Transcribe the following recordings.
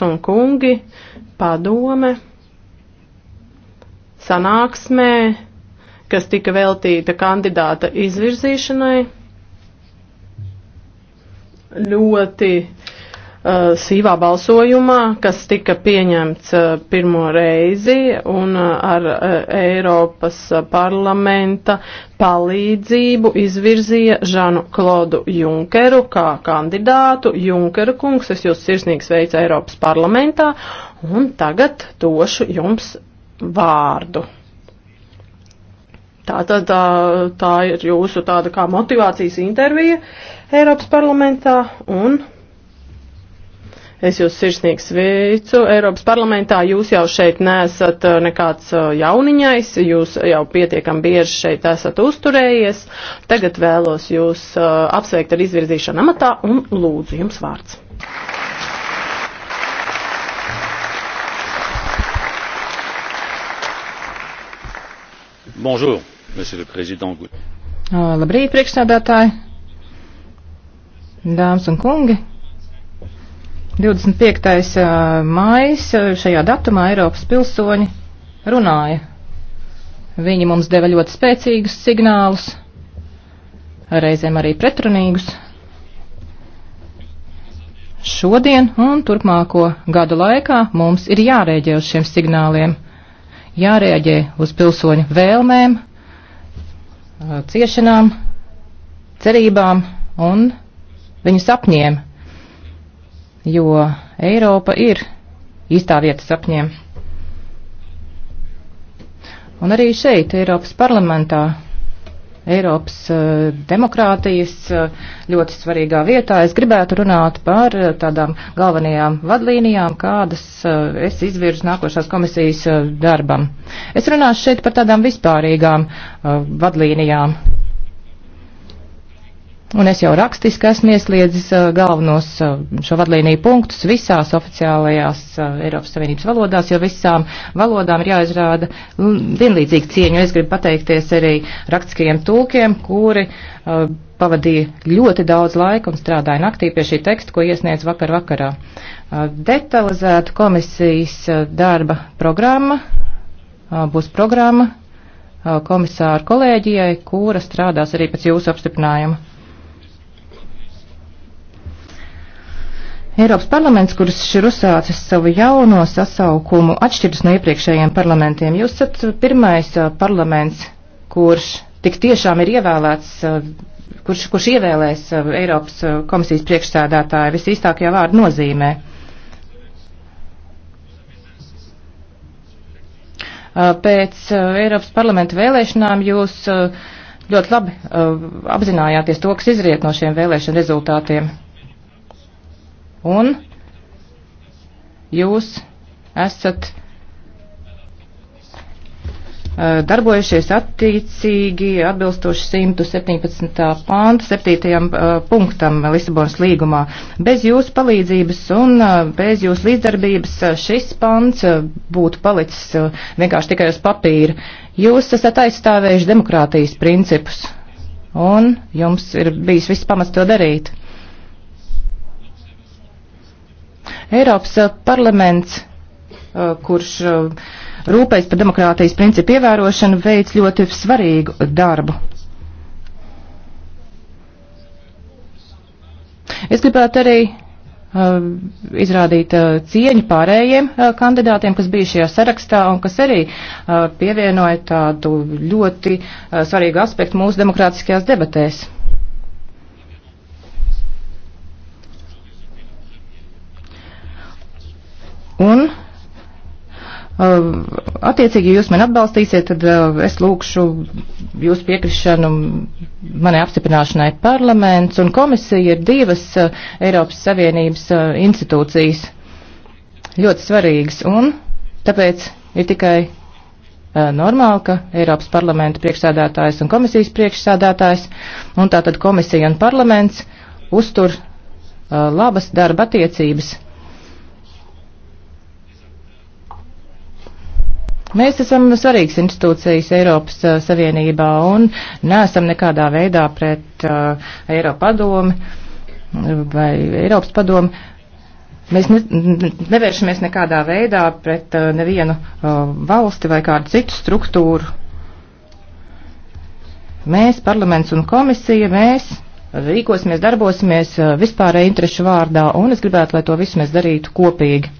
dāmas un kungi, padome sanāksmē, kas tika veltīta kandidāta izvirzīšanai, ļoti uh, Uh, sīvā balsojumā, kas tika pieņemts uh, pirmo reizi un uh, ar Eiropas parlamenta palīdzību izvirzīja Žanu Klodu Junkeru kā kandidātu. Junkeru kungs, es jūs sirsnīgi sveicu Eiropas parlamentā un tagad došu jums vārdu. Tātad tā, tā ir jūsu tāda kā motivācijas intervija Eiropas parlamentā un Es jūs sirsnīgi sveicu. Eiropas parlamentā jūs jau šeit nesat uh, nekāds uh, jauniņais, jūs jau pietiekam bieži šeit esat uzturējies. Tagad vēlos jūs uh, apsveikt ar izvirzīšanu amatā un lūdzu jums vārds. Bonjour, monsieur le président. Labrīt, priekšsādātāji, dāmas un kungi. 25. mājas šajā datumā Eiropas pilsoņi runāja. Viņi mums deva ļoti spēcīgus signālus, reizēm arī pretrunīgus. Šodien un turpmāko gadu laikā mums ir jārēģē uz šiem signāliem, jārēģē uz pilsoņu vēlmēm, ciešanām, cerībām un viņu sapņiem jo Eiropa ir īstā vieta sapņiem. Un arī šeit, Eiropas parlamentā, Eiropas uh, demokrātijas uh, ļoti svarīgā vietā, es gribētu runāt par uh, tādām galvenajām vadlīnijām, kādas es izvirzu nākošās komisijas darbam. Es runāšu šeit par tādām vispārīgām vadlīnijām, Un es jau rakstiski esmu iesliedzis uh, galvenos uh, šo vadlīniju punktus visās oficiālajās uh, Eiropas Savienības valodās, jo visām valodām ir jāizrāda vienlīdzīga cieņa. Es gribu pateikties arī rakstiskajiem tulkiem, kuri uh, pavadīja ļoti daudz laika un strādāja naktī pie šī teksta, ko iesniedz vakar vakarā. Uh, detalizēta komisijas uh, darba programma būs programma komisāru kolēģijai, kura strādās arī pēc jūsu apstiprinājuma. Eiropas parlaments, kurš ir uzsācis savu jauno sasaukumu, atšķiras no iepriekšējiem parlamentiem. Jūs esat uh, pirmais uh, parlaments, kurš tik tiešām ir ievēlēts, uh, kurš, kurš ievēlēs Eiropas komisijas priekšsēdētāju visīstākajā vārdu nozīmē. Pēc Eiropas parlamenta vēlēšanām jūs ļoti labi apzinājāties to, kas izriet no šiem vēlēšanu rezultātiem. Un jūs esat darbojušies attiecīgi atbilstoši 117. pānta 7. punktam Lisabonas līgumā. Bez jūsu palīdzības un bez jūsu līdzdarbības šis pants būtu palicis vienkārši tikai uz papīra. Jūs esat aizstāvējuši demokrātijas principus un jums ir bijis viss pamats to darīt. Eiropas eh, parlaments, eh, kurš eh, rūpējas par demokrātijas principu ievērošanu, veic ļoti svarīgu darbu. Es gribētu arī izrādīt cieņu pārējiem kandidātiem, kas bija šajā sarakstā un kas arī pievienoja tādu ļoti svarīgu aspektu mūsu demokrātiskajās debatēs. Un uh, attiecīgi, ja jūs mani atbalstīsiet, tad uh, es lūkšu jūsu piekrišanu manai apstiprināšanai parlaments un komisija ir divas uh, Eiropas Savienības institūcijas ļoti svarīgas un tāpēc ir tikai normāli, ka Eiropas parlamenta priekšsādātājs un komisijas priekšsādātājs un tātad komisija un parlaments uztur labas darba attiecības Mēs esam svarīgs institūcijas Eiropas uh, Savienībā un neesam nekādā veidā pret uh, Eiropa padomi uh, vai Eiropas padomi. Mēs ne, nevēršamies nekādā veidā pret uh, nevienu uh, valsti vai kādu citu struktūru. Mēs, parlaments un komisija, mēs rīkosimies, darbosimies uh, vispārēju interešu vārdā un es gribētu, lai to visu mēs darītu kopīgi.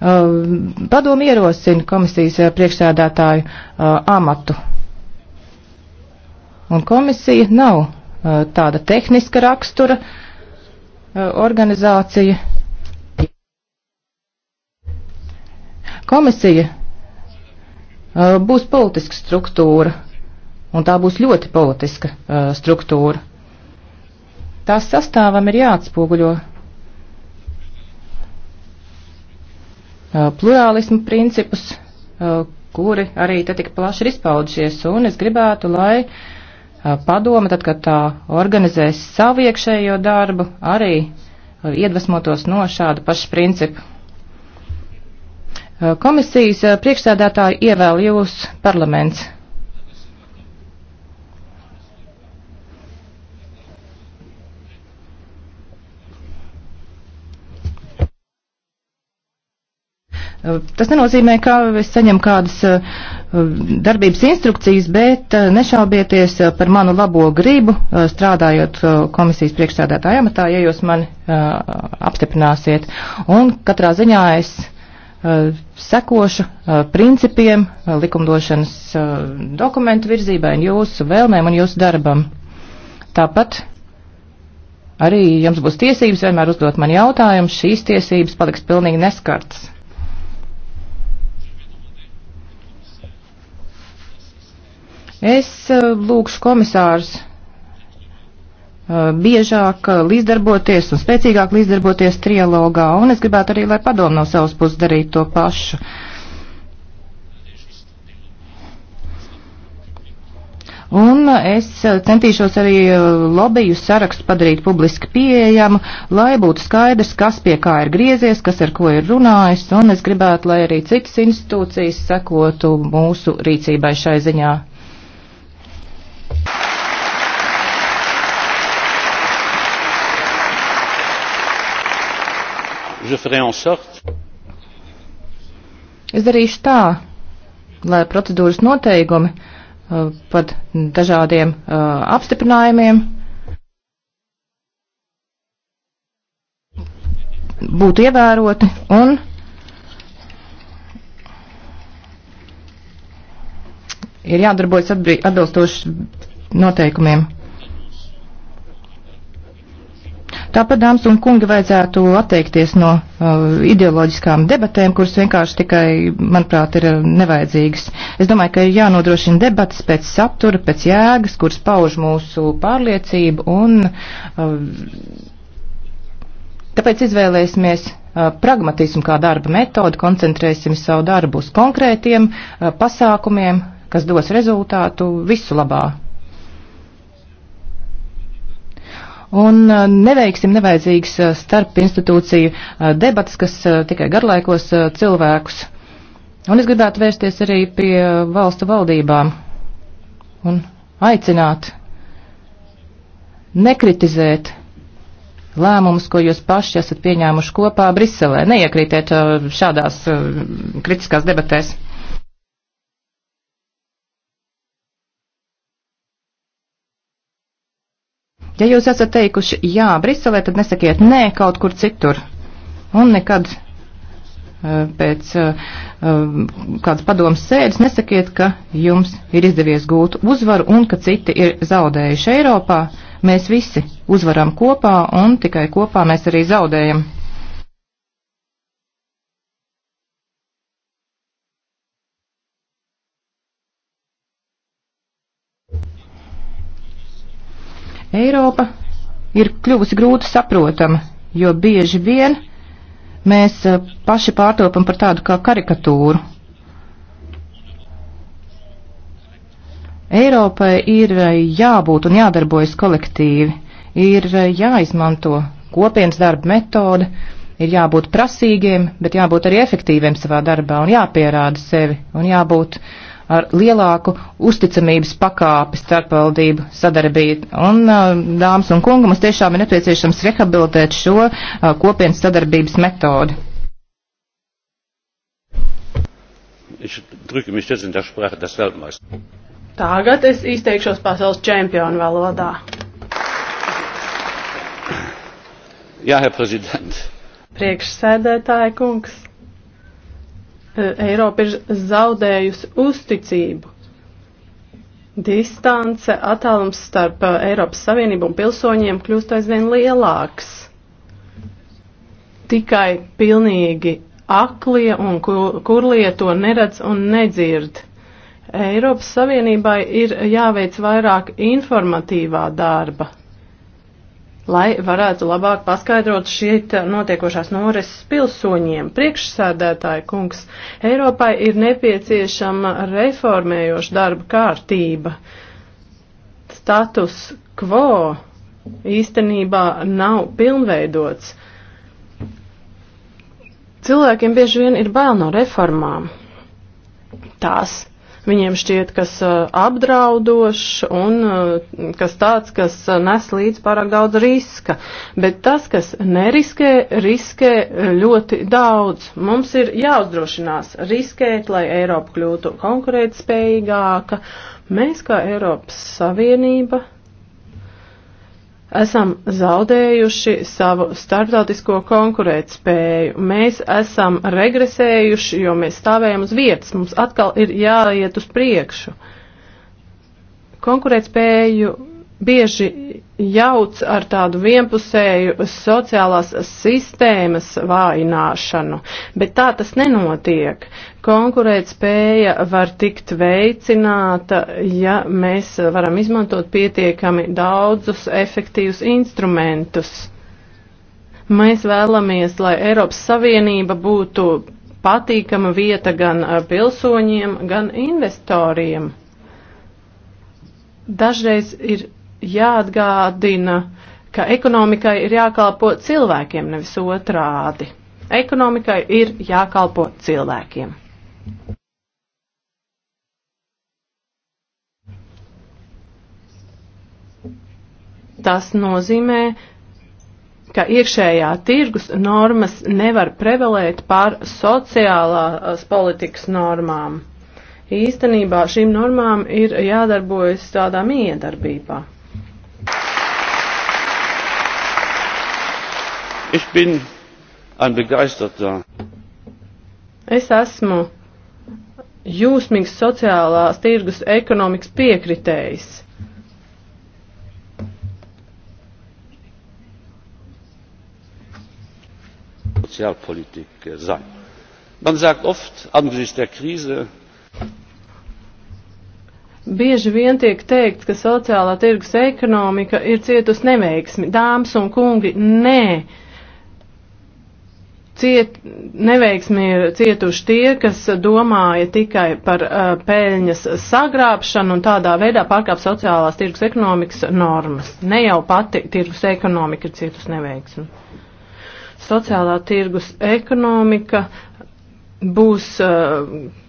Uh, padomu ierosina komisijas uh, priekšsēdētāju uh, amatu. Un komisija nav tāda tehniska rakstura organizācija. Komisija būs politiska struktūra, un tā būs ļoti politiska struktūra. Tās sastāvam ir jāatspoguļo Uh, plurālismu principus, uh, kuri arī te tik plaši ir izpaudušies, un es gribētu, lai uh, padoma, tad, kad tā organizēs savu iekšējo darbu, arī iedvesmotos no šāda paša principa. Komisijas priekšsēdētāju ievēl jūs parlaments. Tas nenozīmē, ka es saņemu kādas eh, darbības instrukcijas, bet eh, nešaubieties eh, par manu labo gribu strādājot komisijas priekšsēdētāja amatā, ja jūs mani apstiprināsiet. Un katrā ziņā es sekošu principiem, likumdošanas dokumentu virzībai un jūsu vēlmēm un jūsu darbam. Tāpat arī jums būs tiesības vienmēr uzdot man jautājumus, šīs tiesības paliks pilnīgi neskartas. Es eh, lūkšu komisārus eh, biežāk eh, līdzdarboties un spēcīgāk līdzdarboties trialogā, un es gribētu arī, lai padomu no savas puses darītu to pašu. Un es centīšos arī lobiju sarakstu padarīt publiski pieejamu, lai būtu skaidrs, kas pie kā ir griezies, kas ar ko ir runājis, un es gribētu, lai arī citas institūcijas sekotu mūsu rīcībai šai ziņā. Es darīšu tā, lai procedūras noteikumi uh, pat dažādiem uh, apstiprinājumiem būtu ievēroti un ir jādarbojas atbilstoši noteikumiem. Tāpat, dāmas un kungi, vajadzētu atteikties no uh, ideoloģiskām debatēm, kuras vienkārši tikai, manuprāt, ir uh, nevajadzīgas. Es domāju, ka ir jānodrošina debatas pēc satura, pēc jēgas, kuras pauž mūsu pārliecību un. Uh, Tāpēc izvēlēsimies uh, pragmatismu kā darba metodu, koncentrēsim savu darbu uz konkrētiem uh, pasākumiem, kas dos rezultātu visu labā. un uh, neveiksim nevajadzīgas uh, starp institūciju uh, debatas, kas tikai garlaikos cilvēkus. Un es gribētu vērsties arī pie valstu valdībām un aicināt nekritizēt lēmumus, ko jūs paši esat pieņēmuši kopā Briselē. Neiekrītiet šādās kritiskās debatēs. Ja jūs esat teikuši jā Briselē, tad nesakiet nē kaut kur citur. Un nekad eh, pēc eh, eh, kādas padomas sēdes nesakiet, ka jums ir izdevies gūt uzvaru un ka citi ir zaudējuši Eiropā. Mēs visi uzvaram kopā un tikai kopā mēs arī zaudējam. Eiropa ir kļuvusi grūti saprotama, jo bieži vien mēs eh, paši pārtopam par tādu kā karikatūru. Eiropai ir eh, jābūt un jādarbojas kolektīvi, ir eh, jāizmanto kopienas darba metode, ir jābūt prasīgiem, bet jābūt arī efektīviem savā darbā un jāpierāda sevi un jābūt uh, ar lielāku uzticamības pakāpi starpvaldību sadarbību. Un, uh, dāmas un kungi, mums tiešām ir nepieciešams rehabilitēt šo uh, kopienas sadarbības metodi. Tagad es izteikšos pasaules čempionu valodā. Jā, Herr Prezident. Priekšsēdētāja kungs. Eh, Eiropa ir zaudējusi uzticību. Distance, attālums starp eh, Eiropas Savienību un pilsoņiem kļūst aizvien lielāks. Tikai pilnīgi aklie un kurlie to neredz un nedzird. Eiropas Savienībai ir jāveic vairāk informatīvā darba lai varētu labāk paskaidrot šeit notiekošās norises pilsoņiem. Priekšsēdētāja kungs, Eiropai ir nepieciešama reformējoša darba kārtība. Status quo īstenībā nav pilnveidots. Cilvēkiem bieži vien ir bail no reformām. Tās viņiem šķiet kas apdraudošs un kas tāds, kas nes līdz pārāk daudz riska. Bet tas, kas neriskē, riskē ļoti daudz. Mums ir jāuzdrošinās riskēt, lai Eiropa kļūtu konkurētspējīgāka. Mēs kā Eiropas Savienība esam zaudējuši savu starptautisko konkurētspēju. Mēs esam regresējuši, jo mēs stāvējam uz vietas. Mums atkal ir jāiet uz priekšu. Konkurētspēju bieži jauc ar tādu vienpusēju sociālās sistēmas vājināšanu, bet tā tas nenotiek. Konkurēt spēja var tikt veicināta, ja mēs varam izmantot pietiekami daudzus efektīvus instrumentus. Mēs vēlamies, lai Eiropas Savienība būtu patīkama vieta gan pilsoņiem, gan investoriem. Dažreiz ir jāatgādina, ka ekonomikai ir jākalpo cilvēkiem, nevis otrādi. Ekonomikai ir jākalpo cilvēkiem. Tas nozīmē, ka iekšējā tirgus normas nevar prevalēt pār sociālās politikas normām. Īstenībā šīm normām ir jādarbojas tādā miedarbībā. Ich bin ein begeisterter. Es esmu jūsmīgs sociālās tirgus ekonomikas piekritējs. Sozialpolitik eh, sein. Man sagt oft angesichts der Krise, Bieži vien tiek teikt, ka sociālā tirgus ekonomika ir cietusi neveiksmi. Dāmas un kungi, nē ciet, neveiksmi ir cietuši tie, kas domāja tikai par uh, pēļņas sagrābšanu un tādā veidā pārkāp sociālās tirgus ekonomikas normas. Ne jau pati tirgus ekonomika ir cietusi neveiksmi. Sociālā tirgus ekonomika būs. Uh,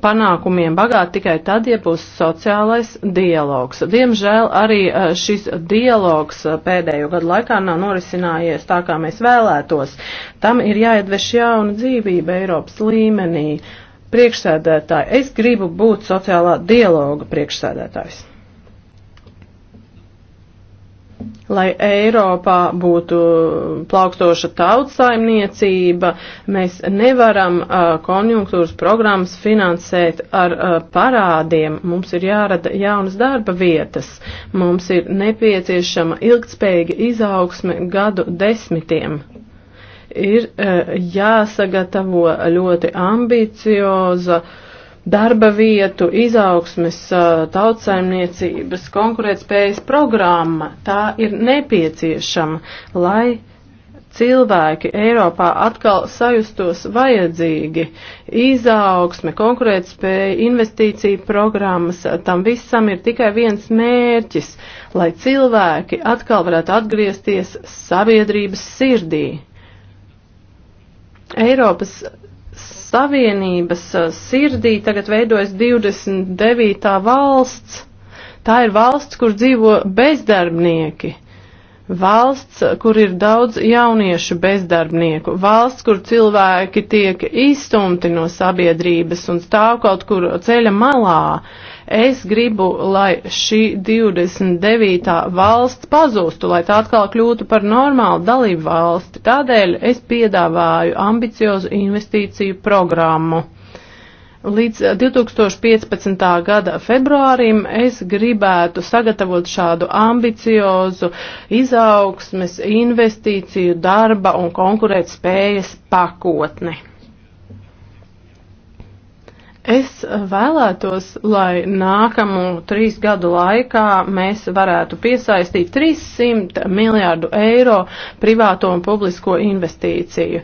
panākumiem bagāti tikai tad, ja būs sociālais dialogs. Diemžēl arī e, šis dialogs e, pēdējo gadu laikā nav norisinājies tā, kā mēs vēlētos. Tam ir jāiedveš jauna dzīvība Eiropas līmenī. Priekšsēdētāji, es gribu būt sociālā dialoga priekšsēdētājs lai Eiropā būtu plaukstoša tautsaimniecība, mēs nevaram uh, konjunktūras programmas finansēt ar uh, parādiem. Mums ir jārada jaunas darba vietas, mums ir nepieciešama ilgtspējīga izaugsme gadu desmitiem. Ir uh, jāsagatavo ļoti ambicioza uh, darba vietu, izaugsmes, tautsaimniecības, konkurētspējas programma. Tā ir nepieciešama, lai cilvēki Eiropā atkal sajustos vajadzīgi. Izaugsme, konkurētspēja, investīcija programmas, tam visam ir tikai viens mērķis, lai cilvēki atkal varētu atgriezties sabiedrības sirdī. Eiropas Savienības uh, sirdī tagad veidojas 29. valsts. Tā ir valsts, kur dzīvo bezdarbnieki. Valsts, kur ir daudz jauniešu bezdarbnieku, valsts, kur cilvēki tiek izstumti no sabiedrības un stāv kaut kur ceļa malā. Uh, Es gribu, lai šī 29. valsts pazūstu, lai tā atkal kļūtu par normālu dalību valsti. Tādēļ es piedāvāju ambiciozu investīciju programmu. Līdz 2015. Eh, gada februārim es gribētu sagatavot šādu ambiciozu izaugsmes, investīciju, darba un konkurētspējas pakotni. Es vēlētos, lai nākamo trīs gadu laikā mēs varētu piesaistīt 300 miljārdu eiro privāto un publisko investīciju.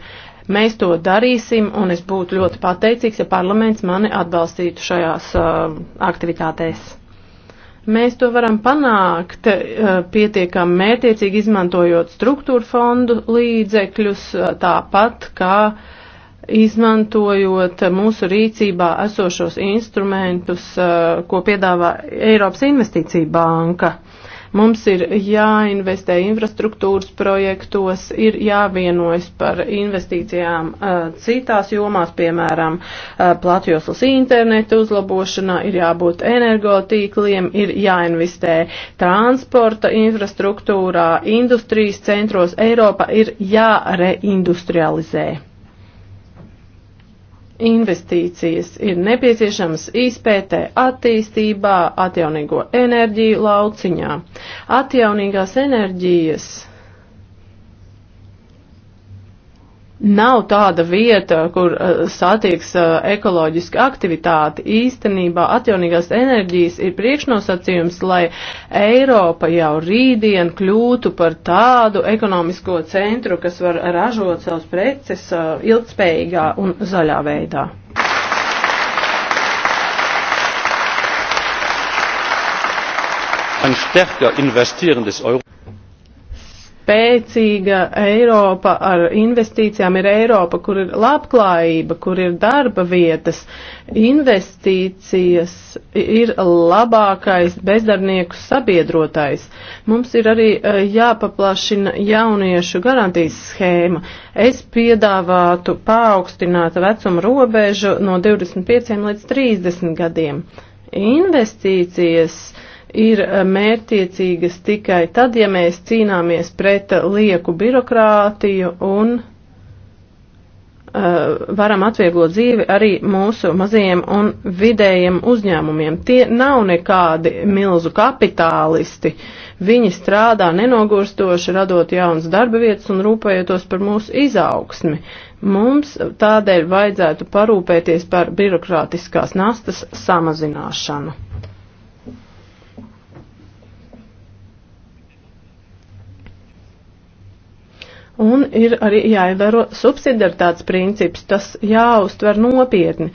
Mēs to darīsim, un es būtu ļoti pateicīgs, ja parlaments mani atbalstītu šajās uh, aktivitātēs. Mēs to varam panākt uh, pietiekami mērtiecīgi izmantojot struktūra fondu līdzekļus, uh, tāpat kā uh, izmantojot mūsu rīcībā esošos instrumentus, eh, ko piedāvā Eiropas Investīcija banka. Mums ir jāinvestē infrastruktūras projektos, ir jāvienojas par investīcijām eh, citās jomās, piemēram, eh, platjoslas interneta uzlabošanā, ir jābūt energotīkliem, ir jāinvestē transporta infrastruktūrā, industrijas centros. Eiropa ir jāreindustrializē investīcijas ir nepieciešamas izpētē attīstībā, atjaunīgo enerģiju lauciņā. Atjaunīgās enerģijas Nav tāda vieta, kur uh, satieks uh, ekoloģiska aktivitāte. Īstenībā atjaunīgās enerģijas ir priekšnosacījums, lai Eiropa jau rītdien kļūtu par tādu ekonomisko centru, kas var ražot savus preces uh, ilgspējīgā un zaļā veidā. Ein stärker investierendes Euro spēcīga Eiropa ar investīcijām ir Eiropa, kur ir labklājība, kur ir darba vietas. Investīcijas ir labākais bezdarbnieku sabiedrotais. Mums ir arī e, jāpaplašina jauniešu garantijas schēma. Es piedāvātu paaugstināt vecuma robežu no 25 līdz 30 gadiem. Investīcijas uh, ir eh, mērtiecīgas tikai tad, ja mēs cīnāmies pret eh, lieku birokrātiju un uh, varam atvieglot dzīvi arī mūsu mazajiem un vidējiem uzņēmumiem. Tie nav nekādi milzu kapitālisti. Viņi strādā nenogurstoši, radot jaunas darba vietas un rūpējotos par mūsu izaugsmi. Mums tādēļ vajadzētu parūpēties par birokrātiskās nastas samazināšanu. Un ir arī jāievēro subsidiaritātes princips, tas jāuztver nopietni.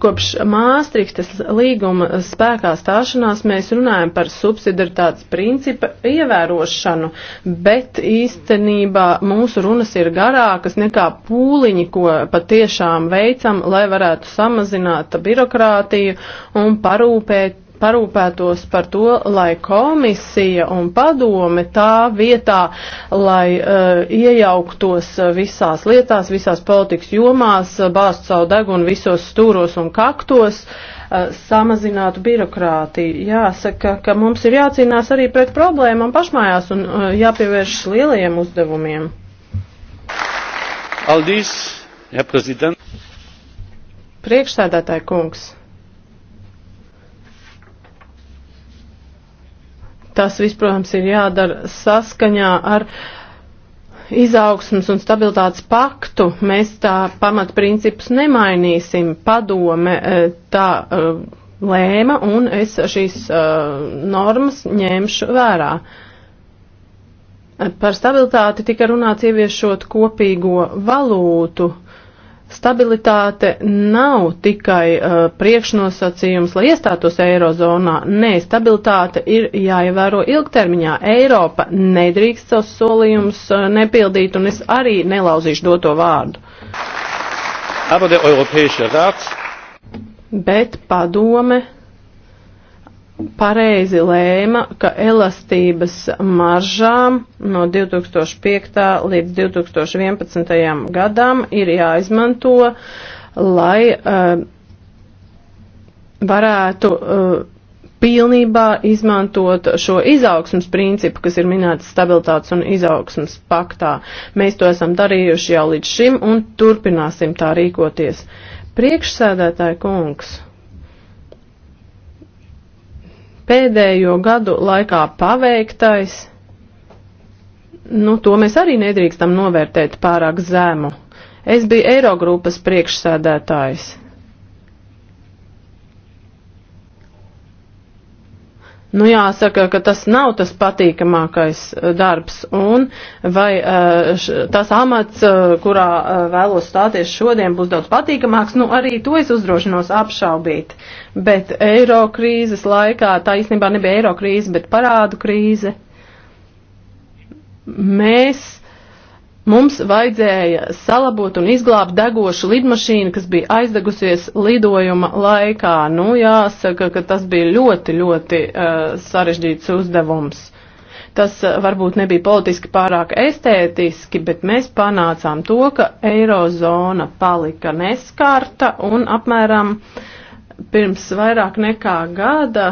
Kopš Māstrihtas līguma spēkā stāšanās mēs runājam par subsidiaritātes principa ievērošanu, bet īstenībā mūsu runas ir garākas nekā pūliņi, ko patiešām veicam, lai varētu samazināt birokrātiju un parūpēt parūpētos par to, lai komisija un padome tā vietā, lai uh, iejauktos visās lietās, visās politikas jomās, bāzt savu degunu visos stūros un kaktos, uh, samazinātu birokrātiju. Jāsaka, ka mums ir jācīnās arī pret problēmām pašmājās un uh, jāpievēršas lielajiem uzdevumiem. Aldis, Herr Präsident. Priekšsēdētāji kungs. Tas viss, protams, ir jādara saskaņā ar izaugsmas un stabilitātes paktu. Mēs tā pamatprincipus nemainīsim. Padome e, tā e, lēma un es šīs e, normas ņemšu vērā. Par stabilitāti tika runāts ieviešot kopīgo valūtu Stabilitāte nav tikai uh, priekšnosacījums, lai iestātos eirozonā. Nē, stabilitāte ir jāievēro ilgtermiņā. Eiropa nedrīkst savus solījumus uh, nepildīt, un es arī nelauzīšu doto vārdu. Bet padome pareizi lēma, ka elastības maržām no 2005. līdz 2011. gadam ir jāizmanto, lai uh, varētu uh, pilnībā izmantot šo izaugsmas principu, kas ir minēts stabilitātes un izaugsmas paktā. Mēs to esam darījuši jau līdz šim un turpināsim tā rīkoties. Priekšsēdētāji kungs pēdējo gadu laikā paveiktais, nu, to mēs arī nedrīkstam novērtēt pārāk zēmu. Es biju Eirogrupas priekšsēdētājs. Nu, jāsaka, ka tas nav tas patīkamākais eh, darbs, un vai eh, š, tas amats, eh, kurā vēlos stāties šodien, būs daudz patīkamāks, nu, arī to es uzdrošinos apšaubīt. Bet eiro krīzes laikā, tā īstenībā nebija eiro krīze, bet parādu krīze, mēs Mums vajadzēja salabot un izglābt degošu lidmašīnu, kas bija aizdegusies lidojuma laikā. Nu, jāsaka, ka tas bija ļoti, ļoti uh, sarežģīts uzdevums. Tas eh, varbūt nebija politiski pārāk estētiski, bet mēs panācām to, ka eirozona palika neskarta un apmēram pirms vairāk nekā gada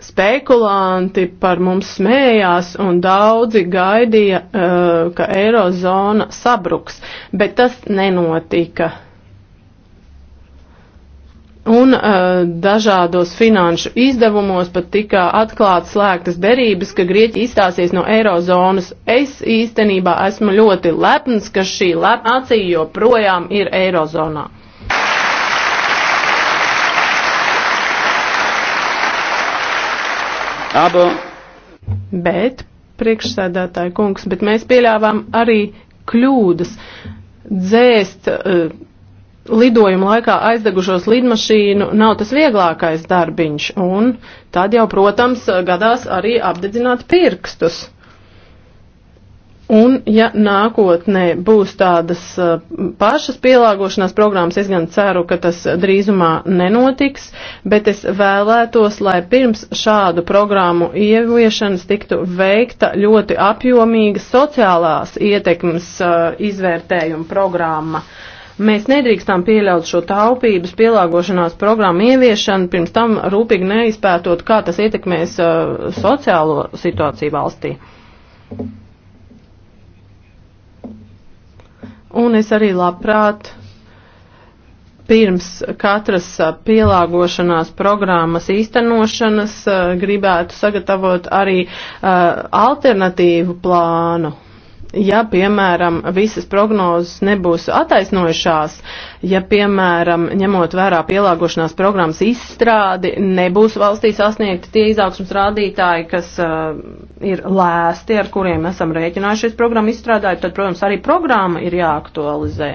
spekulanti par mums smējās un daudzi gaidīja, uh, ka eirozona sabruks, bet tas nenotika. Un uh, dažādos finanšu izdevumos pat tika atklāts slēgtas derības, ka Grieķi izstāsies no eirozonas. Es īstenībā esmu ļoti lepns, ka šī lepnācija joprojām ir eirozonā. Aber... Bet, priekšsēdētāja kungs, bet mēs pieļāvām arī kļūdas dzēst uh, eh, lidojuma laikā aizdegušos lidmašīnu nav tas vieglākais darbiņš, un tad jau, protams, gadās arī apdedzināt pirkstus. Un, ja nākotnē būs tādas pašas pielāgošanās programmas, es gan ceru, ka tas drīzumā nenotiks, bet es vēlētos, lai pirms šādu programmu ieviešanas tiktu veikta ļoti apjomīga sociālās ietekmes izvērtējuma programma. Mēs nedrīkstam pieļaut šo taupības pielāgošanās programmu ieviešanu, pirms tam rūpīgi neizpētot, kā tas ietekmēs sociālo situāciju valstī. Un es arī labprāt pirms katras pielāgošanās programmas īstenošanas gribētu sagatavot arī alternatīvu plānu ja, piemēram, visas prognozes nebūs attaisnojušās, ja, piemēram, ņemot vērā pielāgošanās programmas izstrādi, nebūs valstī sasniegti tie izaugsmas rādītāji, kas uh, ir lēsti, ar kuriem esam rēķinājušies programmu izstrādājot, tad, protams, arī programma ir jāaktualizē.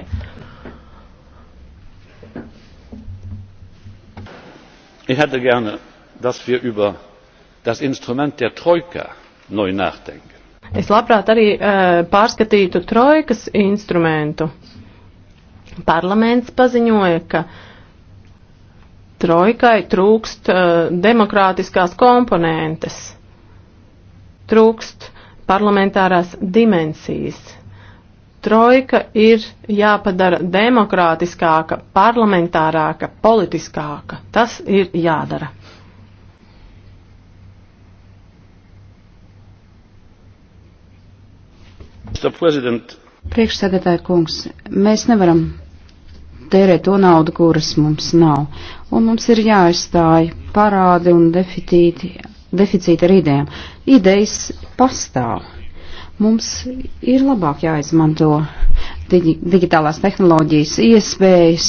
Ich hätte gerne, dass wir über das Instrument der Troika neu nachdenken. Es labprāt arī uh, pārskatītu trojkas instrumentu. Parlaments paziņoja, ka trojkai trūkst uh, demokrātiskās komponentes, trūkst parlamentārās dimensijas. Trojka ir jāpadara demokrātiskāka, parlamentārāka, politiskāka. Tas ir jādara. Priekšsēdētāja kungs, mēs nevaram tērēt to naudu, kuras mums nav, un mums ir jāaizstāj parādi un deficīti, deficīti ar idejām. Idejas pastāv. Mums ir labāk jāizmanto digi digitālās tehnoloģijas iespējas,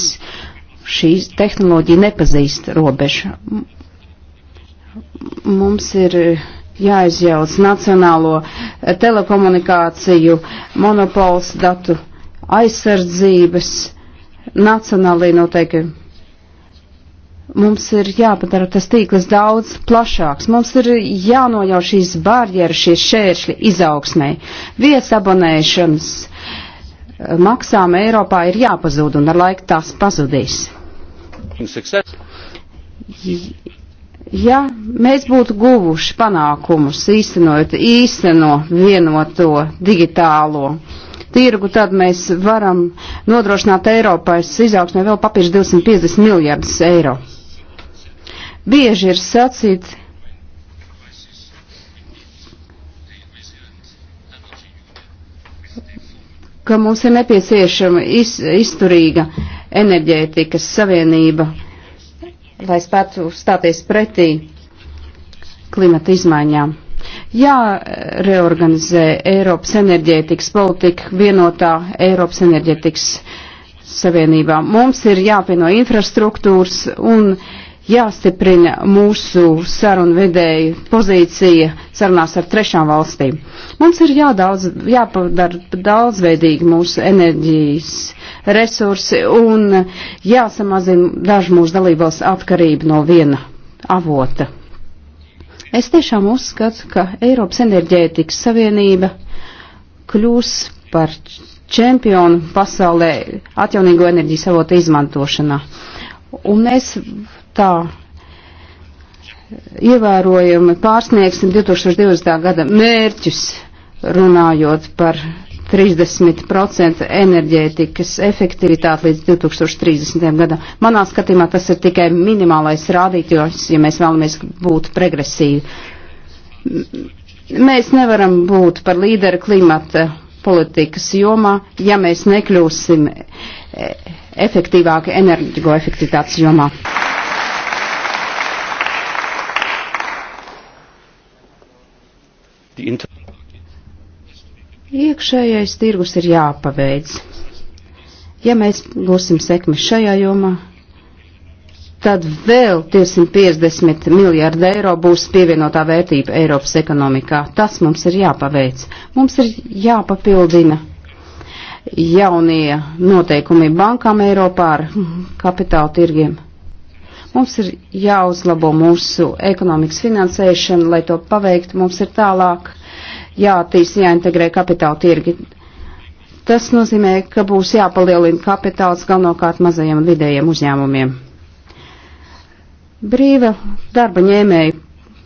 šī tehnoloģija nepazīst robežu. Mums ir jāizjauc nacionālo eh, telekomunikāciju monopols datu aizsardzības nacionālajie noteikumi. Mums ir jāpadara tas tīkls daudz plašāks. Mums ir jānojau šīs barjeras, šie šēršļi izaugsmē. Vietas abonēšanas eh, maksām Eiropā ir jāpazūd un ar laiku tās pazudīs. Ja mēs būtu guvuši panākumus īstenot īsteno vienoto digitālo tirgu, tad mēs varam nodrošināt Eiropai izaugsmē vēl papīrs 250 miljardus eiro. Bieži ir sacīt, ka mums ir nepieciešama iz, izturīga enerģētikas savienība lai spētu stāties pretī klimata izmaiņām. Jāreorganizē Eiropas enerģētikas politika vienotā Eiropas enerģētikas savienībā. Mums ir jāpieno infrastruktūras un uh, jāstiprina mūsu sarunvedēju pozīcija sarunās ar trešām valstīm. Mums ir jādaudz, jāpadara daudzveidīgi mūsu enerģijas resursi un jāsamazina dažu mūsu dalībās atkarību no viena avota. Es tiešām uzskatu, ka Eiropas enerģētikas savienība kļūs par čempionu pasaulē atjaunīgo enerģijas avotu izmantošanā. Un es tā ievērojami pārsniegsim 2020. gada mērķus, runājot par 30% enerģētikas efektivitāti līdz 2030. gadam. Manā skatījumā tas ir tikai minimālais rādītājs, ja mēs vēlamies būt progresīvi. Mēs nevaram būt par līderi klimata politikas jomā, ja mēs nekļūsim e, efektīvāki enerģigo efektivitātes jomā. Iekšējais tirgus ir jāpabeidz. Ja mēs gūsim sekmi šajā jomā, tad vēl 250 miljārdi eiro būs pievienotā vērtība Eiropas ekonomikā. Tas mums ir jāpaveic. Mums ir jāpapildina jaunie noteikumi bankām Eiropā ar kapitāla tirgiem. Mums ir jāuzlabo mūsu ekonomikas finansēšana, lai to paveiktu. Mums ir tālāk jātīst, jāintegrē kapitāla tirgi. Tas nozīmē, ka būs jāpalielina kapitāls galvenokārt mazajiem un vidējiem uzņēmumiem. Brīva darba ņēmēja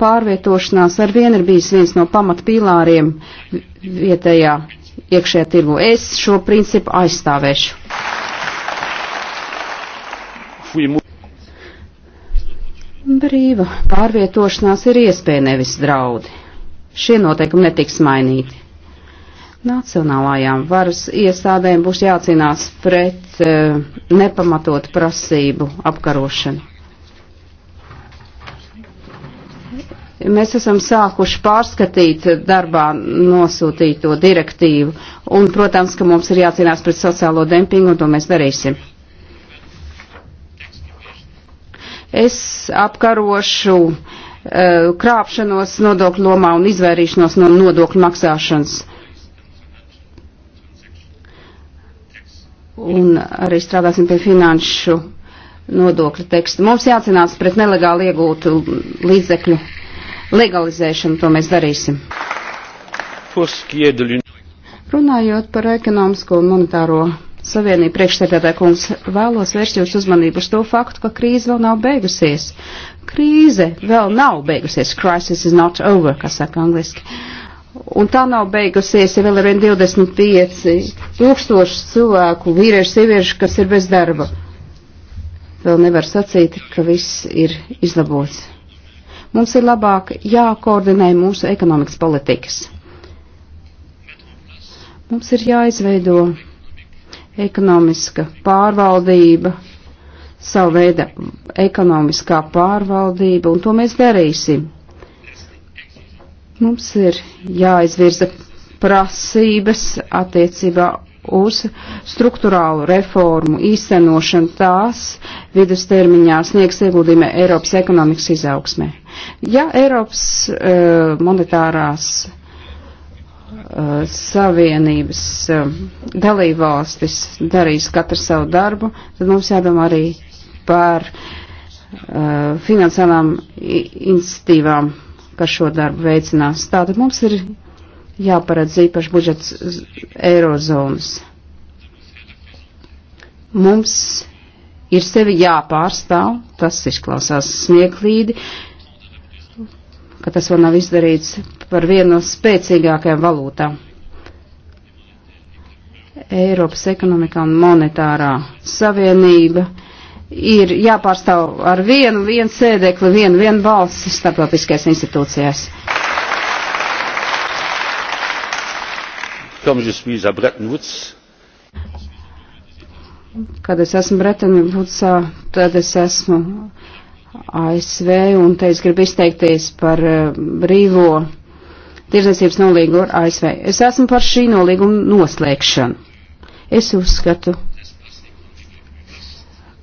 pārvietošanās ar vienu ir bijis viens no pamatpīlāriem vietējā iekšējā tirgu. Es šo principu aizstāvēšu. Brīva pārvietošanās ir iespēja, nevis draudi. Šie noteikumi netiks mainīti. Nacionālajām varas iestādēm būs jācīnās pret uh, nepamatot prasību apkarošanu. Mēs esam sākuši pārskatīt darbā nosūtīto direktīvu, un, protams, ka mums ir jācīnās pret sociālo dempingu, un to mēs darīsim. Es apkarošu uh, krāpšanos nodokļu lomā un izvairīšanos no nodokļu maksāšanas. Un arī strādāsim pie finanšu nodokļu teksta. Mums jācenās pret nelegāli iegūtu līdzekļu legalizēšanu, to mēs darīsim. Runājot par ekonomisko un monetāro Savienība priekšsēdētāja kungs vēlos vērst jūsu uzmanību uz to faktu, ka krīze vēl nav beigusies. Krīze vēl nav beigusies. Crisis is not over, kā saka angliski. Un tā nav beigusies, ja vēl ar vien 25 tūkstoši cilvēku, vīrieši, sievieši, kas ir bez darba. Vēl nevar sacīt, ka viss ir izlabots. Mums ir labāk jākoordinē mūsu ekonomikas politikas. Mums ir jāizveido ekonomiska pārvaldība, savu veidu ekonomiskā pārvaldība, un to mēs darīsim. Mums ir jāizvirza prasības attiecībā uz struktūrālu reformu īstenošanu tās vidus termiņā sniegs ieguldījumi Eiropas ekonomikas izaugsmē. Ja Eiropas uh, monetārās Eh, Savienības eh, dalībvalstis darīs katru savu darbu, tad mums jādomā arī par uh, finansiālām institīvām, kas šo darbu veicinās. Tātad mums ir jāparedz īpaši budžets eirozonas. Mums ir sevi jāpārstāv, tas izklausās smieklīgi, ka tas vēl nav izdarīts par vienu no spēcīgākajām valūtām. Eiropas ekonomikā un monetārā savienība ir jāpārstāv ar vienu, vienu sēdekli, vienu, vienu valsts starptautiskajās institūcijās. Kad es esmu Bretani Vudsā, tad es esmu ASV un te es gribu izteikties par eh, brīvo tirzniecības nolīgu ar ASV. Es esmu par šī nolīguma noslēgšanu. Es uzskatu,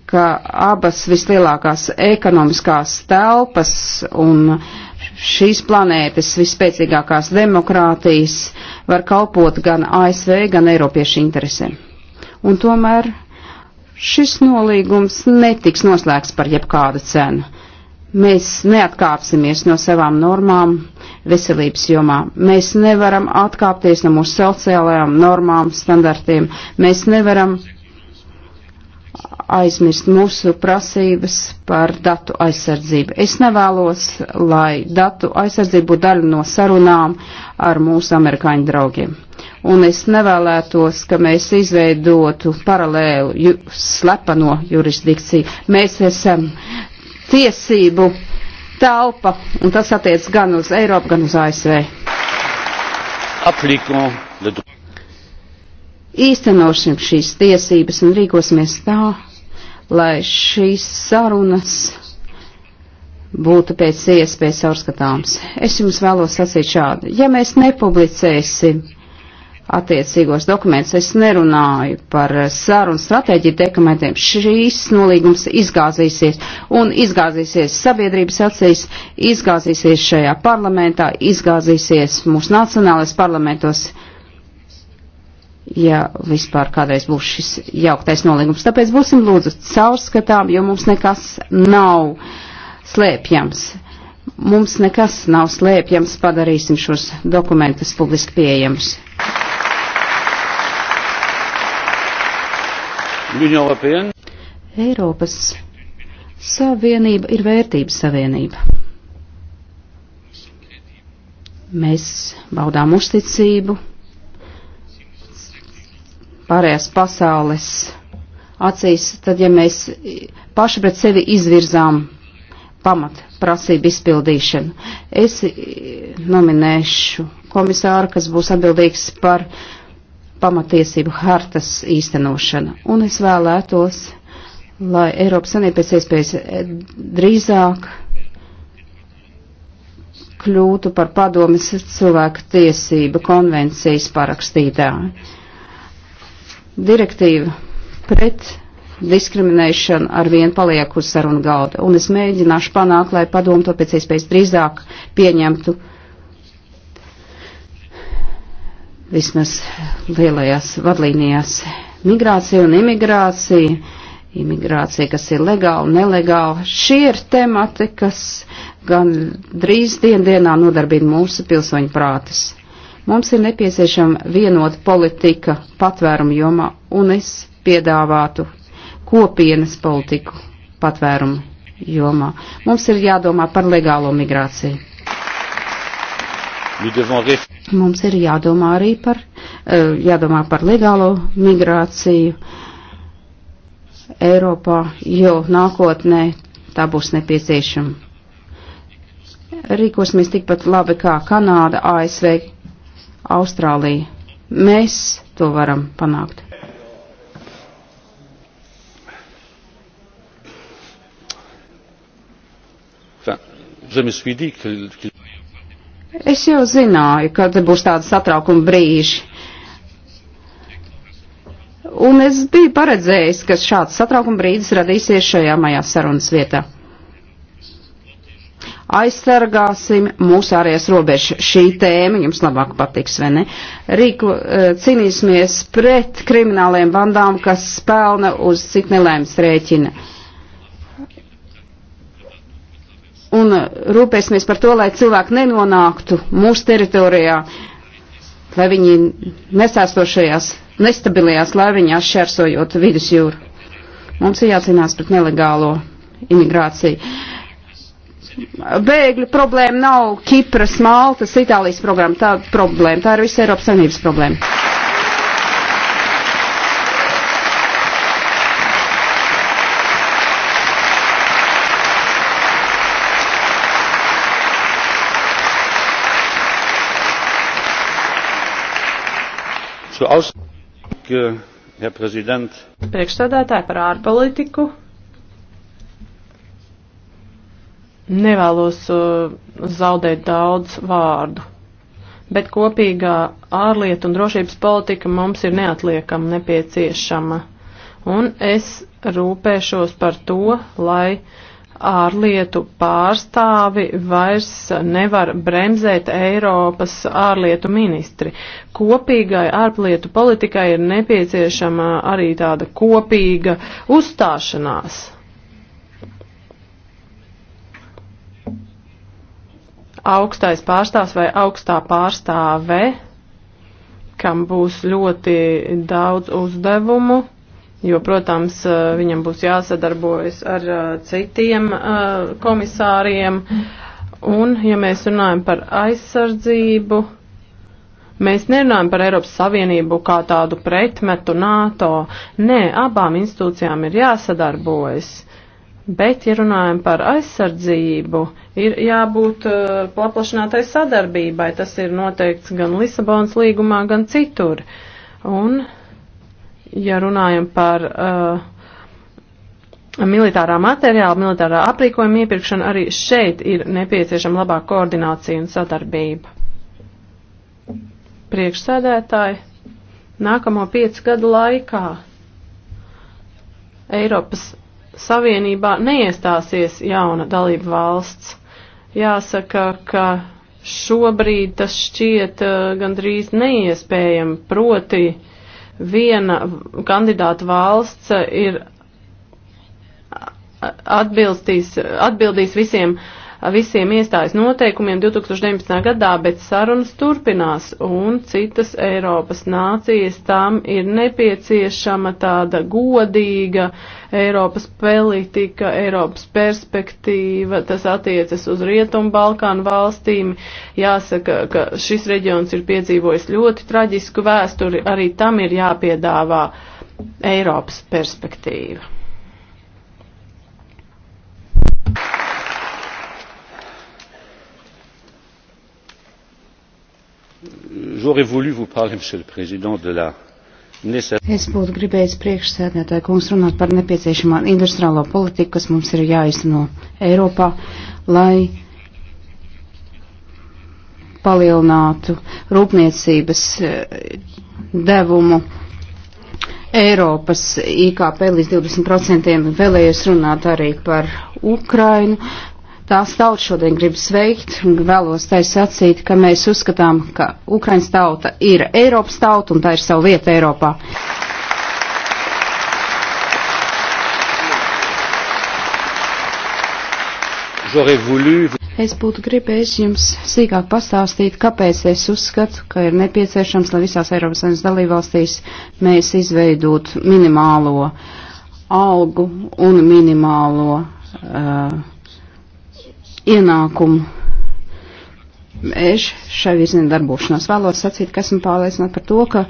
ka abas vislielākās ekonomiskās telpas un šīs planētas vispēcīgākās demokrātijas var kalpot gan ASV, gan Eiropiešu interesēm. Un tomēr šis nolīgums netiks noslēgts par jebkādu cenu. Mēs neatkāpsimies no savām normām, veselības jomā. Mēs nevaram atkāpties no mūsu sociālajām normām, standartiem. Mēs nevaram aizmirst mūsu prasības par datu aizsardzību. Es nevēlos, lai datu aizsardzība būtu daļa no sarunām ar mūsu amerikāņu draugiem. Un es nevēlētos, ka mēs izveidotu paralēlu ju, slepeno jurisdikciju. Mēs esam tiesību uh, telpa, un tas attiec gan uz Eiropu, gan uz ASV. Īstenošam šīs tiesības un rīkosimies tā, lai šīs sarunas būtu pēc iespējas caurskatāms. Es jums vēlos sacīt šādu. Ja mēs nepublicēsim attiecīgos dokumentus. Es nerunāju par sarunu stratēģiju dokumentiem. Šīs nolīgums izgāzīsies un izgāzīsies sabiedrības acīs, izgāzīsies šajā parlamentā, izgāzīsies mūsu nacionālais parlamentos, ja vispār kādreiz būs šis jauktais nolīgums. Tāpēc būsim lūdzu caurskatām, jo mums nekas nav slēpjams. Mums nekas nav slēpjams, padarīsim šos dokumentus publiski pieejamus. Eiropas Savienība ir vērtības savienība. Mēs baudām uzticību pārējās pasaules acīs, tad ja mēs paši pret sevi izvirzām pamat prasību izpildīšanu. Es nominēšu komisāru, kas būs atbildīgs par uh, pamatiesību hartas īstenošana. Un es vēlētos, lai Eiropas Sanība pēc iespējas eh, drīzāk kļūtu par padomis cilvēku tiesību konvencijas parakstītāju. Direktīva pret diskriminēšana ar vienu paliek uz sarunu galda, un es mēģināšu panākt, lai padomu to pēc iespējas drīzāk pieņemtu vismaz lielajās vadlīnijās migrācija un imigrācija, imigrācija, kas ir legāla, nelegāla. Šie ir temati, kas gan drīz diendienā nodarbina mūsu pilsoņu prātas. Mums ir nepieciešama vienota politika patvērumu jomā, un es piedāvātu kopienas politiku patvērumu jomā. Mums ir jādomā par legālo migrāciju. Mums ir jādomā arī par, eh, jādomā par legālo migrāciju Eiropā, jo nākotnē tā būs nepieciešama. Rīkosimies tikpat labi kā Kanāda, ASV, Austrālija. Mēs to varam panākt. Enfin, je me suis dit que, que... Es jau zināju, ka te būs tādi satraukuma brīži. Un es biju paredzējis, ka šāds satraukuma brīdis radīsies šajā mājā sarunas vietā. Aizsargāsim mūsu ārējās robežas. Šī tēma jums labāk patiks, vai ne? Rīku eh, cīnīsimies pret krimināliem bandām, kas spēlna uz cik nelēmas rēķina. Uh, un rūpēsimies par to, lai cilvēki nenonāktu mūsu teritorijā, lai viņi nesēstošajās, nestabilajās laiviņās šķērsojot vidus jūru. Mums ir jācīnās pret nelegālo imigrāciju. Bēgļu problēma nav Kipras, Maltas, Itālijas programma, tā problēma, tā ir visa Eiropas Savienības problēma. Priekšsēdētāji par ārpolitiku. Nevēlos uh, zaudēt daudz vārdu, bet kopīgā ārlietu un drošības politika mums ir neatliekama nepieciešama. Un es rūpēšos par to, lai uh, ārlietu pārstāvi vairs nevar bremzēt Eiropas ārlietu ministri. Kopīgai ārlietu politikai ir nepieciešama arī tāda kopīga uzstāšanās. Augstais pārstāvs vai augstā pārstāve, kam būs ļoti daudz uzdevumu jo, protams, eh, viņam būs jāsadarbojas ar eh, citiem eh, komisāriem. Un, ja mēs runājam par aizsardzību, mēs nerunājam par Eiropas Savienību kā tādu pretmetu NATO. Nē, abām institūcijām ir jāsadarbojas. Bet, ja runājam par aizsardzību, ir jābūt uh, paplašinātai sadarbībai. Tas ir noteikts gan Lisabonas līgumā, gan citur. Un ja runājam par uh, militārā materiāla, militārā aprīkojuma iepirkšanu, arī šeit ir nepieciešama labāka koordinācija un sadarbība. Priekšsēdētāji, nākamo piecu gadu laikā Eiropas Savienībā neiestāsies jauna dalība valsts. Jāsaka, ka šobrīd tas šķiet uh, gandrīz neiespējami, proti viena kandidāta valsts ir atbildīs visiem uh, visiem iestājas noteikumiem 2019. gadā, bet sarunas turpinās un citas Eiropas nācijas tam ir nepieciešama tāda godīga Eiropas politika, Eiropas perspektīva, tas attiecas uz Rietumu Balkānu valstīm. Jāsaka, ka šis reģions ir piedzīvojis ļoti traģisku vēsturi, arī tam ir jāpiedāvā Eiropas perspektīva. j'aurais voulu vous parler, Monsieur le Président, de la Es būtu gribējis priekšsēdētāju kungs runāt par nepieciešamā industriālo politiku, kas mums ir jāizno Eiropā, lai palielinātu rūpniecības eh, devumu Eiropas IKP līdz 20%. Vēlējos runāt arī par Ukrainu, tās tauta šodien grib sveikt un vēlos tai sacīt, ka mēs uzskatām, ka Ukraiņas tauta ir Eiropas tauta un tā ir savu vietu Eiropā. Es būtu gribējis jums sīkāk pastāstīt, kāpēc es uzskatu, ka ir nepieciešams, lai visās Eiropas Savienības dalībvalstīs mēs izveidot minimālo algu un minimālo uh, ienākumu. Es šai virzienā darbošanos vēlos sacīt, ka esmu pārliecināta par to, ka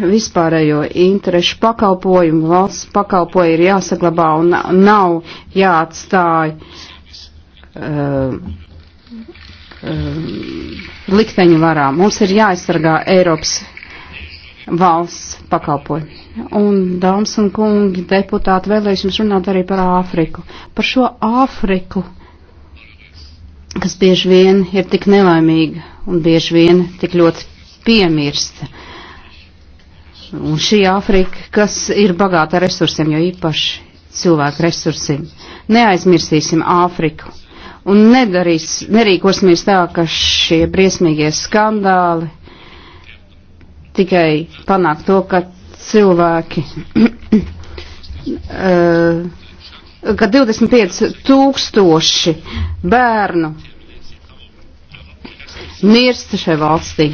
vispārējo interešu pakalpojumu valsts pakalpoju ir jāsaglabā un nav jāatstāj uh, uh, likteņu varā. Mums ir jāaizsargā Eiropas valsts pakalpoja. Un, dāmas un kungi, deputāti, vēlēs jums runāt arī par Āfriku. Par šo Āfriku, kas bieži vien ir tik nelaimīga un bieži vien tik ļoti piemirsta. Un šī Āfrika, kas ir bagāta resursiem, jo īpaši cilvēku resursiem. Neaizmirsīsim Āfriku. Un nedarīs, nerīkosimies tā, ka šie briesmīgie skandāli tikai panākt to, ka cilvēki, eh, ka 25 tūkstoši bērnu mirst šai valstī.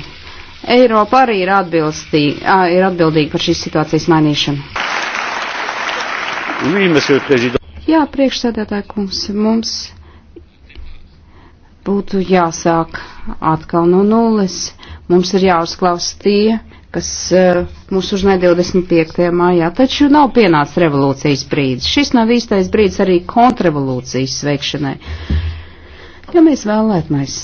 Eiropa arī ir, ir atbildīga par šīs situācijas mainīšanu. Oui, Jā, priekšsēdētāji kungs, mums būtu jāsāk atkal no nulles Mums ir jāuzklaus tie, kas uh, mūs uzmēja 25. mājā, taču nav pienācis revolūcijas brīdis. Šis nav īstais brīdis arī kontrrevolūcijas veikšanai. Ja mēs vēlētumies,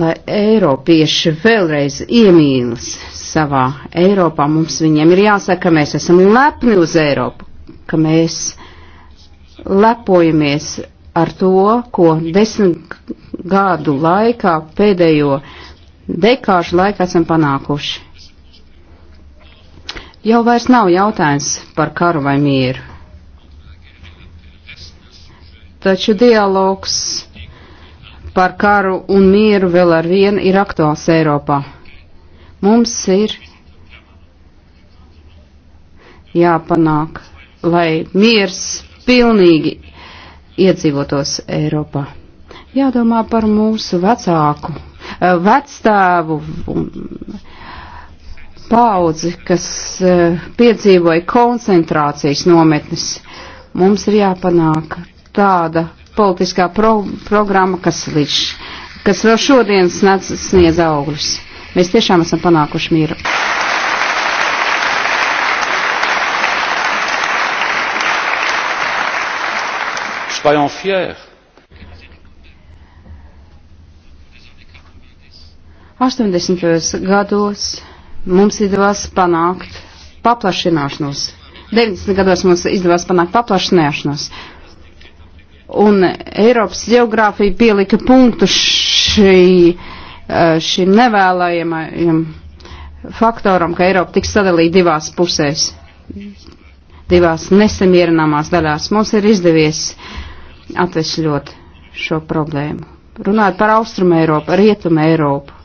lai Eiropieši vēlreiz iemīlas savā Eiropā, mums viņiem ir jāsaka, ka mēs esam lepni uz Eiropu, ka mēs lepojamies ar to, ko desmit gadu laikā pēdējo dekāžu laiku esam panākuši. Jau vairs nav jautājums par karu vai mieru. Taču dialogs par karu un mieru vēl ar vienu ir aktuāls Eiropā. Mums ir jāpanāk, lai miers pilnīgi iedzīvotos Eiropā. Jādomā par mūsu vecāku Eh, vecstāvu um, paudzi, kas eh, piedzīvoja koncentrācijas nometnes. Mums ir jāpanāk tāda politiskā pro programma, kas līdz, kas vēl šodien sniedz augļus. Mēs tiešām esam panākuši mieru. Soyons fiers 80. gados mums izdevās panākt paplašināšanos. 90. gados mums izdevās panākt paplašināšanos. Un Eiropas geogrāfija pielika punktu šī, eh, šim nevēlējamajam faktoram, ka Eiropa tiks sadalīta divās pusēs, divās nesamierināmās daļās. Mums ir izdevies atvesļot šo problēmu. Runājot par Austrumu Eiropu, Rietumu Eiropu,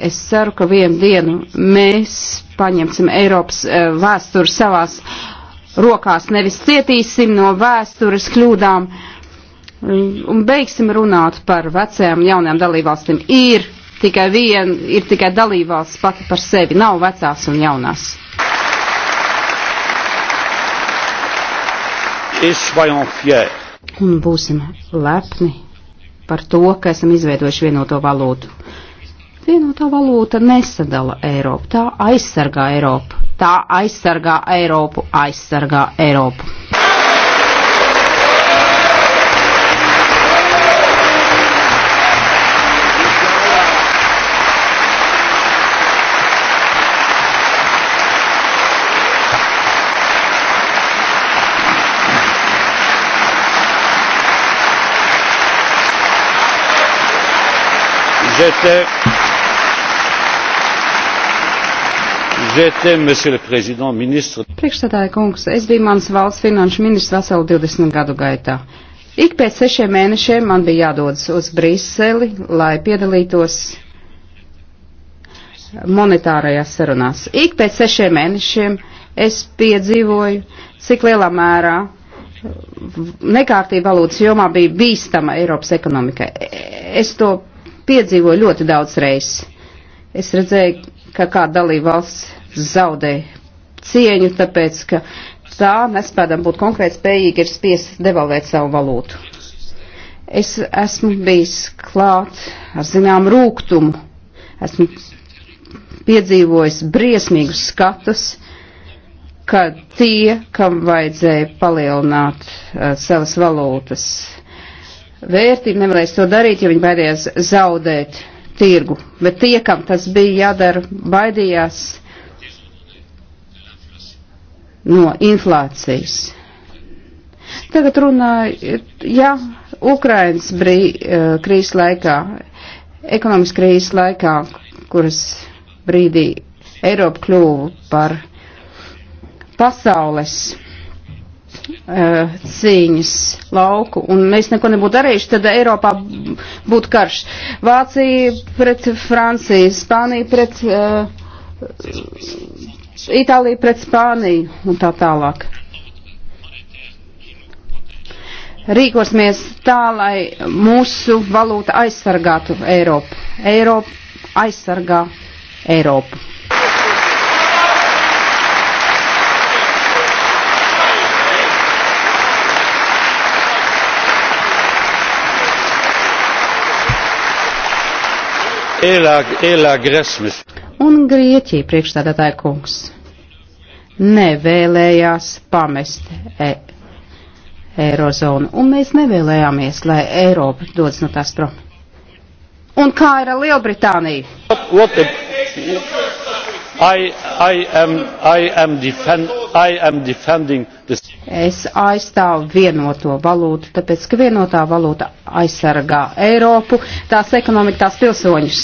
Es ceru, ka vienu dienu mēs paņemsim Eiropas eh, vēsturi savās rokās, nevis cietīsim no vēstures kļūdām eh, un beigsim runāt par vecajām jaunajām dalībvalstīm. Ir tikai viena, ir tikai dalībvalsts pati par sevi, nav vecās un jaunās. Un būsim lepni par to, ka esam izveidojuši vienoto valūtu. Vienotā valūta nesadala Eiropu, tā aizsargā Eiropu. Tā aizsargā Eiropu, aizsargā Eiropu. je te Priekšstādāja kungs, es biju mans valsts finanšu ministrs veselu 20 gadu gaitā. Ik pēc sešiem mēnešiem man bija jādodas uz Briseli, lai piedalītos monetārajās sarunās. Ik pēc sešiem mēnešiem es piedzīvoju, cik lielā mērā nekārtība valūtas jomā bija bīstama Eiropas ekonomikai. Es to piedzīvoju ļoti daudz reizes. Es redzēju, ka kāda dalība valsts zaudē cieņu, tāpēc, ka tā mēs pēdām būt konkrēt spējīgi ir spiest devalvēt savu valūtu. Es esmu bijis klāt ar zinām rūgtumu, esmu piedzīvojis briesmīgus skatus, ka tie, kam vajadzēja palielināt uh, savas valūtas vērtību, nevarēs to darīt, jo viņi baidījās zaudēt tirgu. Bet tie, kam tas bija jādara, baidījās no inflācijas. Tagad runāju, ja Ukrainas brī, eh, krīzes laikā, ekonomikas krīzes laikā, kuras brīdī Eiropa kļuva par pasaules uh, cīņas lauku, un mēs neko nebūtu darījuši, tad Eiropā būtu karš. Vācija pret Franciju, Spānija pret uh, Itālija pret Spāniju un tā tālāk. Rīkosimies tā, lai mūsu valūta aizsargātu Eiropu. Eiropa aizsargā Eiropu. Un Grieķija priekšstādātāja kungs nevēlējās pamest e Eirozonu, un mēs nevēlējāmies, lai Eiropa dodas no tās prom. Un kā ir ar Lielbritāniju? What, what the... I, I am, I am defend, I am defending this. Es aizstāvu vienoto valūtu, tāpēc, ka vienotā valūta aizsargā Eiropu, tās ekonomiku, tās pilsoņus.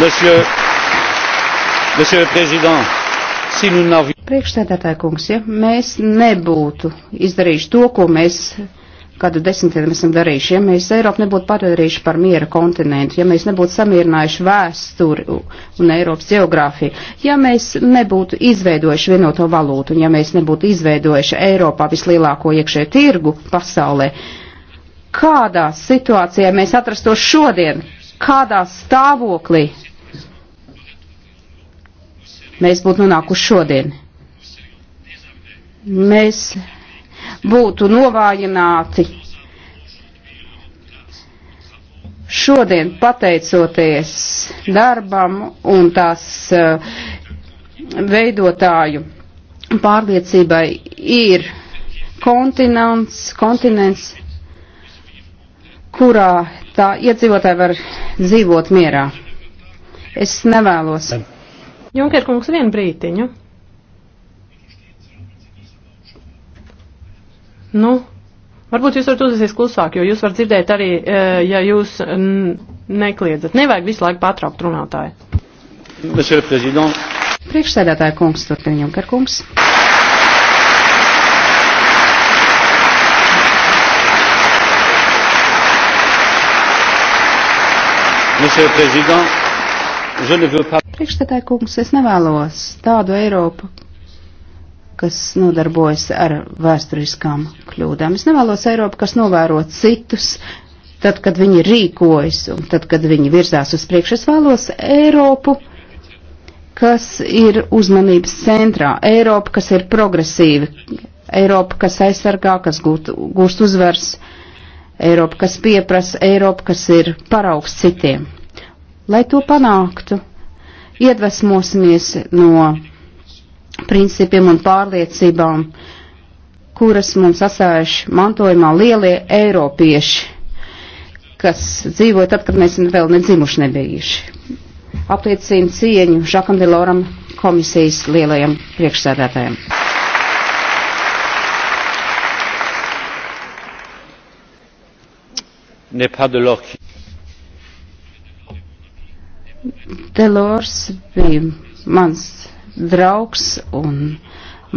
Monsieur, monsieur le Président, si nous n'avions. Priekšsēdētāja kungs, ja mēs nebūtu izdarījuši to, ko mēs kādu desmitgadiem esam darījuši, ja mēs Eiropu nebūtu padarījuši par miera kontinentu, ja mēs nebūtu samierinājuši vēsturi un Eiropas geogrāfiju, ja mēs nebūtu izveidojuši vienoto valūtu, un ja mēs nebūtu izveidojuši Eiropā vislielāko iekšējo tirgu pasaulē, kādā situācijā mēs atrastos šodien, kādā stāvoklī mēs būtu nonākuši šodien. Mēs būtu novājināti šodien pateicoties darbam un tās eh, veidotāju pārliecībai ir kontinents, kontinents, kurā tā iedzīvotāji var dzīvot mierā. Es nevēlos. Ne Junker kungs, vienu brītiņu. Nu, varbūt jūs varat uzvesties klusāk, jo jūs varat dzirdēt arī, eh, ja jūs nekliedzat. Nevajag visu laiku pārtraukt runātāju. Priekšsēdētāja kungs, turpina Junker kungs. Monsieur le Président, Priekšstādāja kungs, es nevēlos tādu Eiropu, kas nodarbojas ar vēsturiskām kļūdām. Es nevēlos Eiropu, kas novēro citus, tad, kad viņi rīkojas un tad, kad viņi virzās uz priekšu. Es vēlos Eiropu, kas ir uzmanības centrā, Eiropa, kas ir progresīva, Eiropa, kas aizsargā, kas gūt, gūst uzvars, Eiropa, kas pieprasa, Eiropa, kas ir paraugs citiem. Lai to panāktu, iedvesmosimies no principiem un pārliecībām, kuras mums atstājuši mantojumā lielie eiropieši, kas dzīvoja tad, kad mēs vēl nedzimuši nebijuši. Apliecina cieņu Žakam Deloram komisijas lielajam priekšsēdētājam. Nepadulok. Delors bija mans draugs un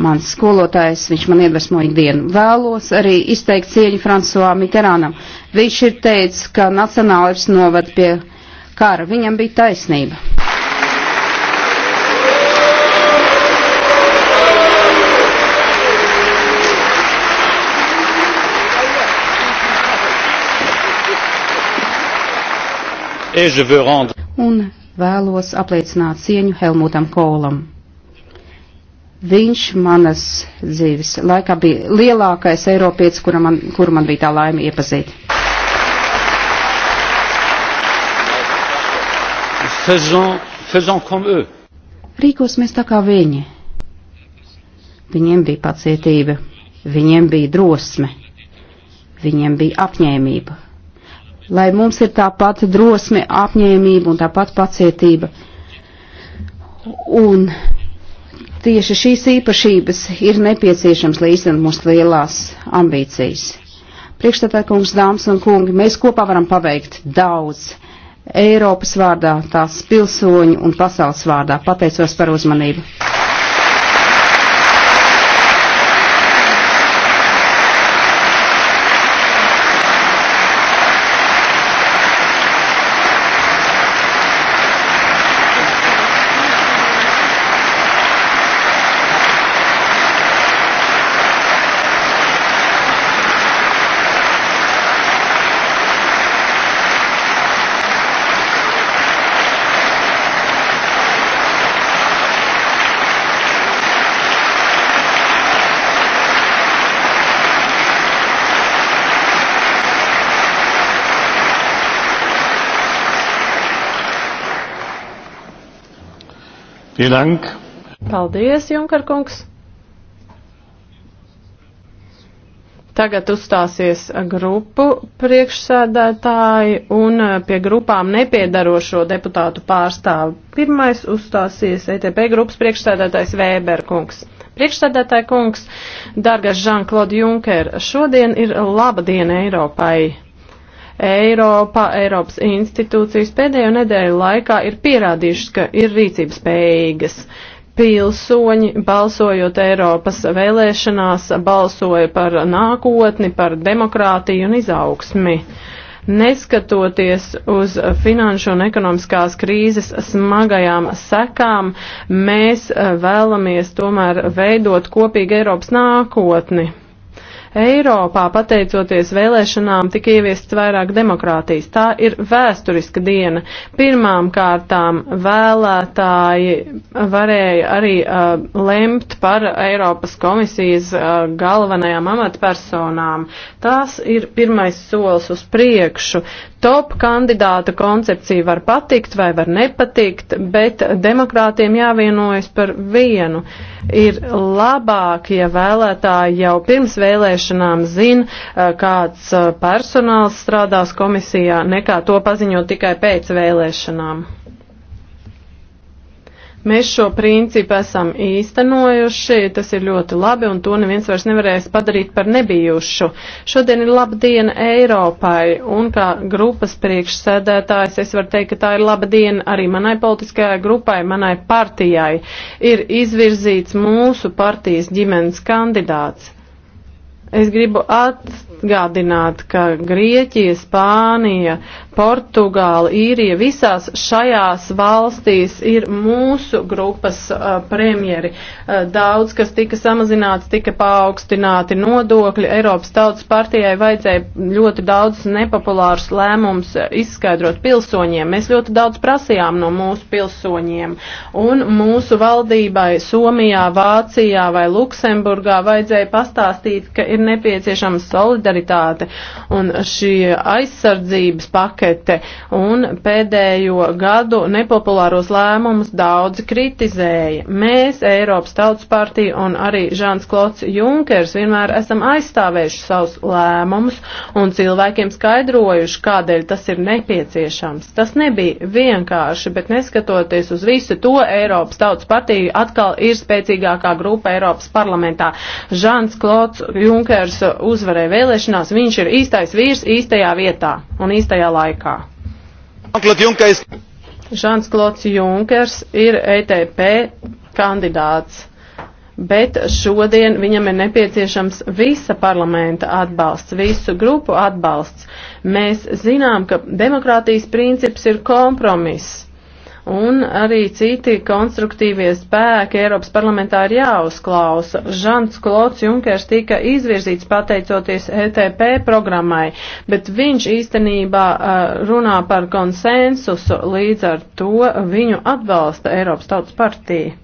mans skolotājs, viņš man iedvesmo ikdienu. Vēlos arī izteikt cieņu Fransuā Mitterānam. Viņš ir teicis, ka nacionālis novad pie kara. Viņam bija taisnība. Et je veux rendre. Un vēlos apliecināt cieņu Helmutam Kolam. Viņš manas dzīves laikā bija lielākais Eiropietis, kuru man, kuru man bija tā laime iepazīt. Faisons, faisons comme eux. Rīkosimies tā kā viņi. Viņiem bija pacietība, viņiem bija drosme, viņiem bija apņēmība, lai mums ir tāpat drosme, apņēmība un tāpat pacietība. Un tieši šīs īpašības ir nepieciešams, lai īstenot mūsu lielās ambīcijas. Priekšstādā kungs, dāmas un kungi, mēs kopā varam paveikt daudz. Eiropas vārdā, tās pilsoņu un pasaules vārdā. Pateicos par uzmanību. Dank. Paldies, Junkar kungs. Tagad uzstāsies grupu priekšsēdētāji un pie grupām nepiedarošo deputātu pārstāvu. Pirmais uzstāsies ETP grupas priekšsēdētājs Vēberkungs. Priekšsēdētāja kungs, dargais Žanklod Junker, šodien ir laba diena Eiropai. Eiropa, Eiropas institūcijas pēdējo nedēļu laikā ir pierādījušas, ka ir rīcības spējīgas. Pilsoņi, balsojot Eiropas vēlēšanās, balsoja par nākotni, par demokrātiju un izaugsmi. Neskatoties uz finanšu un ekonomiskās krīzes smagajām sekām, mēs vēlamies tomēr veidot kopīgu Eiropas nākotni. Eiropā, pateicoties vēlēšanām, tika ieviests vairāk demokrātijas. Tā ir vēsturiska diena. Pirmām kārtām vēlētāji varēja arī uh, lemt par Eiropas komisijas uh, galvenajām amatpersonām. Tās ir pirmais solis uz priekšu top kandidāta koncepcija var patikt vai var nepatikt, bet demokrātiem jāvienojas par vienu. Ir labāk, ja vēlētāji jau pirms vēlēšanām zina, eh, kāds eh, personāls strādās komisijā, nekā to paziņot tikai pēc vēlēšanām. Mēs šo principu esam īstenojuši, tas ir ļoti labi, un to neviens vairs nevarēs padarīt par nebijušu. Šodien ir laba diena Eiropai, un kā grupas priekšsēdētājs es varu teikt, ka tā ir laba diena arī manai politiskajai grupai, manai partijai. Ir izvirzīts mūsu partijas ģimenes kandidāts. Es gribu atgādināt, ka Grieķija, Spānija, Portugāla, Īrija, visās šajās valstīs ir mūsu grupas uh, premjeri. Uh, daudz, kas tika samazināts, tika paaugstināti nodokļi. Eiropas tautas partijai vajadzēja ļoti daudz nepopulārus lēmumus uh, izskaidrot pilsoņiem. Mēs ļoti daudz prasījām no mūsu pilsoņiem. Un mūsu valdībai Somijā, Vācijā vai Luksemburgā vajadzēja pastāstīt, ka ir ir nepieciešama solidaritāte un šī aizsardzības pakete un pēdējo gadu nepopulāros lēmumus daudzi kritizēja. Mēs, Eiropas Tautas partija un arī Žāns Klots Junkers vienmēr esam aizstāvējuši savus lēmumus un cilvēkiem skaidrojuši, kādēļ tas ir nepieciešams. Tas nebija vienkārši, bet neskatoties uz visu to, Eiropas Tautas partija atkal ir spēcīgākā grupa Eiropas parlamentā. Žāns Klots Junkers Junkers uzvarēja vēlēšanās, viņš ir īstais vīrs īstajā vietā un īstajā laikā. Žants Klots Junkers ir ETP kandidāts, bet šodien viņam ir nepieciešams visa parlamenta atbalsts, visu grupu atbalsts. Mēs zinām, ka demokrātijas princips ir kompromiss un arī citi konstruktīvie spēki Eiropas parlamentā ir jāuzklausa. Žants Klots Junkers tika izvirzīts pateicoties ETP programmai, bet viņš īstenībā eh, runā par konsensusu, līdz ar to viņu atbalsta Eiropas tautas partija.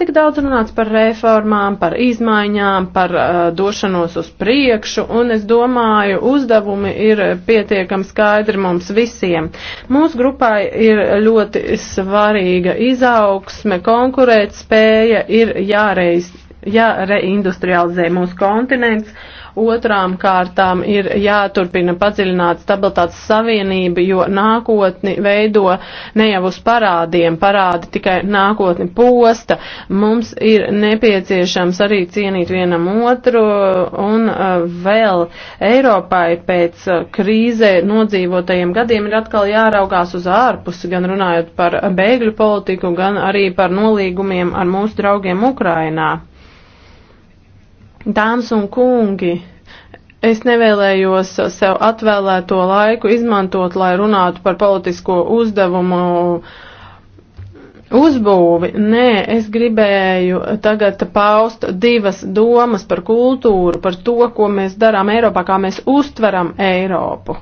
Tik daudz runāts par reformām, par izmaiņām, par uh, došanos uz priekšu, un es domāju, uzdevumi ir pietiekami skaidri mums visiem. Mūsu grupai ir ļoti svarīga izaugsme, konkurētspēja, ir jāreiz, jāreindustrializē mūsu kontinents Otrām kārtām ir jāturpina padziļināt stabilitātes savienību, jo nākotni veido ne jau uz parādiem, parādi tikai nākotni posta. Mums ir nepieciešams arī cienīt vienam otru un uh, vēl Eiropai pēc uh, krīzē nodzīvotajiem gadiem ir atkal jāraugās uz ārpusi, gan runājot par bēgļu politiku, gan arī par nolīgumiem ar mūsu draugiem Ukrainā. Dāmas un kungi, es nevēlējos sev atvēlēto laiku izmantot, lai runātu par politisko uzdevumu uzbūvi. Nē, es gribēju tagad paust divas domas par kultūru, par to, ko mēs darām Eiropā, kā mēs uztveram Eiropu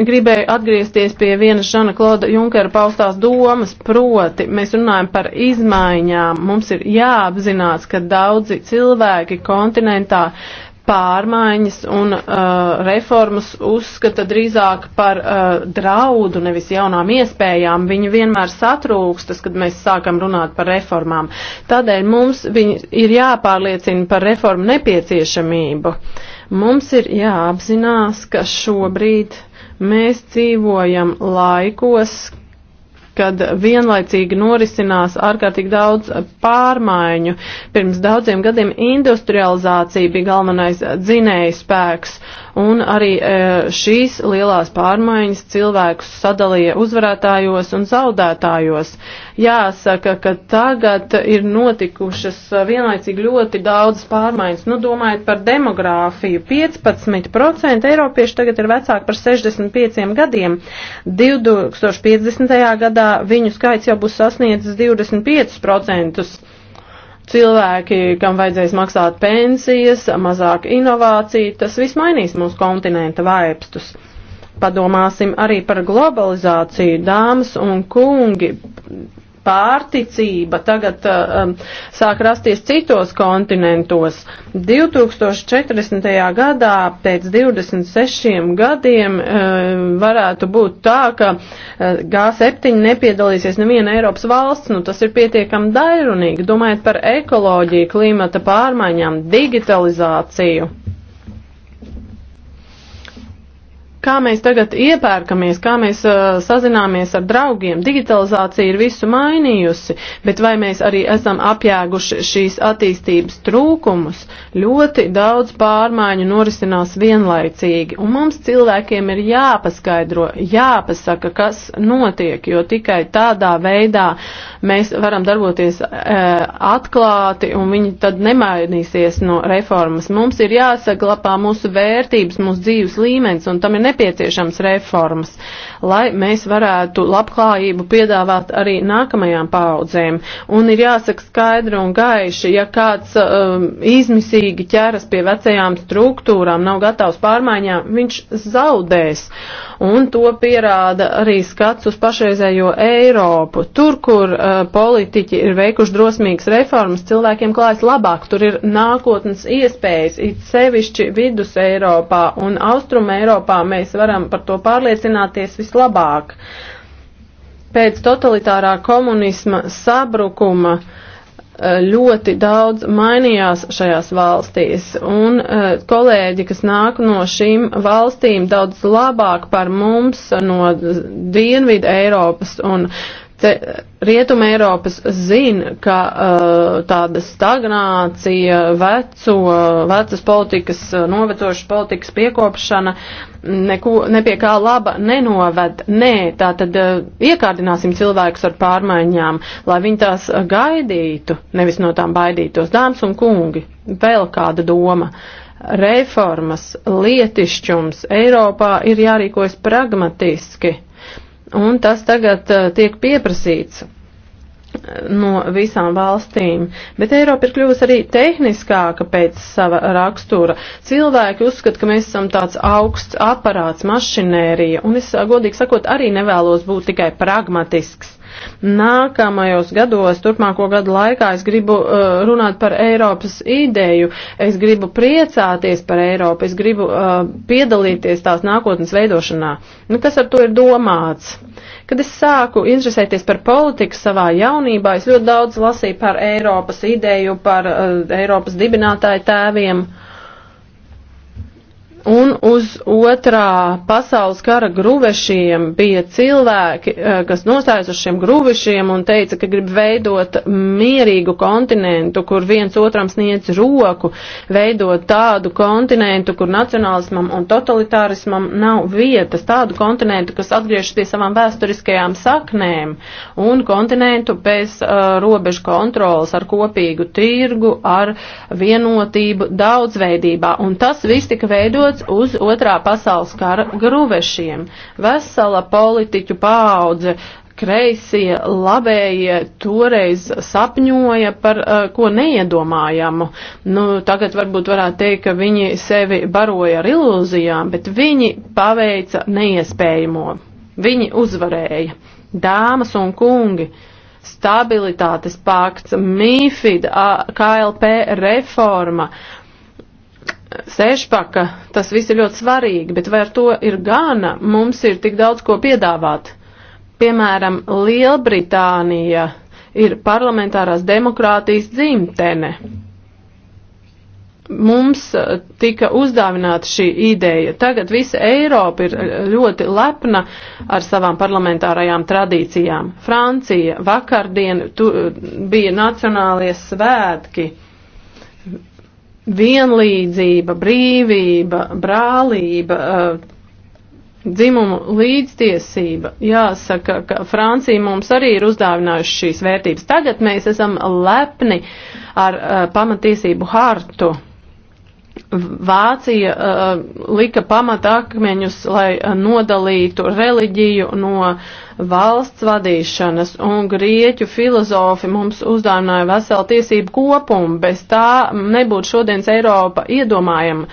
gribēju atgriezties pie vienas Žana Kloda Junkera paustās domas, proti mēs runājam par izmaiņām. Mums ir jāapzinās, ka daudzi cilvēki kontinentā pārmaiņas un uh, reformas uzskata drīzāk par uh, draudu, nevis jaunām iespējām. Viņi vienmēr satrūkstas, kad mēs sākam runāt par reformām. Tādēļ mums ir jāpārliecina par reformu nepieciešamību. Mums ir jāapzinās, ka šobrīd Mēs dzīvojam laikos, kad vienlaicīgi norisinās ārkārtīgi daudz pārmaiņu. Pirms daudziem gadiem industrializācija bija galvenais dzinējspēks, un arī e, šīs lielās pārmaiņas cilvēkus sadalīja uzvarētājos un zaudētājos. Jāsaka, ka tagad ir notikušas e, vienlaicīgi ļoti daudzas pārmaiņas. Nu, domājot par demogrāfiju, 15% eiropieši tagad ir vecāki par 65 gadiem. 2050. gadā viņu skaits jau būs sasniedzis 25% cilvēki, kam vajadzēs maksāt pensijas, mazāk inovāciju, tas viss mainīs mūsu kontinenta vaipstus. Padomāsim arī par globalizāciju, dāmas un kungi pārticība tagad uh, um, sāk rasties citos kontinentos. 2040. gadā pēc 26 gadiem um, varētu būt tā, ka uh, G7 nepiedalīsies neviena Eiropas valsts, nu tas ir pietiekami dairunīgi, domājot par ekoloģiju, klimata pārmaiņām, digitalizāciju. Kā mēs tagad iepērkamies, kā mēs uh, sazināmies ar draugiem, digitalizācija ir visu mainījusi, bet vai mēs arī esam apjēguši šīs attīstības trūkumus? Ļoti daudz pārmaiņu norisinās vienlaicīgi, un mums cilvēkiem ir jāpaskaidro, jāpasaka, kas notiek, jo tikai tādā veidā mēs varam darboties uh, atklāti, un viņi tad nemainīsies no reformas. Mums ir jāsaglabā mūsu vērtības, mūsu dzīves līmenis, un tam ir nepieciešams nepieciešams reformas, lai mēs varētu labklājību piedāvāt arī nākamajām paudzēm. Un ir jāsaka skaidri un gaiši, ja kāds um, izmisīgi ķeras pie vecajām struktūrām, nav gatavs pārmaiņām, viņš zaudēs. Un to pierāda arī skats uz pašreizējo Eiropu. Tur, kur uh, politiķi ir veikuši drosmīgas reformas, cilvēkiem klājas labāk, tur ir nākotnes iespējas, it sevišķi vidus Eiropā un austrum Eiropā mēs mēs varam par to pārliecināties vislabāk. Pēc totalitārā komunisma sabrukuma uh, ļoti daudz mainījās šajās valstīs, un eh, kolēģi, kas nāk no šīm valstīm, daudz labāk par mums no Dienvidu Eiropas un Rietuma Eiropas zina, ka uh, tāda stagnācija, veco, vecas politikas, uh, novecošas politikas piekopšana neko, nepie kā laba nenoved. Nē, tā tad uh, iekārdināsim cilvēkus ar pārmaiņām, lai viņi tās uh, gaidītu, nevis no tām baidītos. Dāmas un kungi, vēl kāda doma. Reformas, lietišķums Eiropā ir jārīkojas pragmatiski un tas tagad uh, tiek pieprasīts uh, no visām valstīm. Bet Eiropa ir kļuvusi arī tehniskāka pēc sava rakstura. Cilvēki uzskata, ka mēs esam tāds augsts aparāts, mašinērija, un es, uh, godīgi sakot, arī nevēlos būt tikai pragmatisks. Nākamajos gados, turpmāko gadu laikā, es gribu uh, runāt par Eiropas ideju, es gribu priecāties par Eiropu, es gribu uh, piedalīties tās nākotnes veidošanā. Nu, kas ar to ir domāts? Kad es sāku interesēties par politiku savā jaunībā, es ļoti daudz lasīju par Eiropas ideju, par uh, Eiropas dibinātāju tēviem. Uh, Un uz otrā pasaules kara gruvešiem bija cilvēki, eh, kas nostājas uz šiem gruvešiem un teica, ka grib veidot mierīgu kontinentu, kur viens otram sniedz roku, veidot tādu kontinentu, kur nacionālismam un totalitārismam nav vietas, tādu kontinentu, kas atgriežas pie savām vēsturiskajām saknēm, un kontinentu bez uh, robežu kontrolas, ar kopīgu tirgu, ar vienotību daudzveidībā. Un tas viss tika veidot pamatots uz otrā pasaules kara gruvešiem. Vesela politiķu paudze kreisie, labējie toreiz sapņoja par uh, ko neiedomājamu. Nu, tagad varbūt varētu teikt, ka viņi sevi baroja ar ilūzijām, bet viņi paveica neiespējamo. Viņi uzvarēja. Dāmas un kungi, stabilitātes pakts, MIFID, KLP reforma. Uh, sešpaka, tas viss ir ļoti svarīgi, bet vai ar to ir gana? Mums ir tik daudz ko piedāvāt. Piemēram, Lielbritānija ir parlamentārās demokrātijas dzimtene. Mums eh, tika uzdāvināta šī ideja. Tagad visa Eiropa ir eh, ļoti lepna ar savām parlamentārajām tradīcijām. Francija vakardien tu, eh, bija nacionālie svētki vienlīdzība, brīvība, brālība, eh, dzimumu līdztiesība. Jāsaka, ka Francija mums arī ir uzdāvinājusi šīs vērtības. Tagad mēs esam lepni ar eh, pamatiesību hartu. Vācija uh, lika pamatakmeņus, lai uh, nodalītu reliģiju no valsts vadīšanas, un grieķu filozofi mums uzdāvināja veselu tiesību kopumu, bez tā nebūtu šodienas Eiropa iedomājama.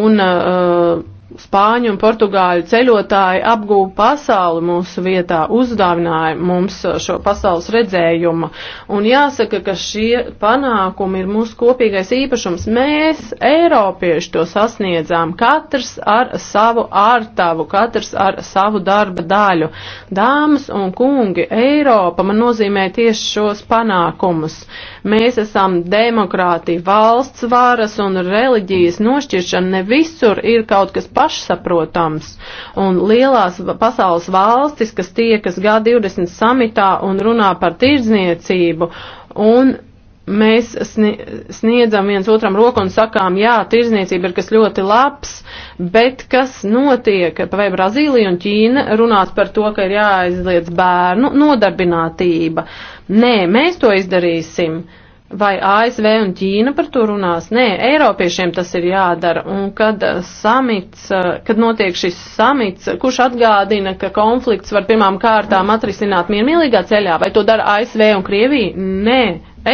Un, uh, spāņu un portugāļu ceļotāji apgūva pasauli mūsu vietā, uzdāvināja mums šo pasaules redzējumu. Un jāsaka, ka šie panākumi ir mūsu kopīgais īpašums. Mēs, eiropieši, to sasniedzām, katrs ar savu ārtavu, katrs ar savu darba daļu. Dāmas un kungi, Eiropa man nozīmē tieši šos panākumus. Mēs esam demokrātija, valsts varas un reliģijas nošķiršana. Ne visur ir kaut kas panākums pašsaprotams. Un lielās pasaules valstis, kas tiekas G20 samitā un runā par tirdzniecību, un mēs sniedzam viens otram roku un sakām, jā, tirzniecība ir kas ļoti labs, bet kas notiek, vai Brazīlija un Ķīna runās par to, ka ir jāaizliedz bērnu nodarbinātība. Nē, mēs to izdarīsim. Uh, Vai ASV un Ķīna par to runās? Nē, Eiropiešiem tas ir jādara. Un kad eh, samits, eh, kad notiek šis samits, kurš atgādina, ka konflikts var pirmām kārtām atrisināt miermīlīgā ceļā, vai to dara ASV un Krievija? Nē,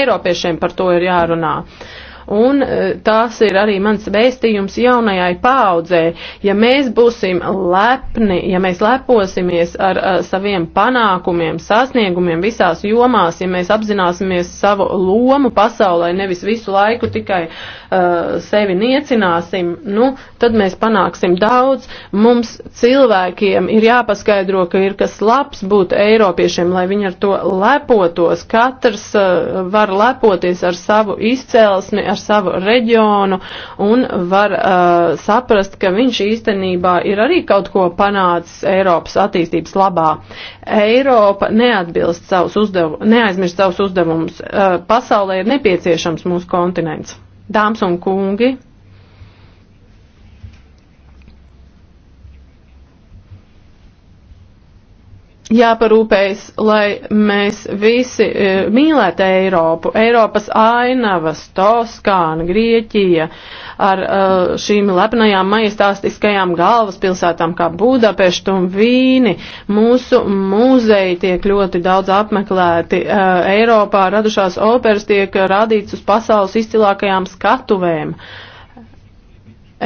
Eiropiešiem par to ir jārunā. Uh, un e, tās ir arī mans vēstījums jaunajai paaudzē. Ja mēs būsim lepni, ja mēs leposimies ar uh, saviem panākumiem, sasniegumiem visās jomās, ja mēs apzināsimies savu lomu pasaulē, nevis visu laiku tikai uh, uh, sevi niecināsim, nu, tad mēs panāksim daudz. Mums cilvēkiem ir jāpaskaidro, ka ir kas labs būt eiropiešiem, lai viņi ar to lepotos. Katrs uh, var lepoties ar savu izcelsmi, ar savu reģionu un var uh, saprast, ka viņš īstenībā ir arī kaut ko panācis Eiropas attīstības labā. Eiropa neatbilst savus uzdevumus, neaizmirst savus uzdevumus. Uh, pasaulē ir nepieciešams mūsu kontinents. Dāmas un kungi, jāparūpējas, lai mēs visi e, mīlētu Eiropu, Eiropas ainavas, Toskāna, Grieķija, ar e, šīm lepnajām majestāstiskajām galvaspilsētām kā Budapeštu un Vīni. Mūsu muzeji tiek ļoti daudz apmeklēti. E, Eiropā radušās operas tiek radīts uz pasaules izcilākajām skatuvēm. E,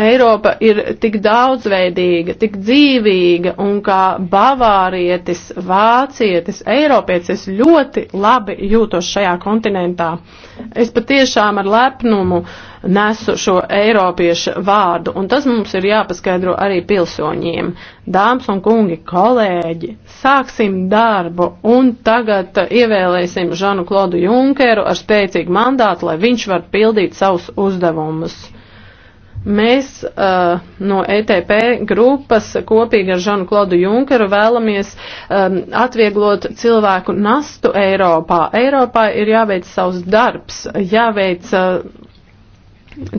Eiropa ir tik daudzveidīga, tik dzīvīga, un kā bavārietis, vācietis, eiropietis, es ļoti labi jūtos šajā kontinentā. Es patiešām ar lepnumu nesu šo eiropiešu vārdu, un tas mums ir jāpaskaidro arī pilsoņiem. Dāmas un kungi, kolēģi, sāksim darbu, un tagad ievēlēsim Žanu Klodu Junkeru ar spēcīgu mandātu, lai viņš var pildīt savus uzdevumus. Mēs uh, no ETP grupas kopīgi ar Žanu Klodu Junkeru vēlamies um, atvieglot cilvēku nastu Eiropā. Eiropā ir jāveic savs darbs, jāveic uh,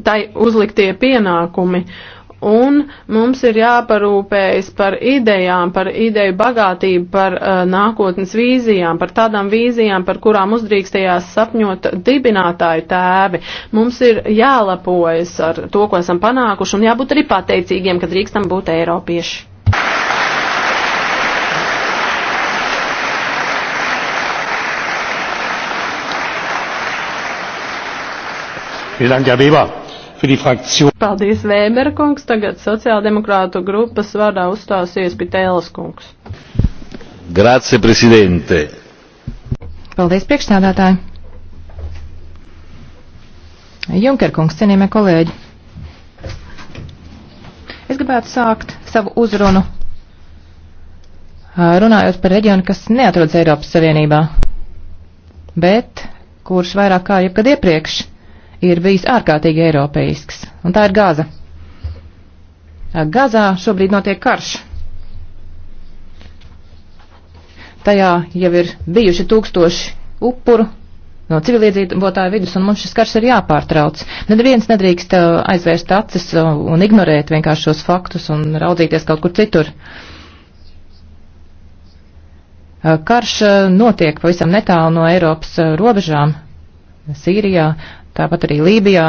tai uzliktie pienākumi. Uh, un mums ir jāparūpējas par idejām, par ideju bagātību, par uh, nākotnes vīzijām, par tādām vīzijām, par kurām uzdrīkstējās sapņot dibinātāju tēvi. Mums ir jālapojas ar to, ko esam panākuši, un jābūt arī pateicīgiem, ka drīkstam būt Eiropieši. Vielen Dank, Herr Weber. Paldies, Vēmera kungs. Tagad sociāldemokrātu grupas vārdā uzstāsies Pitēlas kungs. Grazie, prezidente. Paldies, priekšstādātāji. Junker kungs, cienījamie kolēģi. Es gribētu sākt savu uzrunu runājot par reģionu, kas neatrodas Eiropas Savienībā, bet kurš vairāk kā jebkad iepriekš ir bijis ārkārtīgi eiropeisks, un tā ir Gaza. Gazā šobrīd notiek karš. Tajā jau ir bijuši tūkstoši upuru no civiliedzīvotāju vidus, un mums šis karš ir jāpārtrauc. Neviens nedrīkst uh, aizvērst acis uh, un ignorēt vienkārši šos faktus un raudzīties kaut kur citur. Uh, karš notiek pavisam netālu no Eiropas robežām, Sīrijā, tāpat arī Lībijā.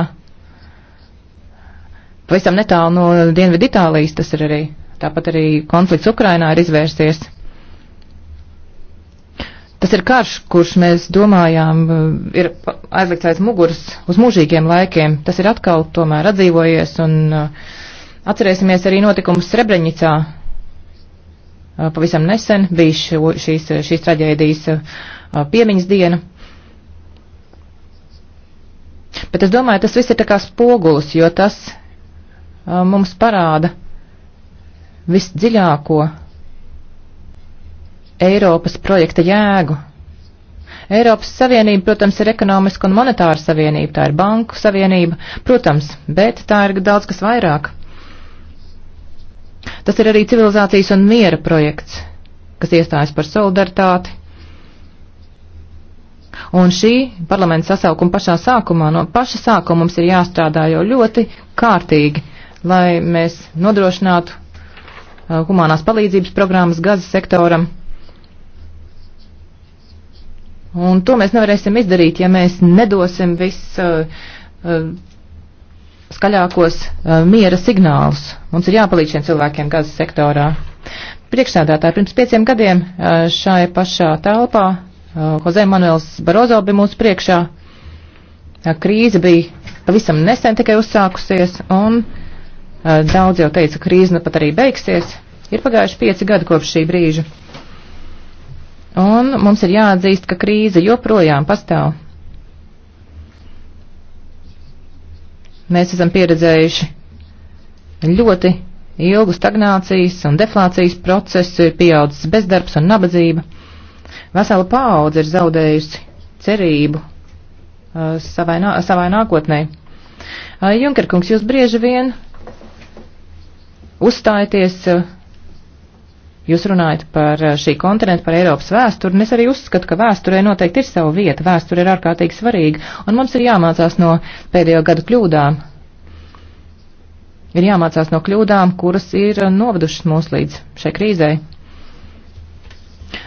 Pavisam netālu no Dienvidu Itālijas tas ir arī. Tāpat arī konflikts Ukrainā ir izvērsies. Tas ir karš, kurš mēs domājām eh, ir aizlikts aiz muguras uz mūžīgiem laikiem. Tas ir atkal tomēr atdzīvojies un eh, atcerēsimies arī notikumus Srebrenicā. Eh, pavisam nesen bija šo, šīs, šīs traģēdijas piemiņas diena. Bet es domāju, tas viss ir tā kā spogulis, jo tas uh, mums parāda visdziļāko Eiropas projekta jēgu. Eiropas Savienība, protams, ir ekonomiska un monetāra savienība, tā ir banku savienība, protams, bet tā ir daudz kas vairāk. Tas ir arī civilizācijas un miera projekts, kas iestājas par solidaritāti, Un šī parlamenta sasaukuma pašā sākumā, no paša sākuma mums ir jāstrādā jau ļoti kārtīgi, lai mēs nodrošinātu uh, humanās palīdzības programmas gazas sektoram. Un to mēs nevarēsim izdarīt, ja mēs nedosim viss uh, uh, skaļākos uh, miera signālus. Mums ir jāpalīdz šiem cilvēkiem gazas sektorā. Priekšsēdētāji pirms pieciem gadiem uh, šai pašā telpā Eh, Jose Manuels Barozo bija mūsu priekšā. Krīze bija pavisam nesen tikai uzsākusies, un eh, daudz jau teica, ka krīze nu pat arī beigsies. Ir pagājuši pieci gadi kopš šī brīža. Un mums ir jāatzīst, ka krīze joprojām pastāv. Mēs esam pieredzējuši ļoti ilgu stagnācijas un deflācijas procesu, ir pieaudzis bezdarbs un nabadzība. Vesela paudze ir zaudējusi cerību uh, savai, nā, savai nākotnē. Uh, Junkerkungs, jūs bieži vien uzstājaties, uh, jūs runājat par uh, šī kontinentu, par Eiropas vēsturi, un es arī uzskatu, ka vēsturē noteikti ir sava vieta, vēsture ir ārkārtīgi svarīga, un mums ir jāmācās no pēdējo gadu kļūdām. Ir jāmācās no kļūdām, kuras ir uh, novadušas mūs līdz šai krīzei.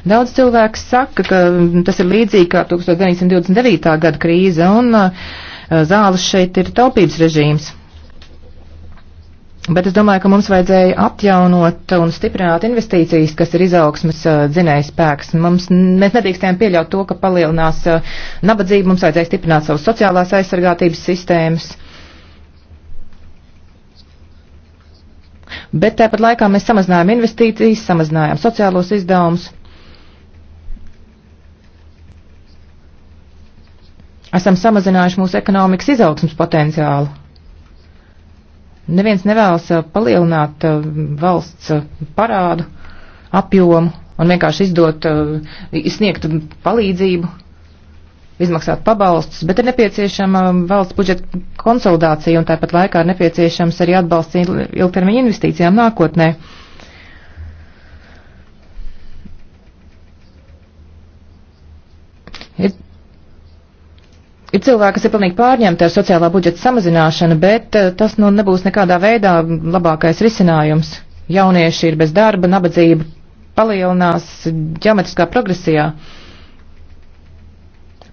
Daudz cilvēku saka, ka mm, tas ir līdzīgi kā 1929. gada krīze, un uh, zāles šeit ir taupības režīms. Bet es domāju, ka mums vajadzēja atjaunot un stiprināt investīcijas, kas ir izaugsmas uh, dzinējs spēks. Mums, mēs nedrīkstējām pieļaut to, ka palielinās uh, nabadzību, mums vajadzēja stiprināt savas sociālās aizsargātības sistēmas. Bet tāpat laikā mēs samazinājām investīcijas, samazinājām sociālos izdevumus. esam samazinājuši mūsu ekonomikas izaugsmas potenciālu. Neviens nevēlas uh, palielināt uh, valsts uh, parādu apjomu un vienkārši izdot, sniegt palīdzību, izmaksāt pabalstus, bet ir nepieciešama um, valsts budžeta konsolidācija un tāpat laikā ir nepieciešams arī atbalsts ilgtermiņa investīcijām nākotnē. Ir Ir cilvēki, kas ir pilnīgi pārņemti ar sociālā budžeta samazināšanu, bet eh, tas nu nebūs nekādā veidā labākais risinājums. Jaunieši ir bez darba, nabadzība palielinās ģeometriskā progresijā.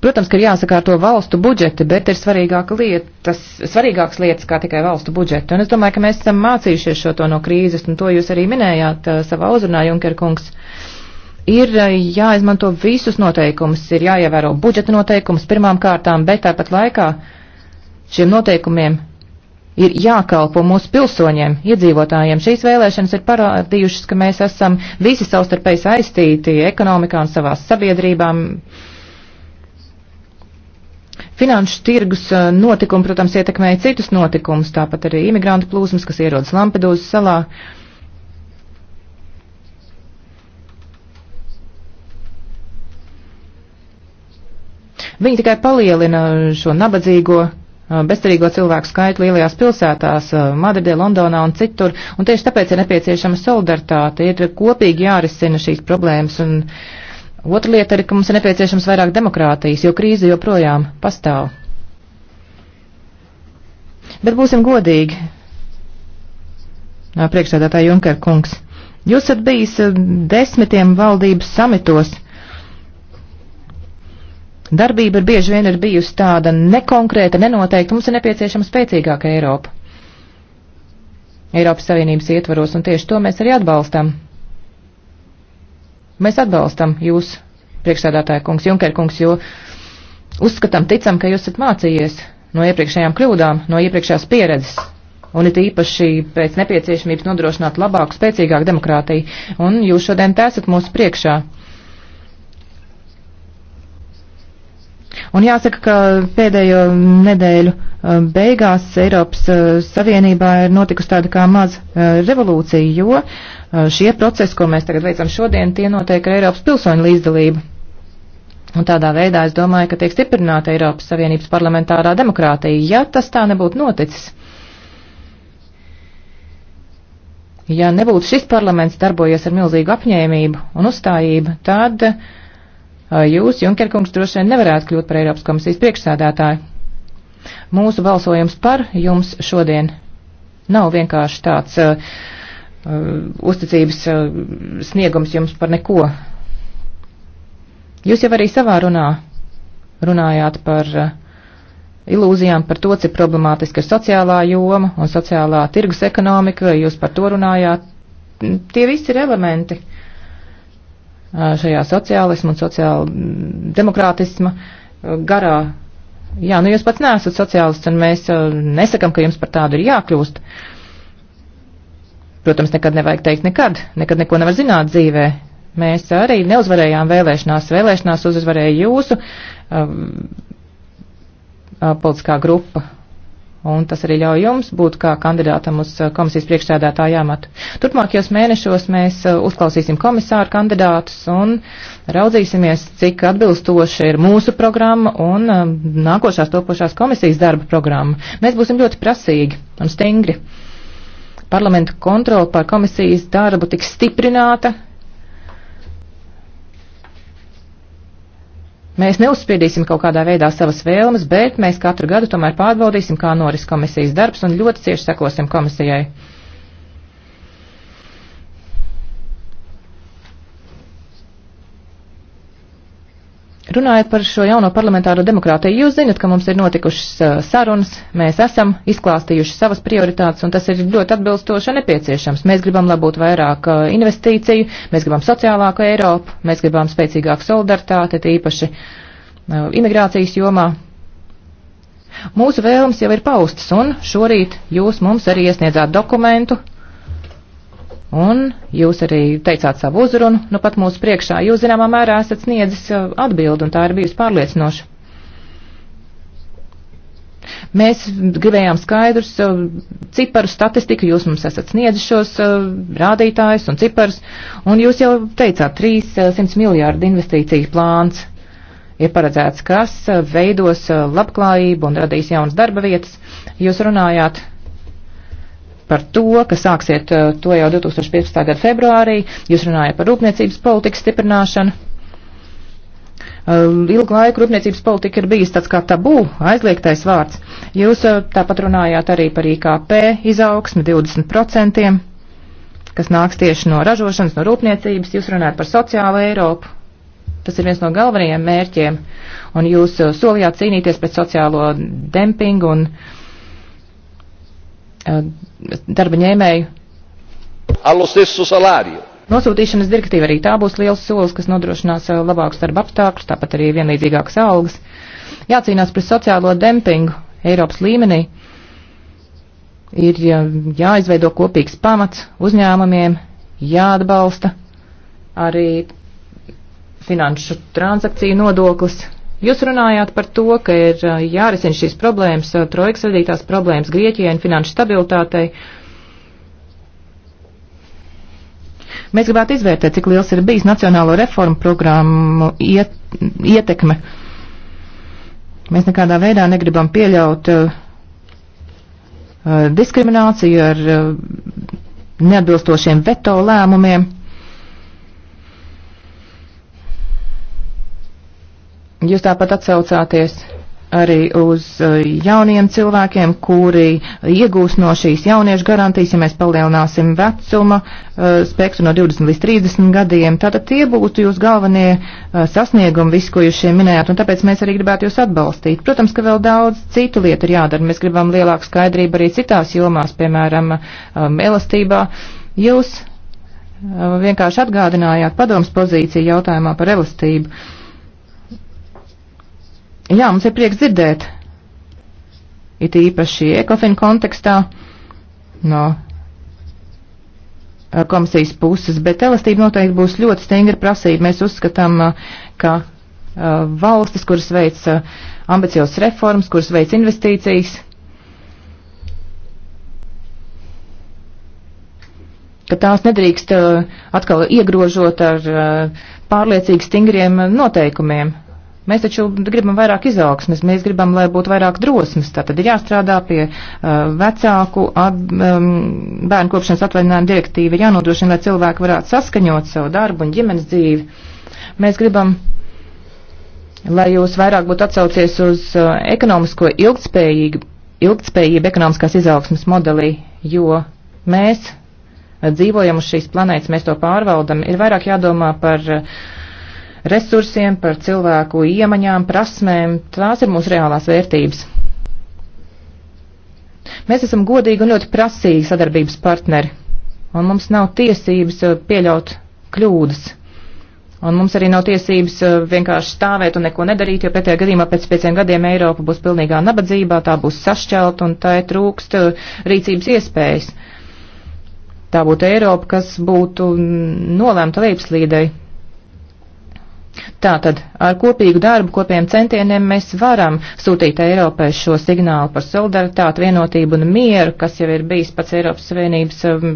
Protams, ka ir jāsakārto valstu budžeti, bet ir svarīgāka lietas, svarīgākas lietas kā tikai valstu budžeti. Un es domāju, ka mēs esam mācījušies šo to no krīzes, un to jūs arī minējāt eh, savā uzrunā, Junker kungs. Uh, ir eh, jāizmanto visus noteikumus, ir jāievēro budžeta noteikumus pirmām kārtām, bet tāpat laikā šiem noteikumiem ir jākalpo mūsu pilsoņiem, iedzīvotājiem. Šīs vēlēšanas ir parādījušas, ka mēs esam visi savstarpēji saistīti ekonomikā un savās sabiedrībām. Finanšu tirgus eh, notikumi, protams, ietekmēja citus notikumus, tāpat arī imigrantu plūsmas, kas ierodas Lampedūzas salā. Uh, Viņi tikai palielina šo nabadzīgo bezcerīgo cilvēku skaitu lielajās pilsētās, Madridē, Londonā un citur, un tieši tāpēc ir nepieciešama solidaritāte, ir kopīgi jārisina šīs problēmas, un otra lieta ir, ka mums ir nepieciešams vairāk demokrātijas, jo krīze joprojām pastāv. Bet būsim godīgi, priekšsēdētāji Junker kungs, jūs esat bijis desmitiem valdības samitos, darbība ir bieži vien ir bijusi tāda nekonkrēta, nenoteikta. Mums ir nepieciešama spēcīgāka Eiropa. Eiropas Savienības ietvaros, un tieši to mēs arī atbalstam. Mēs atbalstam jūs, priekšsēdātāja kungs, Junker kungs, jo uzskatām, ticam, ka jūs esat mācījies no iepriekšējām kļūdām, no iepriekšējās pieredzes, un it īpaši pēc nepieciešamības nodrošināt labāku, spēcīgāku demokrātiju, un jūs šodien te esat mūsu priekšā. Un jāsaka, ka pēdējo nedēļu eh, beigās Eiropas eh, Savienībā ir notikusi tāda kā maz eh, revolūcija, jo šie procesi, ko mēs tagad veicam šodien, tie notiek ar Eiropas pilsoņu līdzdalību. Un tādā veidā es domāju, ka tiek stiprināta Eiropas Savienības parlamentārā demokrātija, ja tas tā nebūtu noticis. Ja nebūtu šis parlaments darbojies ar milzīgu apņēmību un uzstājību, tad uh, jūs, Junkerkungs, droši vien nevarētu kļūt par Eiropas komisijas priekšsēdētāju. Mūsu balsojums par jums šodien nav vienkārši tāds uh, uzticības uh, sniegums jums par neko. Jūs jau arī savā runā runājāt par uh, ilūzijām par to, cik problemātiski ir sociālā joma un sociālā tirgus ekonomika, jūs par to runājāt. Tie visi ir elementi. Uh, šajā sociālismu un sociāla demokrātisma garā. Jā, nu jūs pats neesat sociālists, un mēs nesakam, ka jums par tādu ir jākļūst. Protams, nekad nevajag teikt nekad, nekad neko nevar zināt dzīvē. Mēs arī neuzvarējām vēlēšanās, vēlēšanās uzvarēja jūsu um, politiskā grupa, Un tas arī ļauj jums būt kā kandidātam uz uh, komisijas priekšstādātāju amatu. Turpmākajos mēnešos mēs uh, uzklausīsim komisāru kandidātus un raudzīsimies, cik atbilstoša ir mūsu programma un um, nākošās topošās komisijas darba programma. Mēs būsim ļoti prasīgi un stingri. Parlamenta kontrola pār komisijas darbu tiks stiprināta, Mēs neuzspiedīsim kaut kādā veidā savas vēlmes, bet mēs katru gadu tomēr pārbaudīsim, kā noris komisijas darbs un ļoti cieši sekosim komisijai. Runājot par šo jauno parlamentāro demokrātiju, jūs zinat, ka mums ir notikušas uh, sarunas, mēs esam izklāstījuši savas prioritātes, un tas ir ļoti atbilstoši un nepieciešams. Mēs gribam, lai būtu vairāk uh, investīciju, mēs gribam sociālāku Eiropu, mēs gribam spēcīgāku solidaritāti, tīpaši uh, imigrācijas jomā. Mūsu vēlmes jau ir paustas, un šorīt jūs mums arī iesniedzāt dokumentu, Un jūs arī teicāt savu uzrunu, nu pat mūsu priekšā. Jūs zināmā mērā esat sniedzis uh, atbildi, un tā ir bijusi pārliecinoša. Mēs gribējām skaidrus uh, ciparus, statistiku, jūs mums esat sniedzis šos uh, rādītājus un ciparus, un jūs jau teicāt, 300 miljārdu investīciju plāns ir paredzēts, kas veidos labklājību un radīs jaunas darba vietas. Jūs runājāt par to, ka sāksiet eh, to jau 2015. gada februārī. Jūs runājat par rūpniecības politikas stiprināšanu. Eh, ilgu laiku rūpniecības politika ir bijis tāds kā tabū, aizliegtais vārds. Jūs eh, tāpat runājāt arī par IKP izaugsmi 20%, kas nāks tieši no ražošanas, no rūpniecības. Jūs runājat par sociālo Eiropu, Tas ir viens no galvenajiem mērķiem. Un jūs solijāt cīnīties pret sociālo dempingu un uh, Uh, darba ņēmēju. Allo stesso salario. Nosūtīšanas direktīva arī tā būs liels solis, kas nodrošinās uh, labākus darba apstākļus, tāpat arī vienlīdzīgākas algas. Jācīnās pret sociālo dempingu Eiropas līmenī. Ir uh, jāizveido kopīgs pamats uzņēmumiem, jāatbalsta arī finanšu transakciju nodoklis, Jūs runājāt par to, ka ir uh, jārisina šīs problēmas, uh, trojkas radītās problēmas Grieķijai un finanšu stabilitātei. Mēs gribētu izvērtēt, cik liels ir bijis Nacionālo reformu programmu iet, ietekme. Mēs nekādā veidā negribam pieļaut uh, diskrimināciju ar uh, neatbilstošiem veto lēmumiem. Jūs tāpat atsaucāties arī uz eh, jauniem cilvēkiem, kuri iegūs no šīs jauniešu garantijas, ja mēs palielināsim vecuma eh, spektru no 20 līdz 30 gadiem. Tātad tie būtu jūs galvenie eh, sasniegumi, visu, ko jūs šiem minējāt, un tāpēc mēs arī gribētu jūs atbalstīt. Protams, ka vēl daudz citu lietu ir jādara. Mēs gribam lielāku skaidrību arī citās jomās, piemēram, um, elastībā. Jūs um, vienkārši atgādinājāt padoms pozīciju jautājumā par elastību. Jā, mums ir prieks dzirdēt. It īpaši ekofina kontekstā no eh, komisijas puses, bet elastība noteikti būs ļoti stingra prasība. Mēs uzskatām, eh, ka eh, valstis, kuras veic ambiciozas reformas, kuras veic investīcijas, ka tās nedrīkst atkal iegrožot ar pārliecīgi stingriem noteikumiem. Mēs taču gribam vairāk izaugsmes, mēs gribam, lai būtu vairāk drosmes. Tātad ir jāstrādā pie uh, vecāku at, um, bērnu kopšanas atvaļinājuma direktīva, jānodrošina, lai cilvēki varētu saskaņot savu darbu un ģimenes dzīvi. Mēs gribam, lai jūs vairāk būtu atsaucies uz uh, ekonomisko ilgtspējību, ilgtspējību ekonomiskās izaugsmes modelī, jo mēs uh, dzīvojam uz šīs planētas, mēs to pārvaldam. Ir vairāk jādomā par. Uh, resursiem, par cilvēku iemaņām, prasmēm. Tās ir mūsu reālās vērtības. Mēs esam godīgi un ļoti prasīgi sadarbības partneri, un mums nav tiesības uh, pieļaut kļūdas. Un mums arī nav tiesības uh, vienkārši stāvēt un neko nedarīt, jo pretējā gadījumā pēc pieciem gadiem Eiropa būs pilnīgā nabadzībā, tā būs sašķelta un tā ir trūkst uh, rīcības iespējas. Tā būtu Eiropa, kas būtu mm, nolēmta leipslīdei. Tātad ar kopīgu darbu, kopiem centieniem mēs varam sūtīt Eiropai šo signālu par solidaritāti, vienotību un mieru, kas jau ir bijis pats Eiropas Savienības um,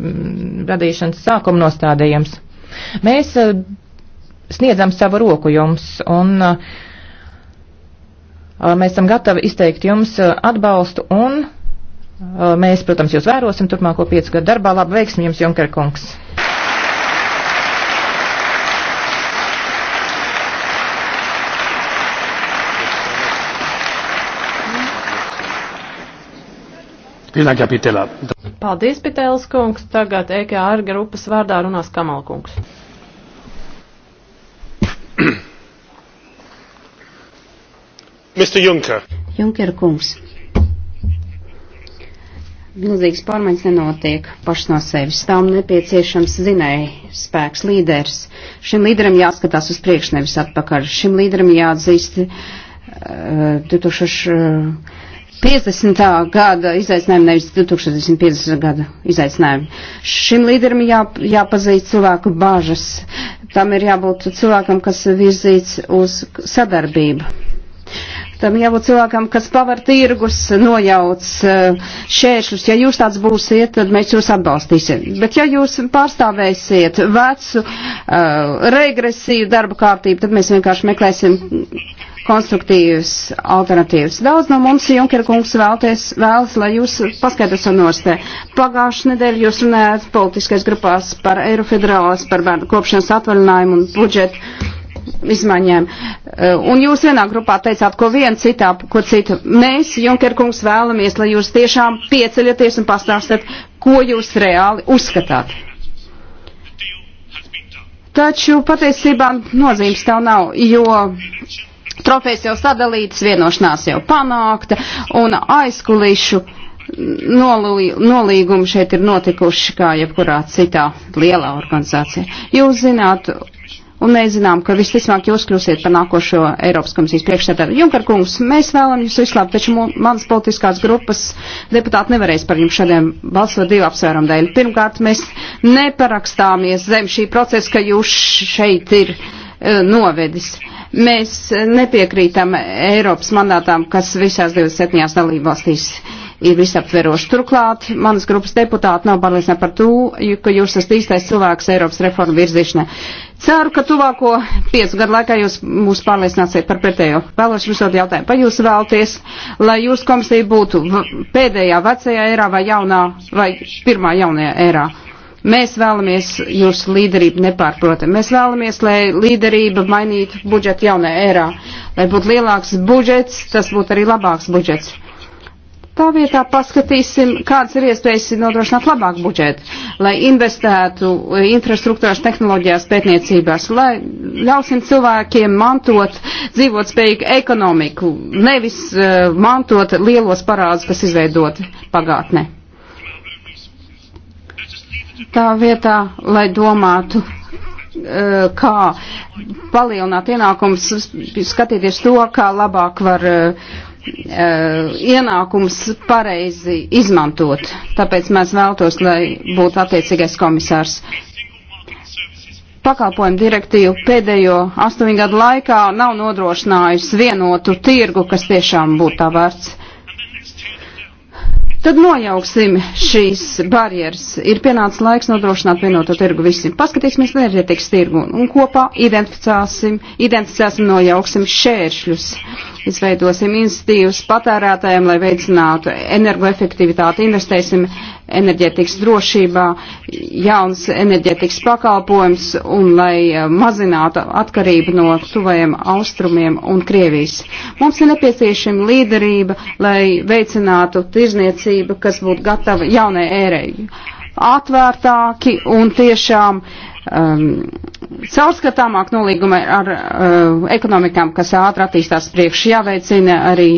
radīšanas sākuma nostādījums. Mēs uh, sniedzam savu roku jums un uh, uh, mēs esam gatavi izteikt jums atbalstu un mēs, protams, jūs vērosim turpmāko piecu gadu darbā. Labu veiksmi jums, Junker kungs! Paldies, Pitēlis kungs. Tagad EKR grupas vārdā runās Kamal kungs. Mr. Junker. Junker kungs. Milzīgas pārmaiņas nenotiek pašas no sevis. Tām nepieciešams zinēja spēks līderis. Šim līderim jāskatās uz priekšu, nevis atpakaļ. Šim līderim jāatzīst uh, 2000. Uh, 50. gada izaicinājumi, nevis 2050. gada izaicinājumi. Šim līderim jā, jāpazīst cilvēku bāžas. Tam ir jābūt cilvēkam, kas virzīts uz sadarbību. Tam jābūt cilvēkam, kas pavar tirgus, nojauc eh, šēršļus. Ja jūs tāds būsiet, tad mēs jūs atbalstīsim. Bet ja jūs pārstāvēsiet vecu, eh, regresīvu darba kārtību, tad mēs vienkārši meklēsim konstruktīvas alternatīvas. Daudz no mums, Junker kungs, vēlties, vēlas, lai jūs paskaidros un nostē. Pagājušajā nedēļā jūs runājāt politiskais grupās par eirofederālas, par bērnu kopšanas atvaļinājumu un budžetu izmaiņām. Uh, un jūs vienā grupā teicāt, ko vienu citā, ko citu. Mēs, Junker kungs, vēlamies, lai jūs tiešām pieceļaties un pastāstat, ko jūs reāli uzskatāt. Taču patiesībā nozīmes tev nav, jo Trofejas jau sadalītas, vienošanās jau panākta un aizkulišu nolī, nolīgumi šeit ir notikuši kā jebkurā citā lielā organizācija. Jūs zināt, un mēs zinām, ka visticamāk jūs kļūsiet par nākošo Eiropas komisijas priekšsēdētāju. Junkar kungs, mēs vēlam jūs visu labu, taču manas politiskās grupas deputāti nevarēs par jums šodien balsot divu apsvērumu dēļ. Pirmkārt, mēs neparakstāmies zem šī procesa, ka jūs šeit ir E, novedis. Mēs nepiekrītam Eiropas mandātām, kas visās 27 dalībvalstīs ir visaptveroši. Turklāt manas grupas deputāti nav pārliecināti par to, ka jūs esat īstais cilvēks Eiropas reformu virzīšanai. Ceru, ka tuvāko piecu gadu laikā jūs mūs pārliecināsiet par pretējo. Vēlos jums dot jautājumu, vai jūs vēlaties, lai jūsu komisija būtu pēdējā vecajā erā vai jaunā vai pirmā jaunajā erā? Mēs vēlamies jūsu līderību nepārprotam. Mēs vēlamies, lai līderība mainītu budžetu jaunā ērā. Lai būtu lielāks budžets, tas būtu arī labāks budžets. Tā vietā paskatīsim, kādas ir iespējas nodrošināt labāku budžetu, lai investētu infrastruktūras tehnoloģijās, pētniecībās, lai ļausim cilvēkiem mantot dzīvot spējīgu ekonomiku, nevis uh, mantot lielos parādus, kas izveidoti pagātnē tā vietā, lai domātu, e, kā palielināt ienākums, skatieties to, kā labāk var e, e, ienākums pareizi izmantot. Tāpēc mēs vēltos, lai būtu attiecīgais komisārs. Pakalpojumu direktīvu pēdējo astoņu gadu laikā nav nodrošinājusi vienotu tirgu, kas tiešām būtu tā vērts. Tad nojauksim šīs barjeras. Ir pienācis laiks nodrošināt vienoto tirgu visiem. Paskatīsimies enerģetikas tirgu un kopā identificēsim, identificēsim nojauksim šēršļus. Izveidosim institīvas patērētājiem, lai veicinātu energoefektivitāti, investēsim enerģetikas drošībā, jauns enerģetikas pakalpojums un lai eh, mazinātu atkarību no tuvajiem austrumiem un Krievijas. Mums ir nepieciešama līderība, lai veicinātu tirzniecību, kas būtu gatava jaunai ērēji. Atvērtāki un tiešām um, caurskatāmāk nolīgumi ar uh, ekonomikām, kas ātri attīstās priekš, jāveicina arī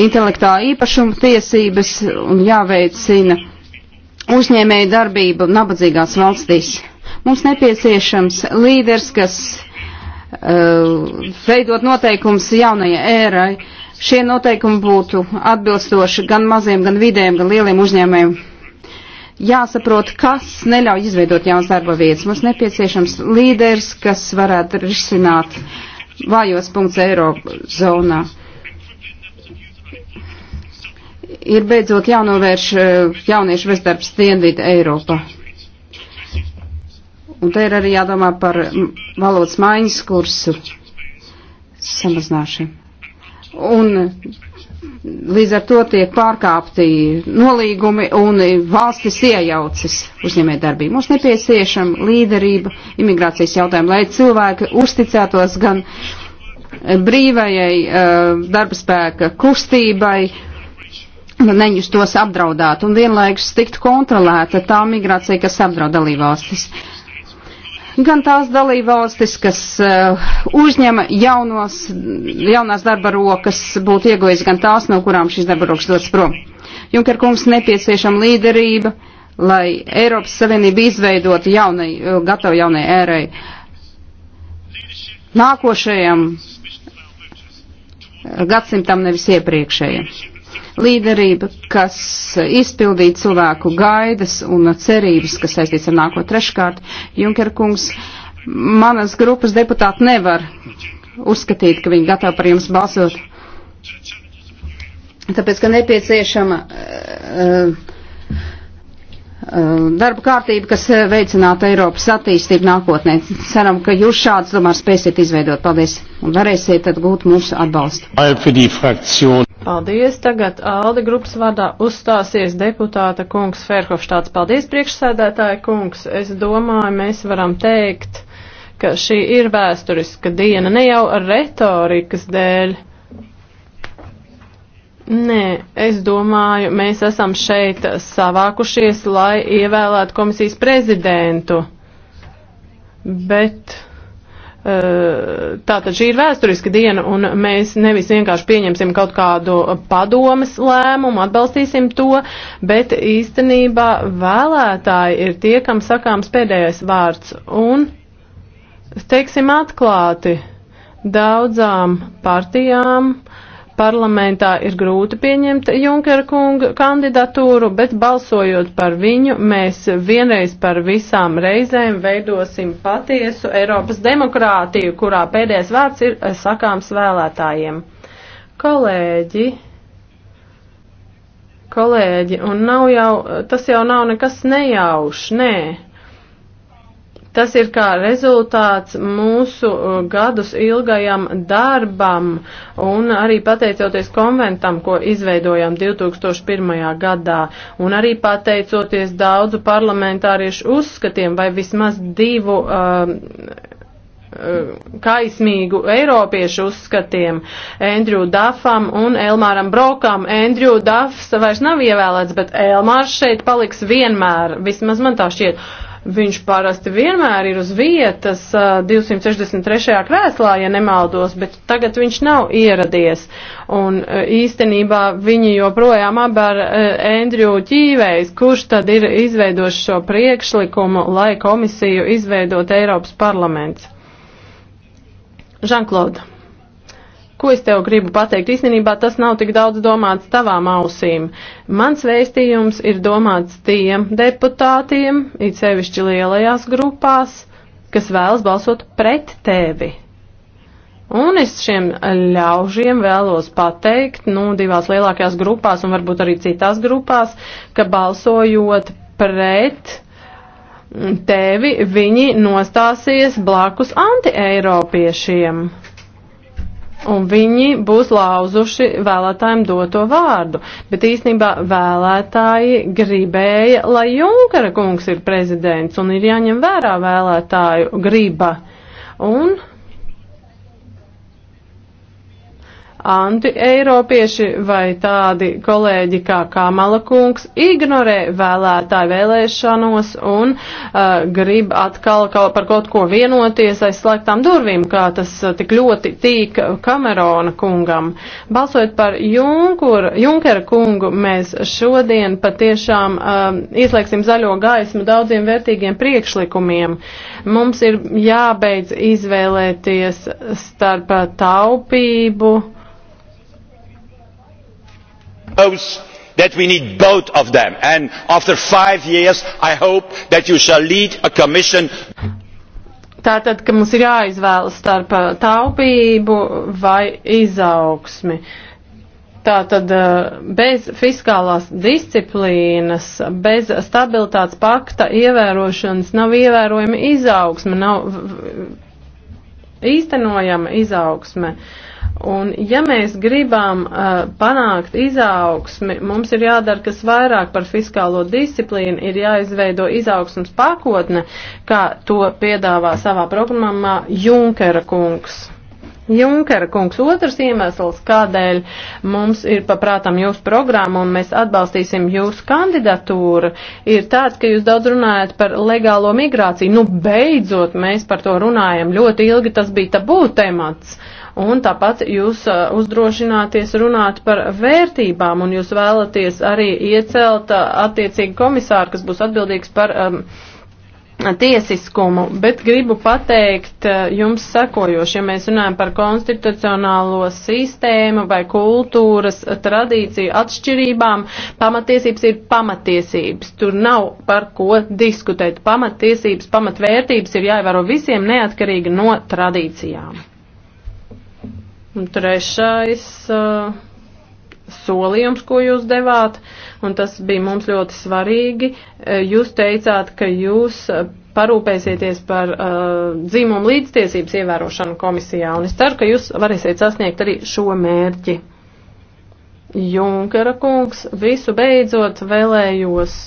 intelektuāla īpašuma tiesības un jāveicina uh, uzņēmēju darbību nabadzīgās valstīs. Mums nepieciešams līderis, kas uh, veidot noteikums jaunajai ērai. Šie noteikumi būtu atbilstoši gan maziem, gan vidējiem, gan lieliem uzņēmējiem. Jāsaprot, kas neļauj izveidot jaunas darba vietas. Mums nepieciešams līderis, kas varētu risināt vājos punktus Eiropas zonā. Uh, ir beidzot jānovērš eh, jauniešu bezdarbs Dienvidu Eiropā. Un te ir arī jādomā par valodas maiņas kursu samazināšanu. Un līdz ar to tiek pārkāpti nolīgumi un valstis iejaucas uzņēmē darbību. Mums nepieciešama līderība imigrācijas jautājumu, lai cilvēki uzticētos gan brīvajai uh, darba spēka kustībai, uh, neņus tos apdraudētu un vienlaikus tiktu kontrolēta tā migrācija, kas apdraud dalībvalstis. Gan tās dalībvalstis, kas uh, uzņem jaunos, jaunās darba rokas, būtu ieguvis, gan tās, no kurām šīs darba rokas dodas prom. Junker kungs nepieciešama līderība, lai Eiropas Savienība izveidotu jaunai, gatavu jaunai ērai. Nākošajam eh, gadsimtam nevis iepriekšējiem līderība, kas izpildīja cilvēku gaidas un cerības, kas saistīts ar nāko treškārt. Junker kungs, manas grupas deputāti nevar uzskatīt, ka viņi gatavi par jums balsot. Tāpēc, ka nepieciešama. Uh, Eh, darba kārtība, kas eh, veicinātu Eiropas attīstību nākotnē. Ceram, ka jūs šāds domārs spēsiet izveidot. Paldies! Un varēsiet tad gūt mūsu atbalstu. Paldies! Tagad Alde grupas vadā uzstāsies deputāta kungs Ferhofštāts. Paldies, priekšsēdētāja kungs! Es domāju, mēs varam teikt, ka šī ir vēsturiska diena ne jau retorikas dēļ Nē, es domāju, mēs esam šeit savākušies, lai ievēlētu komisijas prezidentu. Bet eh, tātad šī ir vēsturiska diena, un mēs nevis vienkārši pieņemsim kaut kādu padomas lēmumu, atbalstīsim to, bet īstenībā vēlētāji ir tie, kam sakāms pēdējais vārds. Un, teiksim atklāti, daudzām partijām parlamentā ir grūti pieņemt Junkera kunga kandidatūru, bet balsojot par viņu, mēs vienreiz par visām reizēm veidosim patiesu Eiropas demokrātiju, kurā pēdējais vārds ir eh, sakāms vēlētājiem. Kolēģi, kolēģi, un nav jau, tas jau nav nekas nejaušs, nē. Ne. Tas ir kā rezultāts mūsu uh, gadus ilgajam darbam un arī pateicoties konventam, ko izveidojām 2001. gadā, un arī pateicoties daudzu parlamentāriešu uzskatiem vai vismaz divu. Um, uh, kaismīgu eiropiešu uzskatiem, Andrew Duffam un Elmāram Brokam. Andrew Duffs vairs nav ievēlēts, bet Elmārs šeit paliks vienmēr, vismaz man tā šķiet. Viņš parasti vienmēr ir uz vietas 263. krēslā, ja nemaldos, bet tagad viņš nav ieradies. Un īstenībā viņi joprojām abēr Andriju ķīvējs, kurš tad ir izveidojis šo priekšlikumu, lai komisiju izveidot Eiropas parlaments. Žanklauda. Ko es tev gribu pateikt? Īstenībā tas nav tik daudz domāts tavām ausīm. Mans vēstījums ir domāts tiem deputātiem, it sevišķi lielajās grupās, kas vēlas balsot pret tevi. Un es šiem ļaužiem vēlos pateikt, nu, divās lielākajās grupās un varbūt arī citās grupās, ka balsojot pret tevi, viņi nostāsies blakus anti-eiropiešiem. Un viņi būs lauzuši vēlētājiem doto vārdu. Bet īstenībā vēlētāji gribēja, lai Junkara kungs ir prezidents un ir jāņem vērā vēlētāju griba. Un anti-eiropieši vai tādi kolēģi kā Kamala kungs ignorē vēlētāju vēlēšanos un uh, grib atkal kaut par kaut ko vienoties aiz slēgtām durvīm, kā tas uh, tik ļoti tīk Kamerona kungam. Balsojot par Junkur, Junkera kungu, mēs šodien patiešām uh, izlieksim zaļo gaismu daudziem vērtīgiem priekšlikumiem. Mums ir jābeidz izvēlēties starp taupību, knows that we need both of them and after five years I hope that you shall lead a commission Tātad, ka mums ir jāizvēlas starp uh, taupību vai izaugsmi. Tātad uh, bez fiskālās disciplīnas, bez stabilitātes pakta ievērošanas nav ievērojama izaugsme, nav īstenojama izaugsme. Un ja mēs gribam uh, panākt izaugsmi, mums ir jādara kas vairāk par fiskālo disciplīnu, ir jāizveido izaugsmas pakotne, kā to piedāvā savā programmā Junkera kungs. Junkera kungs, otrs iemesls, kādēļ mums ir paprātām jūsu programma un mēs atbalstīsim jūsu kandidatūru, ir tāds, ka jūs daudz runājat par legālo migrāciju. Nu, beidzot, mēs par to runājam. Ļoti ilgi tas bija tabū temats. Un tāpat jūs uh, uzdrošināties runāt par vērtībām, un jūs vēlaties arī iecelt uh, attiecīgi komisāru, kas būs atbildīgs par um, tiesiskumu, bet gribu pateikt eh, jums sakojoši, ja mēs runājam par konstitucionālo sistēmu vai kultūras tradīciju atšķirībām, pamatiesības ir pamatiesības. Tur nav par ko diskutēt. Pamatiesības, pamatvērtības ir jāievēro visiem neatkarīgi no tradīcijām. Un trešais uh, solījums, ko jūs devāt. Uh, un tas bija mums ļoti svarīgi. E, jūs teicāt, ka jūs e, parūpēsieties par uh, e, dzīmumu līdztiesības ievērošanu komisijā, un es ceru, ka jūs varēsiet sasniegt arī šo mērķi. Junkara kungs, visu beidzot vēlējos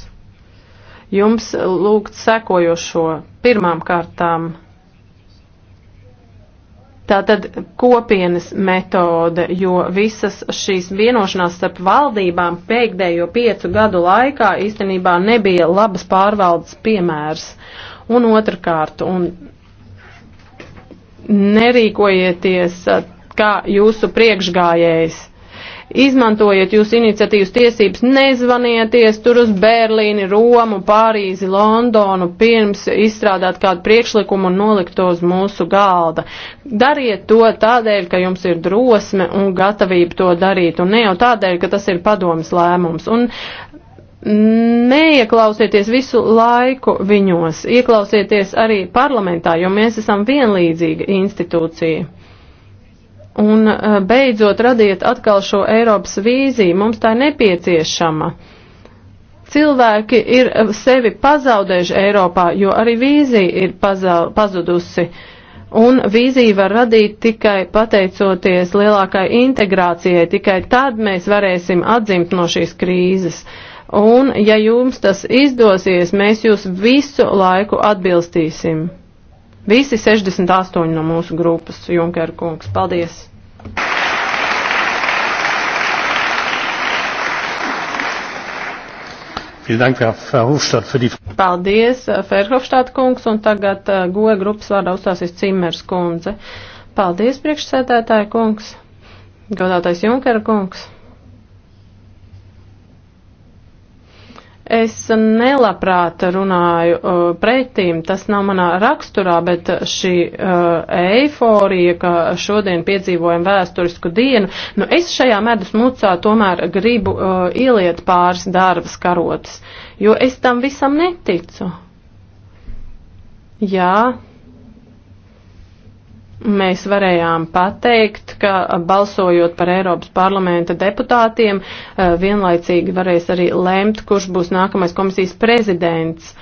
jums lūgt sekojošo pirmām kārtām. Tā tad kopienas metode, jo visas šīs vienošanās starp valdībām pēkdējo piecu gadu laikā īstenībā nebija labas pārvaldes piemērs. Un otrkārt, un nerīkojieties kā jūsu priekšgājējs. Izmantojiet jūs iniciatīvas tiesības, nezvanieties tur uz Berlīni, Romu, Pārīzi, Londonu, pirms izstrādāt kādu priekšlikumu un nolikt to uz mūsu galda. Dariet to tādēļ, ka jums ir drosme un gatavība to darīt, un ne jau tādēļ, ka tas ir padomas lēmums. Un neieklausieties visu laiku viņos, ieklausieties arī parlamentā, jo mēs esam vienlīdzīga institūcija un eh, beidzot radiet atkal šo Eiropas vīziju, mums tā ir nepieciešama. Cilvēki ir eh, sevi pazaudējuši Eiropā, jo arī vīzija ir pazudusi. Un vīzija var radīt tikai pateicoties lielākai integrācijai, tikai tad mēs varēsim atzimt no šīs krīzes. Un, ja jums tas izdosies, mēs jūs visu laiku atbilstīsim. Visi 68 no mūsu grupas, Junker kungs, paldies! Paldies, Ferhofštāt eh, kungs, un tagad eh, goja grupas vārdā uzstāsies Cimers kundze. Paldies, priekšsēdētāja kungs, godātais Junkera kungs. Es nelabprāt runāju uh, pretīm, tas nav manā raksturā, bet šī uh, eiforija, ka šodien piedzīvojam vēsturisku dienu, nu es šajā medus mucā tomēr gribu uh, ieliet pāris darbas karotas, jo es tam visam neticu. Jā, mēs varējām pateikt, ka balsojot par Eiropas parlamenta deputātiem, eh, vienlaicīgi varēs arī lemt, kurš būs nākamais komisijas prezidents.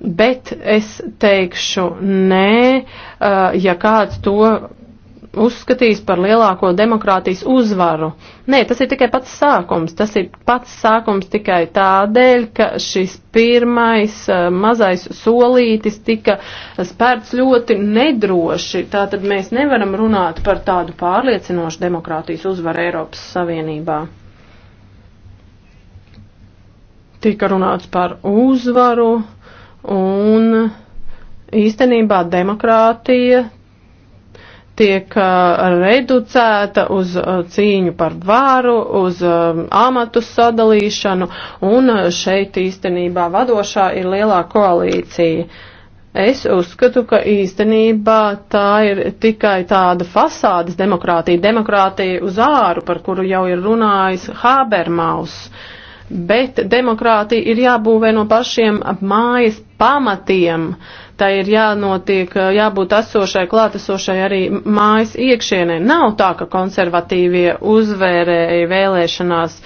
Bet es teikšu nē, eh, ja kāds to uzskatījis par lielāko demokrātijas uzvaru. Nē, tas ir tikai pats sākums. Tas ir pats sākums tikai tādēļ, ka šis pirmais eh, mazais solītis tika spērts ļoti nedroši. Tātad mēs nevaram runāt par tādu pārliecinošu demokrātijas uzvaru Eiropas Savienībā. Tika runāts par uzvaru un īstenībā demokrātija tiek reducēta uz cīņu par varu, uz amatu sadalīšanu, un šeit īstenībā vadošā ir lielā koalīcija. Es uzskatu, ka īstenībā tā ir tikai tāda fasādes demokrātija, demokrātija uz āru, par kuru jau ir runājis Habermaus. Bet demokrātija ir jābūvē no pašiem mājas pamatiem. Uh, tai ir jānotiek, jābūt esošai, klātesošai arī mājas iekšienē. Nav tā, ka konservatīvie uzvērēji vēlēšanās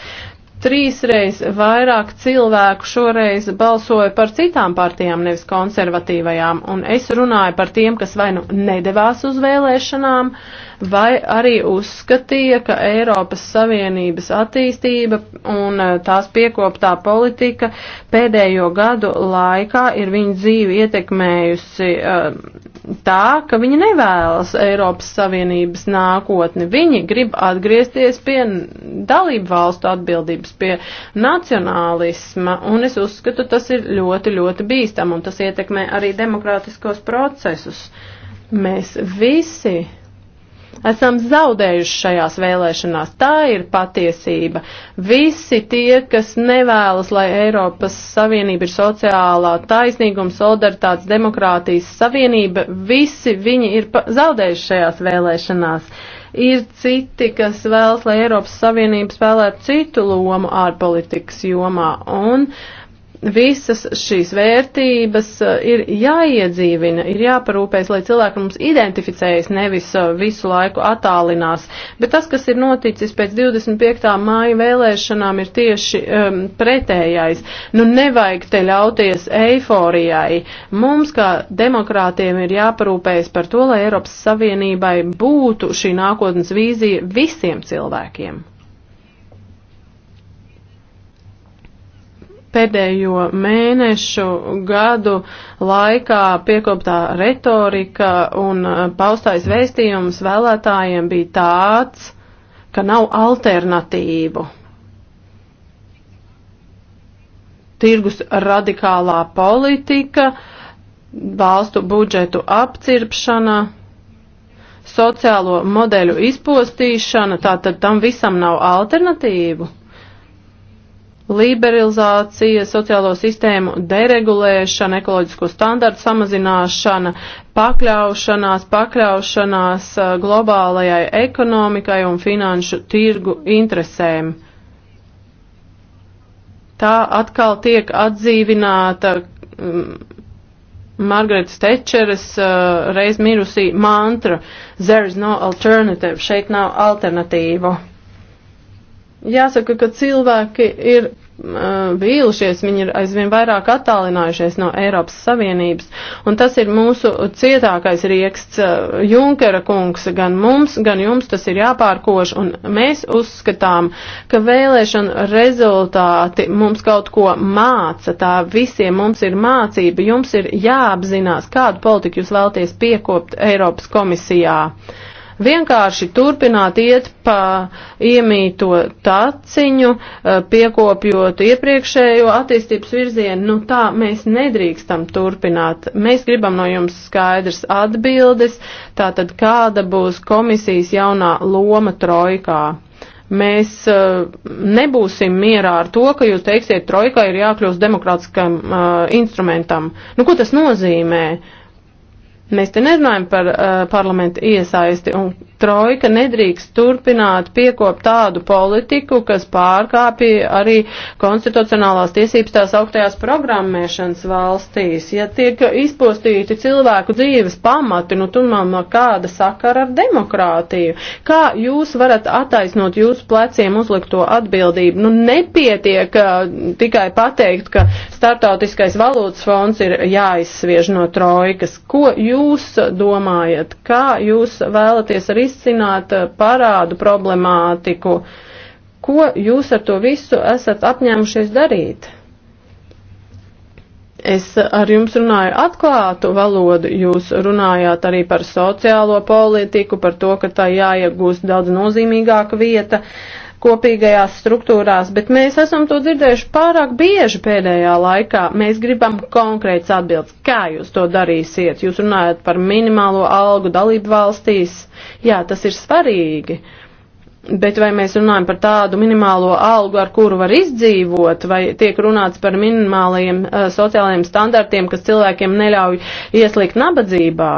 trīsreiz vairāk cilvēku šoreiz balsoja par citām partijām, nevis konservatīvajām, un es runāju par tiem, kas vai nu nedevās uz vēlēšanām, uh, vai arī uzskatīja, ka Eiropas Savienības attīstība un eh, tās piekoptā politika pēdējo gadu laikā ir viņu dzīvi ietekmējusi eh, tā, ka viņi nevēlas Eiropas Savienības nākotni. Viņi grib atgriezties pie dalību valstu atbildības, pie nacionālisma, un es uzskatu, tas ir ļoti, ļoti bīstam, un tas ietekmē arī demokrātiskos procesus. Mēs visi esam zaudējuši šajās vēlēšanās. Tā ir patiesība. Visi tie, kas nevēlas, lai Eiropas Savienība ir sociālā taisnīguma, solidaritātes, demokrātijas savienība, visi viņi ir zaudējuši šajās vēlēšanās. Ir citi, kas vēlas, lai Eiropas Savienība spēlētu citu lomu ārpolitikas jomā. Un, uh, visas šīs vērtības eh, ir jāiedzīvina, ir jāparūpēs, lai cilvēki mums identificējas, nevis eh, visu laiku attālinās. Bet tas, kas ir noticis pēc 25. māja vēlēšanām, ir tieši um, pretējais. Nu, nevajag te ļauties eiforijai. Mums, kā demokrātiem, ir jāparūpējas par to, lai Eiropas Savienībai būtu šī nākotnes vīzija visiem cilvēkiem. pēdējo mēnešu gadu laikā piekoptā retorika un uh, paustais vēstījums vēlētājiem bija tāds, ka nav alternatīvu. Tirgus radikālā politika, valstu budžetu apcirpšana, sociālo modeļu izpostīšana, tātad tam visam nav alternatīvu liberalizācija, sociālo sistēmu deregulēšana, ekoloģisko standartu samazināšana, pakļaušanās, pakļaušanās globālajai ekonomikai un finanšu tirgu interesēm. Tā atkal tiek atdzīvināta Margaretas Tečeres reiz mirusī mantra There is no alternative, šeit nav alternatīvu. Jāsaka, ka cilvēki ir uh, vīlušies, viņi ir aizvien vairāk attālinājušies no Eiropas Savienības, un tas ir mūsu cietākais rieksts uh, Junkera kungs, gan mums, gan jums tas ir jāpārkož, un mēs uzskatām, ka vēlēšana rezultāti mums kaut ko māca, tā visiem mums ir mācība, jums ir jāapzinās, kādu politiku jūs vēlties piekopt Eiropas komisijā. Uh, vienkārši turpināt iet pa iemīto taciņu, eh, piekopjot iepriekšējo attīstības virzienu. Nu tā mēs nedrīkstam turpināt. Mēs gribam no jums skaidrs atbildes, tātad kāda būs komisijas jaunā loma trojkā mēs uh, nebūsim mierā ar to, ka jūs teiksiet, trojkai ir jākļūst demokrātiskam uh, instrumentam. Nu, ko tas nozīmē? Mēs te nerunājam par uh, parlamentu iesaisti un trojka nedrīkst turpināt piekop tādu politiku, kas pārkāpja arī konstitucionālās tiesības tās augtajās programmēšanas valstīs. Ja tiek izpostīti cilvēku dzīves pamati, nu tumam kāda sakara ar demokrātiju? Kā jūs varat attaisnot jūsu pleciem uzlikto atbildību? Nu nepietiek uh, tikai pateikt, ka startautiskais valūtas fonds ir jāizsviež no trojkas. Ko jūs domājat? Kā jūs vēlaties arī risināt eh, parādu problemātiku. Ko jūs ar to visu esat apņēmušies darīt? Es ar jums runāju atklātu valodu, jūs runājāt arī par sociālo politiku, par to, ka tā jāiegūst daudz nozīmīgāka vieta. Uh, kopīgajās struktūrās, bet mēs esam to dzirdējuši pārāk bieži pēdējā laikā. Mēs gribam konkrēts atbildes, kā jūs to darīsiet. Jūs runājat par minimālo algu dalību valstīs. Jā, tas ir svarīgi. Bet vai mēs runājam par tādu minimālo algu, ar kuru var izdzīvot, vai tiek runāts par minimālajiem uh, sociālajiem standartiem, kas cilvēkiem neļauj ieslīgt nabadzībā?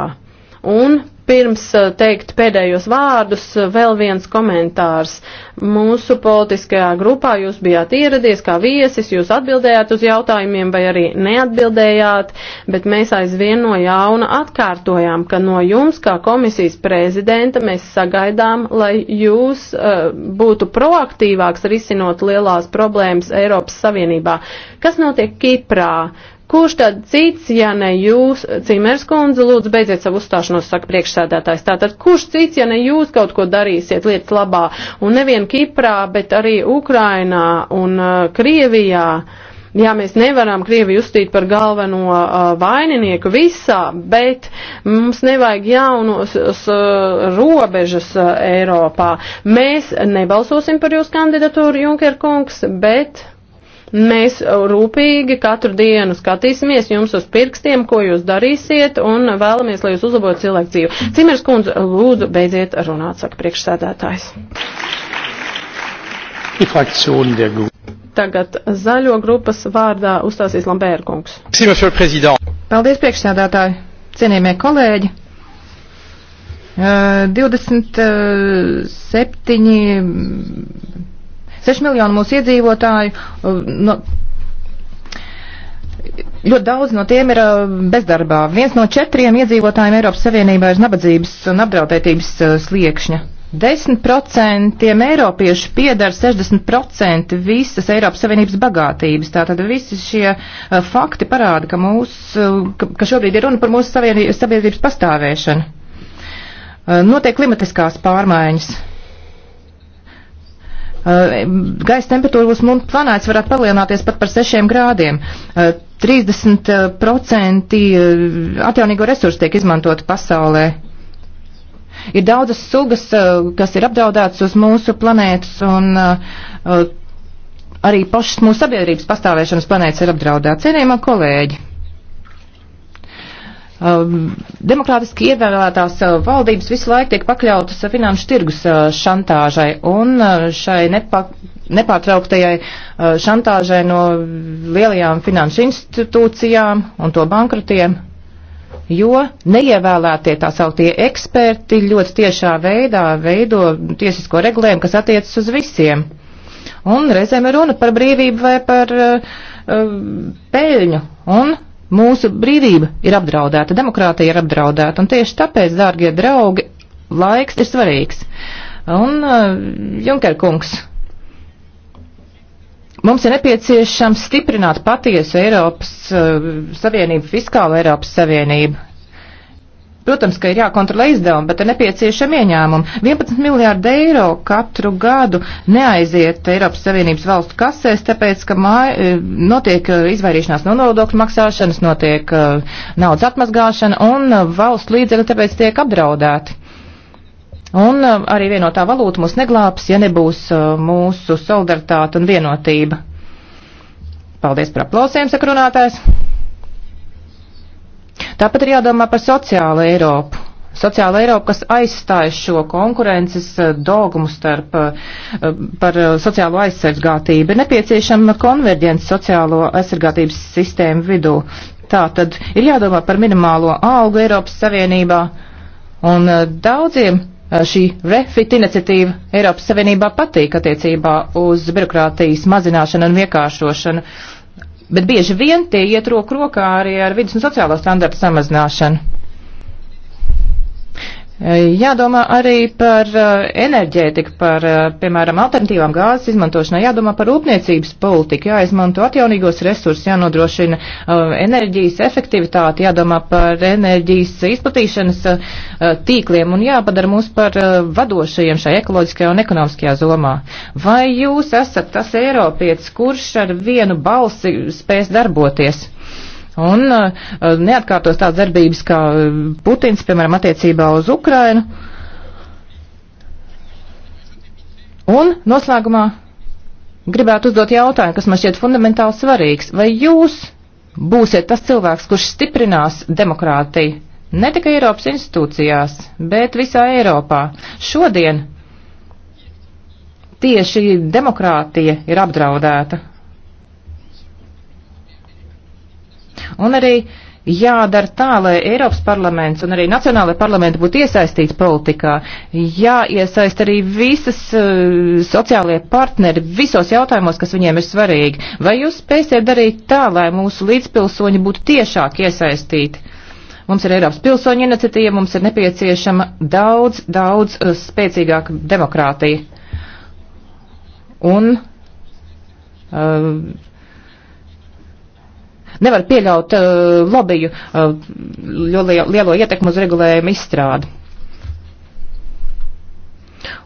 Un Pirms eh, teikt pēdējos vārdus, eh, vēl viens komentārs. Mūsu politiskajā grupā jūs bijāt ieradies kā viesis, jūs atbildējāt uz jautājumiem vai arī neatbildējāt, bet mēs aizvien no jauna atkārtojām, ka no jums kā komisijas prezidenta mēs sagaidām, lai jūs uh, būtu proaktīvāks risinot lielās problēmas Eiropas Savienībā. Kas notiek Kiprā? Kurš tad cits, ja ne jūs, Cimers kundze, lūdzu beidziet savu uzstāšanos, saka priekšsēdētājs. Tātad, kurš cits, ja ne jūs kaut ko darīsiet lietas labā? Un nevien Kiprā, bet arī Ukrainā un uh, Krievijā. Jā, mēs nevaram Krieviju uzstīt par galveno uh, vaininieku visā, bet mums nevajag jaunos uh, robežas uh, Eiropā. Mēs nebalsosim par jūsu kandidatūru, Junker kungs, bet Mēs rūpīgi katru dienu skatīsimies jums uz pirkstiem, ko jūs darīsiet, un vēlamies, lai jūs uzlabotu cilvēku dzīvi. Cimers kundze, lūdzu, beidziet runāt, saka priekšsēdētājs. Tagad zaļo grupas vārdā uzstāsies Lambērkungs. Paldies, priekšsēdētāji, cienījamie kolēģi. 27 eh, 6 miljoni mūsu iedzīvotāju. No, Ļoti daudz no tiem ir uh, bezdarbā. Viens no četriem iedzīvotājiem Eiropas Savienībā ir nabadzības un apdraudētības uh, sliekšņa. 10% eiropiešu piedara 60% visas Eiropas Savienības bagātības. Tātad visi šie uh, fakti parāda, ka, mūs, uh, ka, ka šobrīd ir runa par mūsu sabiedrības pastāvēšanu. Uh, notiek klimatiskās pārmaiņas. Eh, gaisa temperatūra uz mūsu planētas varētu palielināties pat par 6 grādiem. 30% eh, eh, atjaunīgo resursu tiek izmantoti pasaulē. Ir daudzas sugas, kas ir apdraudētas uz mūsu planētas, un arī pašas mūsu sabiedrības pastāvēšanas planētas ir apdraudētas. Cienījamā kolēģi! Um, demokrātiski ievēlētās uh, valdības visu laiku tiek pakļautas uh, finanšu tirgus uh, šantāžai un šai nepa, nepārtrauktajai šantāžai no lielajām finanšu institūcijām un to bankrotiem, jo neievēlētie tā sauktie eksperti ļoti tiešā veidā veido tiesisko regulējumu, kas attiecas uz visiem. Un reizēm ir runa par brīvību vai par uh, peļņu. Un Mūsu brīvība ir apdraudēta, demokrātija ir apdraudēta, un tieši tāpēc, dārgie draugi, laiks ir svarīgs. Un, uh, Junker kungs, mums ir nepieciešams stiprināt patiesu Eiropas uh, Savienību, fiskālu Eiropas Savienību. Protams, ka ir jākontrolē izdevumi, bet ir nepieciešami ieņēmumi. 11 miljārdi eiro katru gadu neaiziet Eiropas Savienības valstu kasēs, tāpēc, ka māja, e, notiek e, izvairīšanās no nodokļu maksāšanas, notiek e, naudas atmazgāšana un valsts līdzekļi tāpēc tiek apdraudēti. Un arī vienotā valūta mūs neglāps, ja nebūs mūsu solidaritāte un vienotība. Paldies par aplausiem, sakrunātājs! Tāpat ir jādomā par sociālu Eiropu. Sociāla Eiropa, kas aizstāj šo konkurences eh, dogmu starp eh, par eh, sociālo aizsargātību, ir nepieciešama konverģence sociālo aizsargātības sistēmu vidū. Tā tad ir jādomā par minimālo algu Eiropas Savienībā, un daudziem šī refit iniciatīva Eiropas Savienībā patīk attiecībā uz birokrātijas mazināšanu un vienkāršošanu bet bieži vien tie iet roku rokā arī ar vidus un sociālo standartu samazināšanu. Jādomā arī par uh, enerģētiku, par, uh, piemēram, alternatīvām gāzes izmantošanai, jādomā par rūpniecības politiku, jāizmanto atjaunīgos resursus, jānodrošina uh, enerģijas efektivitāti, jādomā par enerģijas izplatīšanas tīkliem un jāpadara mūs par vadošajiem šai ekoloģiskajā un ekonomiskajā zomā. Vai jūs esat tas Eiropietis, kurš ar vienu balsi spēs darboties? Un eh, eh, neatkārtos tādas darbības kā eh, Putins, piemēram, attiecībā uz Ukrainu. Un noslēgumā gribētu uzdot jautājumu, kas man šķiet fundamentāli svarīgs. Vai jūs būsiet tas cilvēks, kurš stiprinās demokrātiju ne tikai Eiropas institūcijās, bet visā Eiropā? Šodien tieši demokrātija ir apdraudēta. Un arī jādara tā, lai Eiropas parlaments un arī Nacionālajā parlamenta būtu iesaistīts politikā. Jāiesaist arī visas uh, sociālie partneri visos jautājumos, kas viņiem ir svarīgi. Vai jūs spēsiet darīt tā, lai mūsu līdzpilsoņi būtu tiešāk iesaistīti? Mums ir Eiropas pilsoņu iniciatīva, mums ir nepieciešama daudz, daudz uh, spēcīgāka demokrātija. Un uh, nevar pieļaut uh, lobiju uh, lielo, lielo ietekmu uz regulējumu izstrādi.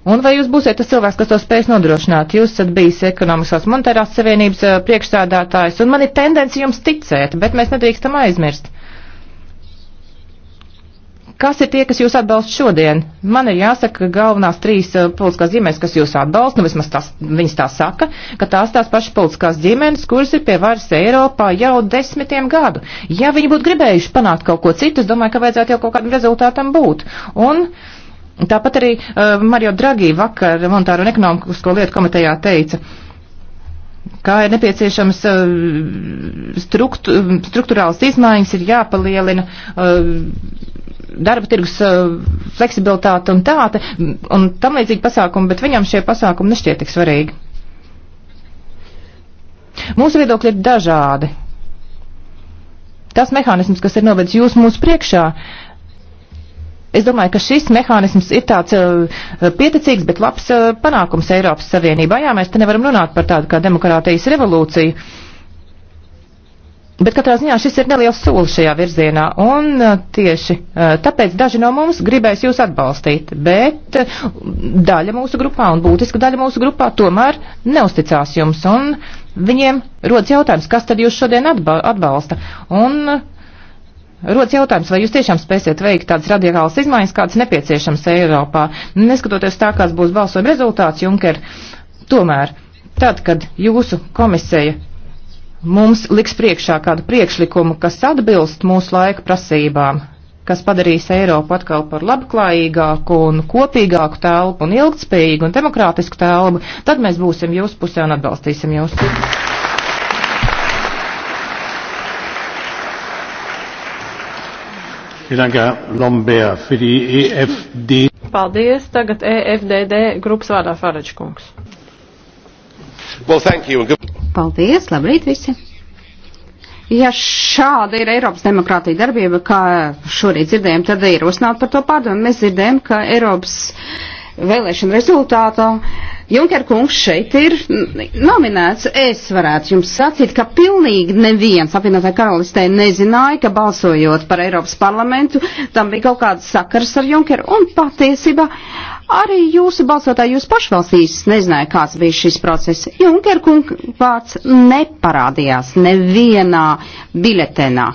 Un vai jūs būsiet tas cilvēks, kas to spēs nodrošināt? Jūs esat bijis ekonomiskās monetārās savienības uh, priekšstādātājs, un man ir tendence jums ticēt, bet mēs nedrīkstam aizmirst, Kas ir tie, kas jūs atbalsta šodien? Man ir jāsaka, ka galvenās trīs eh, politiskās ģimenes, kas jūs atbalsta, nu vismaz tās, viņas tā saka, ka tās tās pašas politiskās ģimenes, kuras ir pie varas Eiropā jau desmitiem gadu. Ja viņi būtu gribējuši panākt kaut ko citu, es domāju, ka vajadzētu jau kaut kādam rezultātam būt. Un, Tāpat arī uh, Mario Dragī vakar Monetāro un ekonomisko lietu komitejā teica, uh, kā ir nepieciešams uh, struktu, struktūrāls izmaiņas, ir jāpalielina uh, darba tirgus uh, fleksibilitāte un tāda, un tam līdzīgi pasākumi, bet viņam šie pasākumi nešķiet tik svarīgi. Mūsu viedokļi ir dažādi. Tas mehānisms, kas ir novedis jūs mūsu priekšā, uh, Es domāju, ka šis mehānisms ir tāds eh, pieticīgs, bet labs eh, panākums Eiropas Savienībā. Jā, mēs te nevaram runāt par tādu kā demokrātijas revolūciju. Bet katrā ziņā šis ir neliels solis šajā virzienā, un eh, tieši tāpēc daži no mums gribēs jūs atbalstīt, bet daļa mūsu grupā un būtiska daļa mūsu grupā tomēr neusticās jums, un viņiem rodas jautājums, kas tad jūs šodien atbalsta, un Rodas jautājums, vai jūs tiešām spēsiet veikt tādas radikālas izmaiņas, kādas nepieciešamas Eiropā, neskatoties tā, kāds būs balsojuma rezultāts, Junker, tomēr tad, kad jūsu komisija mums liks priekšā kādu priekšlikumu, kas atbilst mūsu laika prasībām, kas padarīs Eiropu atkal par labklājīgāku un kopīgāku telpu un ilgtspējīgu un demokrātisku telpu, tad mēs būsim jūsu pusē un atbalstīsim jūs. E Paldies. Tagad EFDD grupas vārdā Faračkungs. Well, Paldies. Labrīt visi. Ja šāda ir Eiropas demokrātija darbība, kā šorīt dzirdējām, tad ir uznākt par to pārdomu. Mēs dzirdējām, ka Eiropas vēlēšana rezultātā uh, Junker kungs šeit ir nominēts. Es varētu jums sacīt, ka pilnīgi neviens apvienotā karalistē nezināja, ka balsojot par Eiropas parlamentu, tam bija kaut kāds sakars ar Junkeru. Un patiesībā arī jūsu balsotāji jūs pašvalstīs nezināja, kāds bija šis process. Junker kungs vārds neparādījās nevienā biļetenā.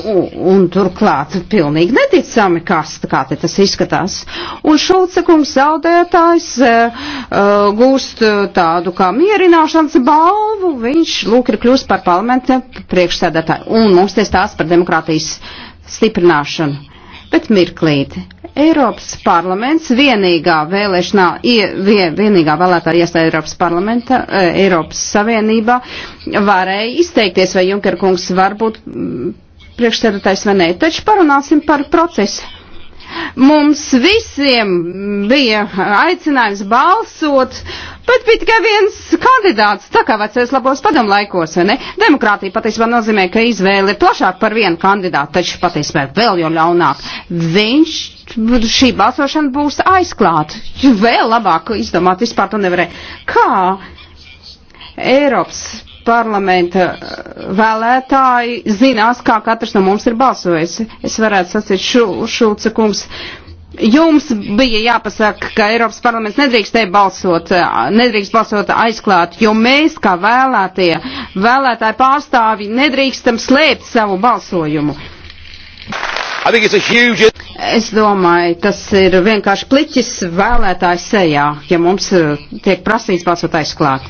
Un, un turklāt pilnīgi neticami, kas, kā te tas izskatās. Un Šulce kungs zaudētājs uh, gūst eh, tādu kā mierināšanas balvu, viņš lūk ir kļūst par parlamenta priekšsēdētāju. Un mums te stāsta par demokrātijas stiprināšanu. Bet mirklīti, Eiropas parlaments vienīgā vēlēšanā, vienīgā vēlētāja iestāja Eiropas parlamenta, Eiropas Savienībā varēja izteikties, vai Junker kungs varbūt priekšsēdētājs vai nē, taču parunāsim par procesu. Mums visiem bija aicinājums balsot, bet bija tikai viens kandidāts, tā kā vecais labos padomu laikos, vai ne? Demokrātija patiesībā nozīmē, ka izvēle ir plašāk par vienu kandidātu, taču patiesībā vēl jau ļaunāk. Viņš šī balsošana būs aizklāta, vēl labāk izdomāt vispār to nevarēja. Kā Eiropas parlamenta eh, vēlētāji zinās, kā katrs no mums ir balsojis. Es varētu sacīt, Šu, Šulce kungs, jums bija jāpasaka, ka Eiropas parlaments nedrīkstēja balsot, eh, nedrīkst balsot aizklāt, jo mēs, kā vēlētie, vēlētāji pārstāvi, nedrīkstam slēpt savu balsojumu. Huge... Es domāju, tas ir vienkārši pliķis vēlētāju sejā, ja mums eh, tiek prasīts balsot aizklāt.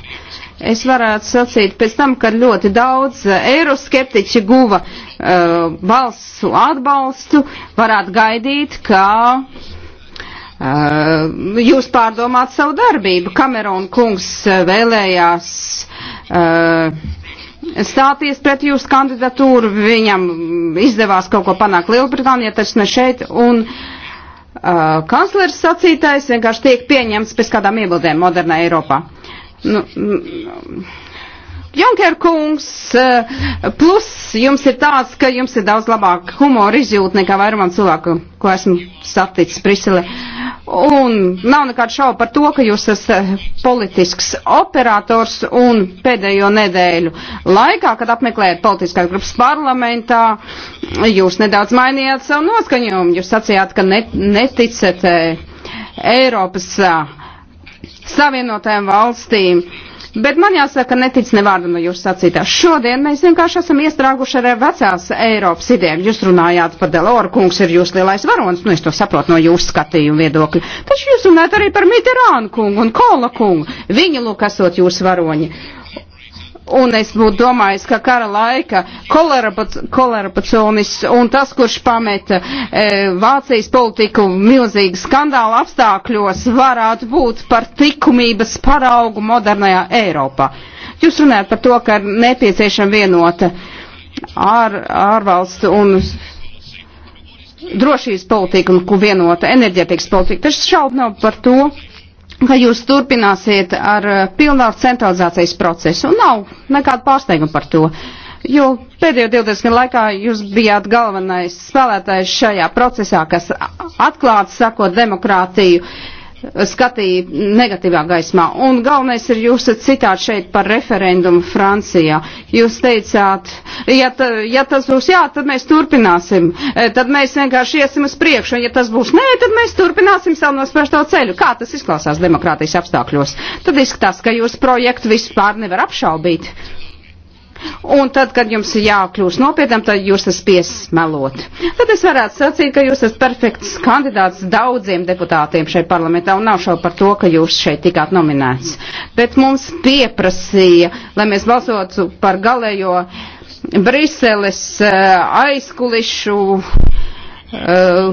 Es varētu sacīt, pēc tam, kad ļoti daudz eh, eiroskeptiķi guva uh, eh, balsu atbalstu, varētu gaidīt, ka uh, jūs pārdomāt savu darbību. Kamerona kungs vēlējās uh, stāties pret jūsu kandidatūru, viņam izdevās kaut ko panākt Lielbritānijā, taču ne šeit. Un, uh, kanclers sacītais vienkārši tiek pieņemts pēc kādām iebildēm modernā Eiropā. Nu, mm, Junker kungs, eh, plus jums ir tāds, ka jums ir daudz labāk humora izjūta nekā vairumam cilvēku, ko esmu saticis Brisele. Un nav nekāda šauba par to, ka jūs esat eh, politisks operators un pēdējo nedēļu laikā, kad apmeklējat politiskās grupas parlamentā, jūs nedaudz mainījāt savu noskaņojumu. Jūs sacījāt, ka ne, neticat eh, Eiropas. Uh, Savienotajām valstīm. Bet man jāsaka, netic ne vārdam no jūsu sacītā. Šodien mēs vienkārši esam iestrāguši ar vecās Eiropas idejām. Jūs runājāt par Deloru kungs ir jūsu lielais varonis, nu es to saprotu no jūsu skatījuma viedokļa. Taču jūs runājat arī par Mitterānu kungu un Kola kungu. Viņi lūk esot jūsu varoņi. Un es būtu domājis, ka kara laika kolerapaconis un tas, kurš pameta e, Vācijas politiku milzīgu skandālu apstākļos, varētu būt par likumības paraugu modernajā Eiropā. Jūs runājat par to, ka ir nepieciešama vienota ār, ārvalstu un drošības politika un vienota enerģetikas politika. Taču šaubu nav par to, ka jūs turpināsiet ar eh, pilnvaru centralizācijas procesu. Un nav nekāda pārsteiguma par to. Jo pēdējo 20 gadu laikā jūs bijāt galvenais spēlētājs šajā procesā, kas atklāti sakot demokrātiju uh, skatīja negatīvā gaismā. Un galvenais ir jūsu citāts šeit par referendumu Francijā. Jūs teicāt, ja, ta, ja tas būs jā, tad mēs turpināsim, e, tad mēs vienkārši iesim uz priekšu, un ja tas būs nē, tad mēs turpināsim savu nospērsto ceļu. Kā tas izklausās demokrātijas apstākļos? Tad izskatās, ka jūsu projektu vispār nevar apšaubīt un tad, kad jums ir jākļūst nopietnam, tad jūs esat piesmelot. Tad es varētu sacīt, ka jūs esat perfekts kandidāts daudziem deputātiem šeit parlamentā, un nav šau par to, ka jūs šeit tikāt nominēts. Bet mums pieprasīja, lai mēs balsotu par galējo Briseles eh, aizkulišu eh,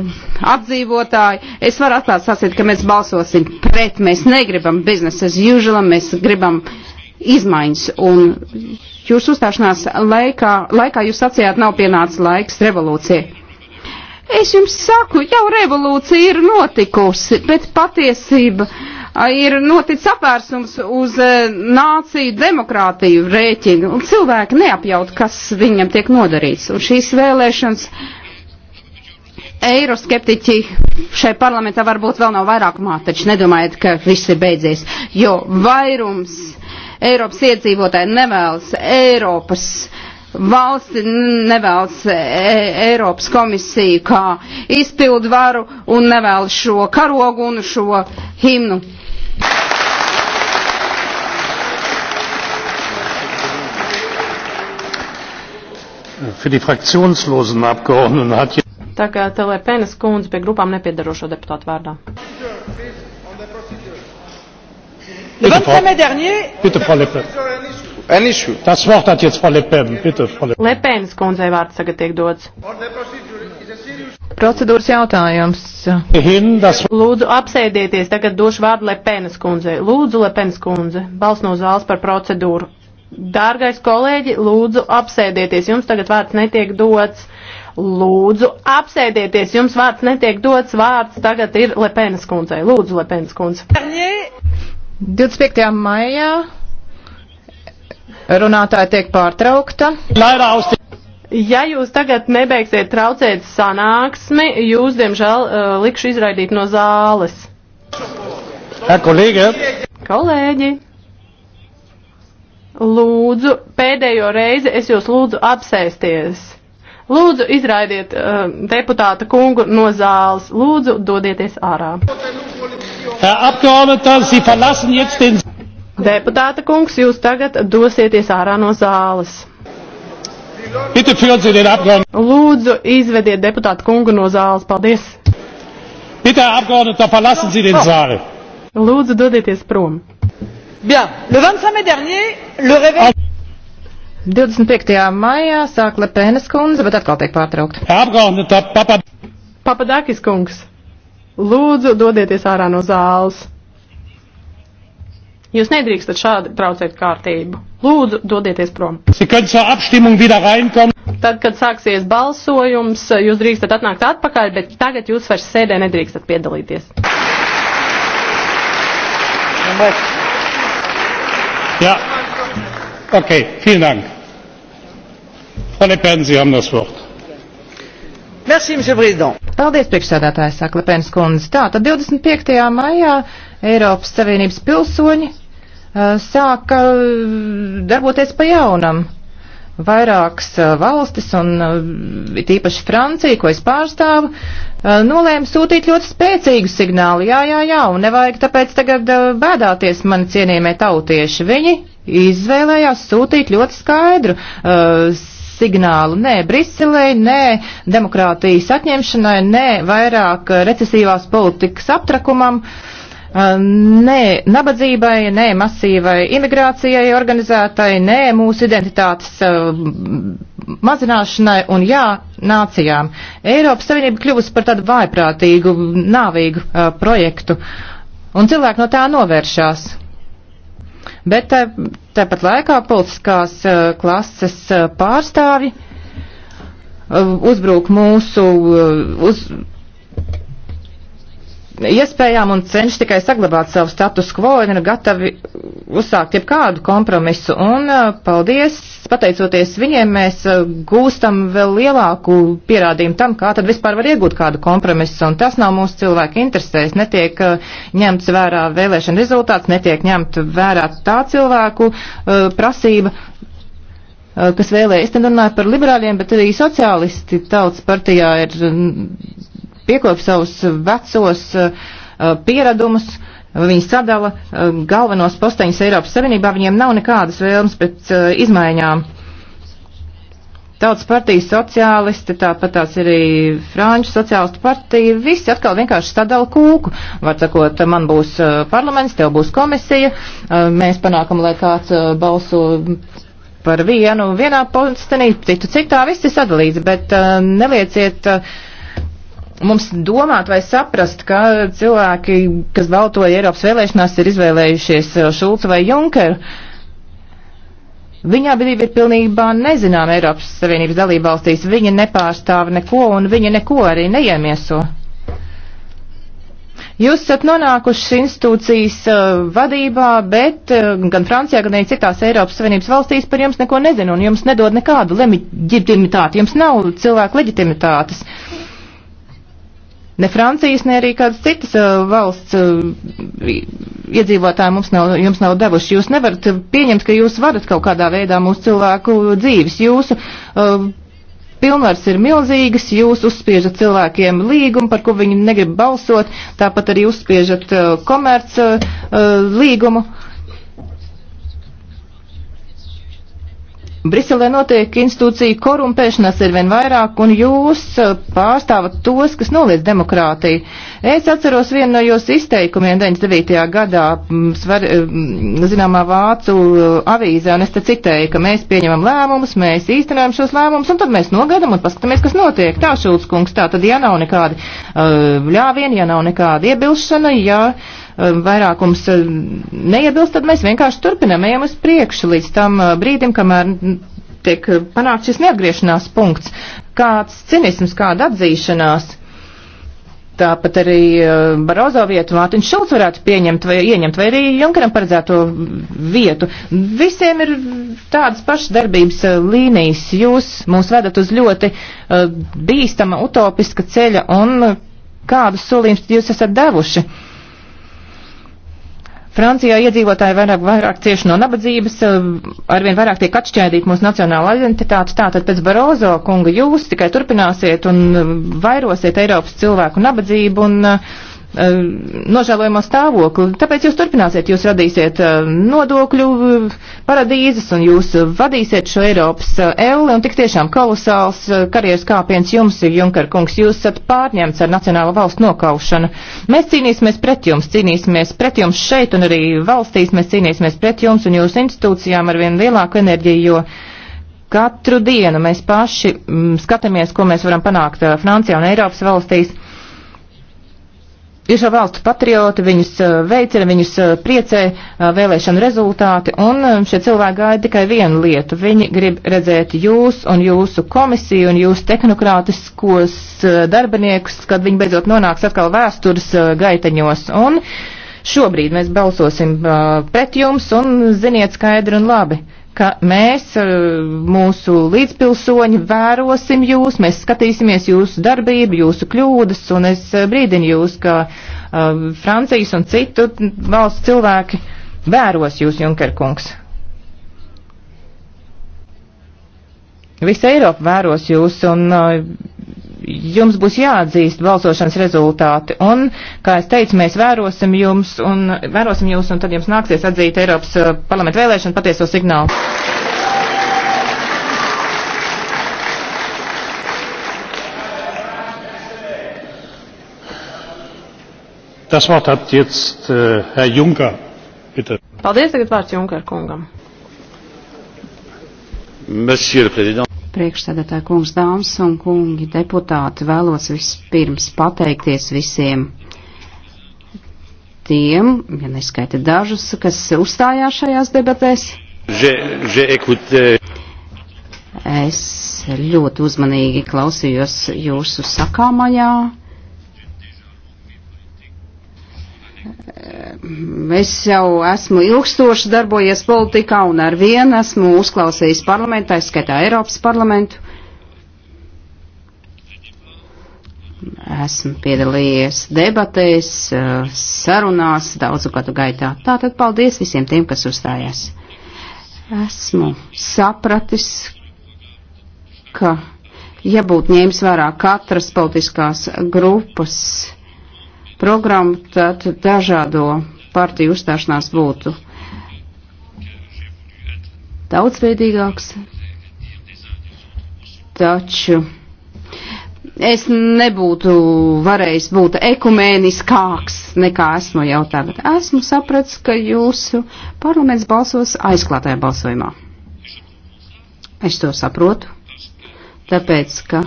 apdzīvotāji. Es varu atklāt sacīt, ka mēs balsosim pret, mēs negribam business as usual, mēs gribam uh, izmaiņas. Un jūs uzstāšanās laikā, laikā jūs sacījāt, nav pienācis laiks revolūcijai. Es jums saku, jau revolūcija ir notikusi, bet patiesība ir noticis apvērsums uz e, nāciju demokrātiju rēķinu. Un cilvēki neapjaut, kas viņam tiek nodarīts. Un šīs vēlēšanas eiroskeptiķi šai parlamentā varbūt vēl nav vairākumā, taču nedomājiet, ka viss ir beidzies, jo vairums Eiropas iedzīvotāji nevēlas Eiropas valsti, nevēlas e, Eiropas komisiju kā izpildu varu un nevēlas šo karogu un šo himnu. Für die fraktionslosen Abgeordneten hat Tā kā Telē Pēnes kundze pie grupām nepiedarošo deputātu vārdā. Le 25 mai dernier. Bitte, Frau Lippe. An issue. Das Wort hat jetzt Frau Lepēns. Bitte, Frau Lepēns. Lepēns kundzei vārds tagad tiek dots. Procedūras jautājums. Lūdzu, apsēdieties. Tagad došu vārdu Lepēnas kundzei. Lūdzu, Lepēnas kundze, balss no zāles par procedūru. Dārgais kolēģi, lūdzu, apsēdieties. Jums tagad vārds netiek dots. Lūdzu, apsēdieties. Jums vārds netiek dots. Vārds tagad ir Lepēnas kundzei. Lūdzu, Lepēnas kundze. 25. maijā runātāja tiek pārtraukta. Ja jūs tagad nebeigsiet traucēt sanāksmi, jūs, diemžēl, uh, likšu izraidīt no zāles. Herr Kollege! Kolēģi! Lūdzu, pēdējo reizi es jūs lūdzu apsēsties. Lūdzu, izraidiet uh, deputāta kungu no zāles. Lūdzu, dodieties ārā. Herr Abgeordneter, Sie verlassen jetzt den Deputāta kungs, jūs tagad dosieties ārā no zāles. Bitte führen Sie den Abgeordneten. Lūdzu, izvediet deputātu kungu no zāles. Paldies. Bitte, Herr Abgeordneter, verlassen Sie den oh. Saal. Lūdzu, dodieties prom. Bien, le 25 mai dernier, le réveil... 25. maijā sāk Lepenes kundze, bet atkal tiek pārtraukta. Apgalvota Papadakis kungs. Lūdzu, dodieties ārā no zāles. Jūs nedrīkstat šādi traucēt kārtību. Lūdzu, dodieties prom. Tad, kad sāksies balsojums, jūs drīkstat atnākt atpakaļ, bet tagad jūs vairs sēdē nedrīkstat piedalīties. Ja. Okay, vielen Dank. Frau Le Pen, Sie haben das Wort. Merci, monsieur Président. Paldies, priekšsēdētājs, saka Lepenes kundze. Tā, tad 25. maijā Eiropas Savienības pilsoņi uh, sāka darboties pa jaunam. Vairākas uh, valstis, un uh, tīpaši Francija, ko es pārstāvu, nolēma sūtīt ļoti spēcīgu signālu. Jā, jā, jā, un nevajag tāpēc tagad bēdāties, mani cienījamie tautieši. Viņi izvēlējās sūtīt ļoti skaidru uh, signālu nē Briselē, nē demokrātijas atņemšanai, nē vairāk eh, recesīvās politikas aptrakumam. Eh, nē, nabadzībai, nē, masīvai imigrācijai organizētai, nē, mūsu identitātes eh, mazināšanai un jā, nācijām. Eiropas Savienība kļuvusi par tādu vājprātīgu, nāvīgu projektu, un cilvēki no tā novēršās bet tāpat laikā politiskās eh, klases eh, pārstāvi eh, uzbrūk mūsu uz iespējām un cenš tikai saglabāt savu status quo un ir gatavi uzsākt jebkādu kompromisu. Un uh, paldies, pateicoties viņiem, mēs uh, gūstam vēl lielāku pierādījumu tam, kā tad vispār var iegūt kādu kompromisu. Un tas nav mūsu cilvēku interesēs. Netiek uh, ņemts vērā vēlēšana rezultāts, netiek ņemt vērā tā cilvēku prasība, kas vēlēja. Es te runāju par liberāļiem, bet arī sociālisti tautas partijā ir mm, piekop savus vecos uh, uh, pieradumus, viņi sadala uh, galvenos posteņus Eiropas Savienībā, viņiem nav nekādas vēlmes pēc izmaiņām. Tautas partija sociālisti, tāpat tās ir arī Franču sociālistu partija, visi atkal vienkārši sadala kūku. Var sakot, man būs parlaments, tev būs komisija, mēs panākam, lai kāds balso par vienu vienā postenī, citu citā, viss ir sadalīts, bet nelieciet uh, mums domāt vai saprast, ka cilvēki, kas baltoja Eiropas vēlēšanās, ir izvēlējušies eh, Šulcu vai Junkeru. Viņa brīvība ir pilnībā nezināma Eiropas Savienības dalībvalstīs. Viņa nepārstāv neko un viņa neko arī neiemieso. Jūs esat nonākuši institūcijas uh, vadībā, bet uh, gan Francijā, gan arī citās Eiropas Savienības valstīs par jums neko nezinu un jums nedod nekādu leģitimitāti. Jums nav cilvēku leģitimitātes. Uh, ne Francijas, ne arī kādas citas uh, valsts uh, iedzīvotāji mums nav, jums nav devuši. Jūs nevarat pieņemt, ka jūs varat kaut kādā veidā mūsu cilvēku dzīves. Jūsu uh, pilnvars ir milzīgas, jūs uzspiežat cilvēkiem līgumu, par ko viņi negrib balsot, tāpat arī uzspiežat uh, komerc uh, uh līgumu. Uh, Briselē notiek institūcija korumpēšanās ir vien vairāk, un jūs eh, pārstāvat tos, kas noliedz demokrātiju. Es atceros vienu no jūsu izteikumiem 99. gadā, mm, svar, mm, zināmā vācu eh, avīzē, un es te citēju, ka mēs pieņemam lēmumus, mēs īstenojam šos lēmumus, un tad mēs nogadam un paskatāmies, kas notiek. Tā, Šulc kungs, tā tad, ja nav nekādi uh, ļāvieni, ja nav nekāda iebilšana, ja. Uh, Um, vairākums um, neiebilst, tad mēs vienkārši turpinam, ejam uz priekšu līdz tam uh, brīdim, kamēr tiek uh, panākts šis neatgriešanās punkts. Kāds cinisms, kāda atzīšanās. Tāpat arī uh, Barozo vietu Mārtiņš Šulc varētu pieņemt vai ieņemt, vai arī Junkaram paredzēto vietu. Visiem ir tādas pašas darbības līnijas. Jūs mūs vedat uz ļoti bīstama utopiska ceļa un kādus solījumus jūs esat devuši? Uh, Francijā iedzīvotāji vairāk, vairāk cieši no nabadzības, eh, arvien vairāk tiek atšķēdīt mūsu nacionāla identitāte. Tātad pēc Barozo kunga jūs tikai turpināsiet un eh, vairosiet Eiropas cilvēku nabadzību un uh, Eh, nožēlojamo stāvokli. Tāpēc jūs turpināsiet, jūs radīsiet eh, nodokļu eh, paradīzes un jūs vadīsiet šo Eiropas elli un tik tiešām kolosāls karjeras kāpiens jums ir, Junker kungs, jūs esat pārņemts ar nacionālo valstu nokaušanu. Mēs cīnīsimies pret jums, cīnīsimies pret jums šeit un arī valstīs, mēs cīnīsimies pret jums un jūsu institūcijām ar vien lielāku enerģiju, jo katru dienu mēs paši m, mm, skatāmies, ko mēs varam panākt Francijā un Eiropas valstīs ir šo valstu patrioti, viņus eh, veicina, viņus eh, priecē eh, vēlēšanu rezultāti, un šie cilvēki gaida tikai vienu lietu. Viņi grib redzēt jūs un jūsu komisiju un jūsu tehnokrātiskos darbiniekus, kad viņi beidzot nonāks atkal vēstures gaiteņos. Un šobrīd mēs balsosim pret jums un ziniet skaidri un labi ka mēs, e, mūsu līdzpilsoņi, vērosim jūs, mēs skatīsimies jūsu darbību, jūsu kļūdas, un es e, brīdinu jūs, ka uh, Francijas un citu valsts cilvēki vēros jūs, Junkerkungs. Visa Eiropa vēros jūs, un uh, jums būs jāatzīst balsošanas rezultāti. Un, kā es teicu, mēs vērosim jums un vērosim jūs, un tad jums nāksies atzīt Eiropas uh, parlamentu vēlēšanu patieso signālu. Das Wort hat jetzt äh, Herr Juncker, bitte. Paldies, tagad vārds Junker kungam. Monsieur le Président. Priekšstādātāji kungs, dāmas un kungi, deputāti vēlos vispirms pateikties visiem tiem, ja neskaita dažus, kas uzstājās šajās debatēs. Je, je écoute... Es ļoti uzmanīgi klausījos jūsu sakāmajā Es jau esmu ilgstoši darbojies politikā un ar vienu esmu uzklausījis parlamentā, skaitā Eiropas parlamentu. Esmu piedalījies debatēs, sarunās daudzu gadu gaitā. Tātad paldies visiem tiem, kas uzstājās. Esmu sapratis, ka, ja būtu ņēmis vērā katras politiskās grupas, programmu, tad dažādo partiju uzstāšanās būtu daudzveidīgāks. Taču es nebūtu varējis būt ekumēniskāks nekā esmu jau tagad. Esmu sapratis, ka jūsu parlaments balsos aizklātajā balsojumā. Es to saprotu, tāpēc, ka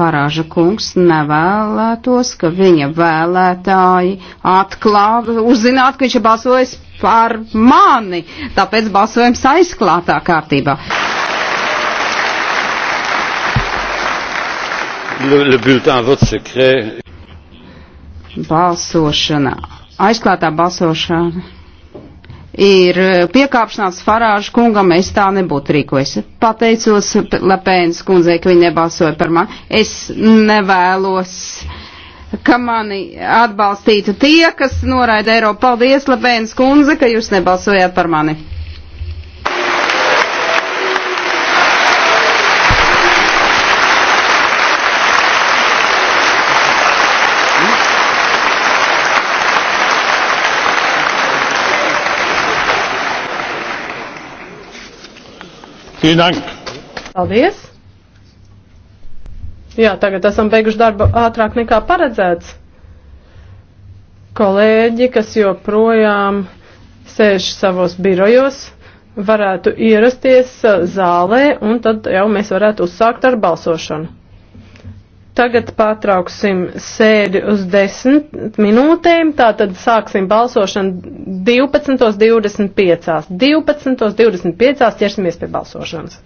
Farāža kungs nevēlētos, ka viņa vēlētāji atklāja, uzzinātu, ka viņš ir balsojis par mani, tāpēc balsojums aizklātā kārtībā. Le, le bulletin vote secret. Balsošana. Aizklātā balsošana ir e, piekāpšanās farāžu kungam, es tā nebūtu rīkojies. Pateicos Lepēnas kundzei, ka viņa nebalsoja par mani. Es nevēlos, ka mani atbalstītu tie, kas noraida Eiropu. Paldies, Lepēnas kundze, ka jūs nebalsojāt par mani. Paldies! Jā, tagad esam beiguši darbu ātrāk nekā paredzēts. Kolēģi, kas joprojām sēž savos birojos, varētu ierasties uh, zālē un tad jau mēs varētu uzsākt ar balsošanu. Tagad pārtrauksim sēdi uz 10 minūtēm, tātad sāksim balsošanu 12.25. 12.25. ķersimies pie balsošanas.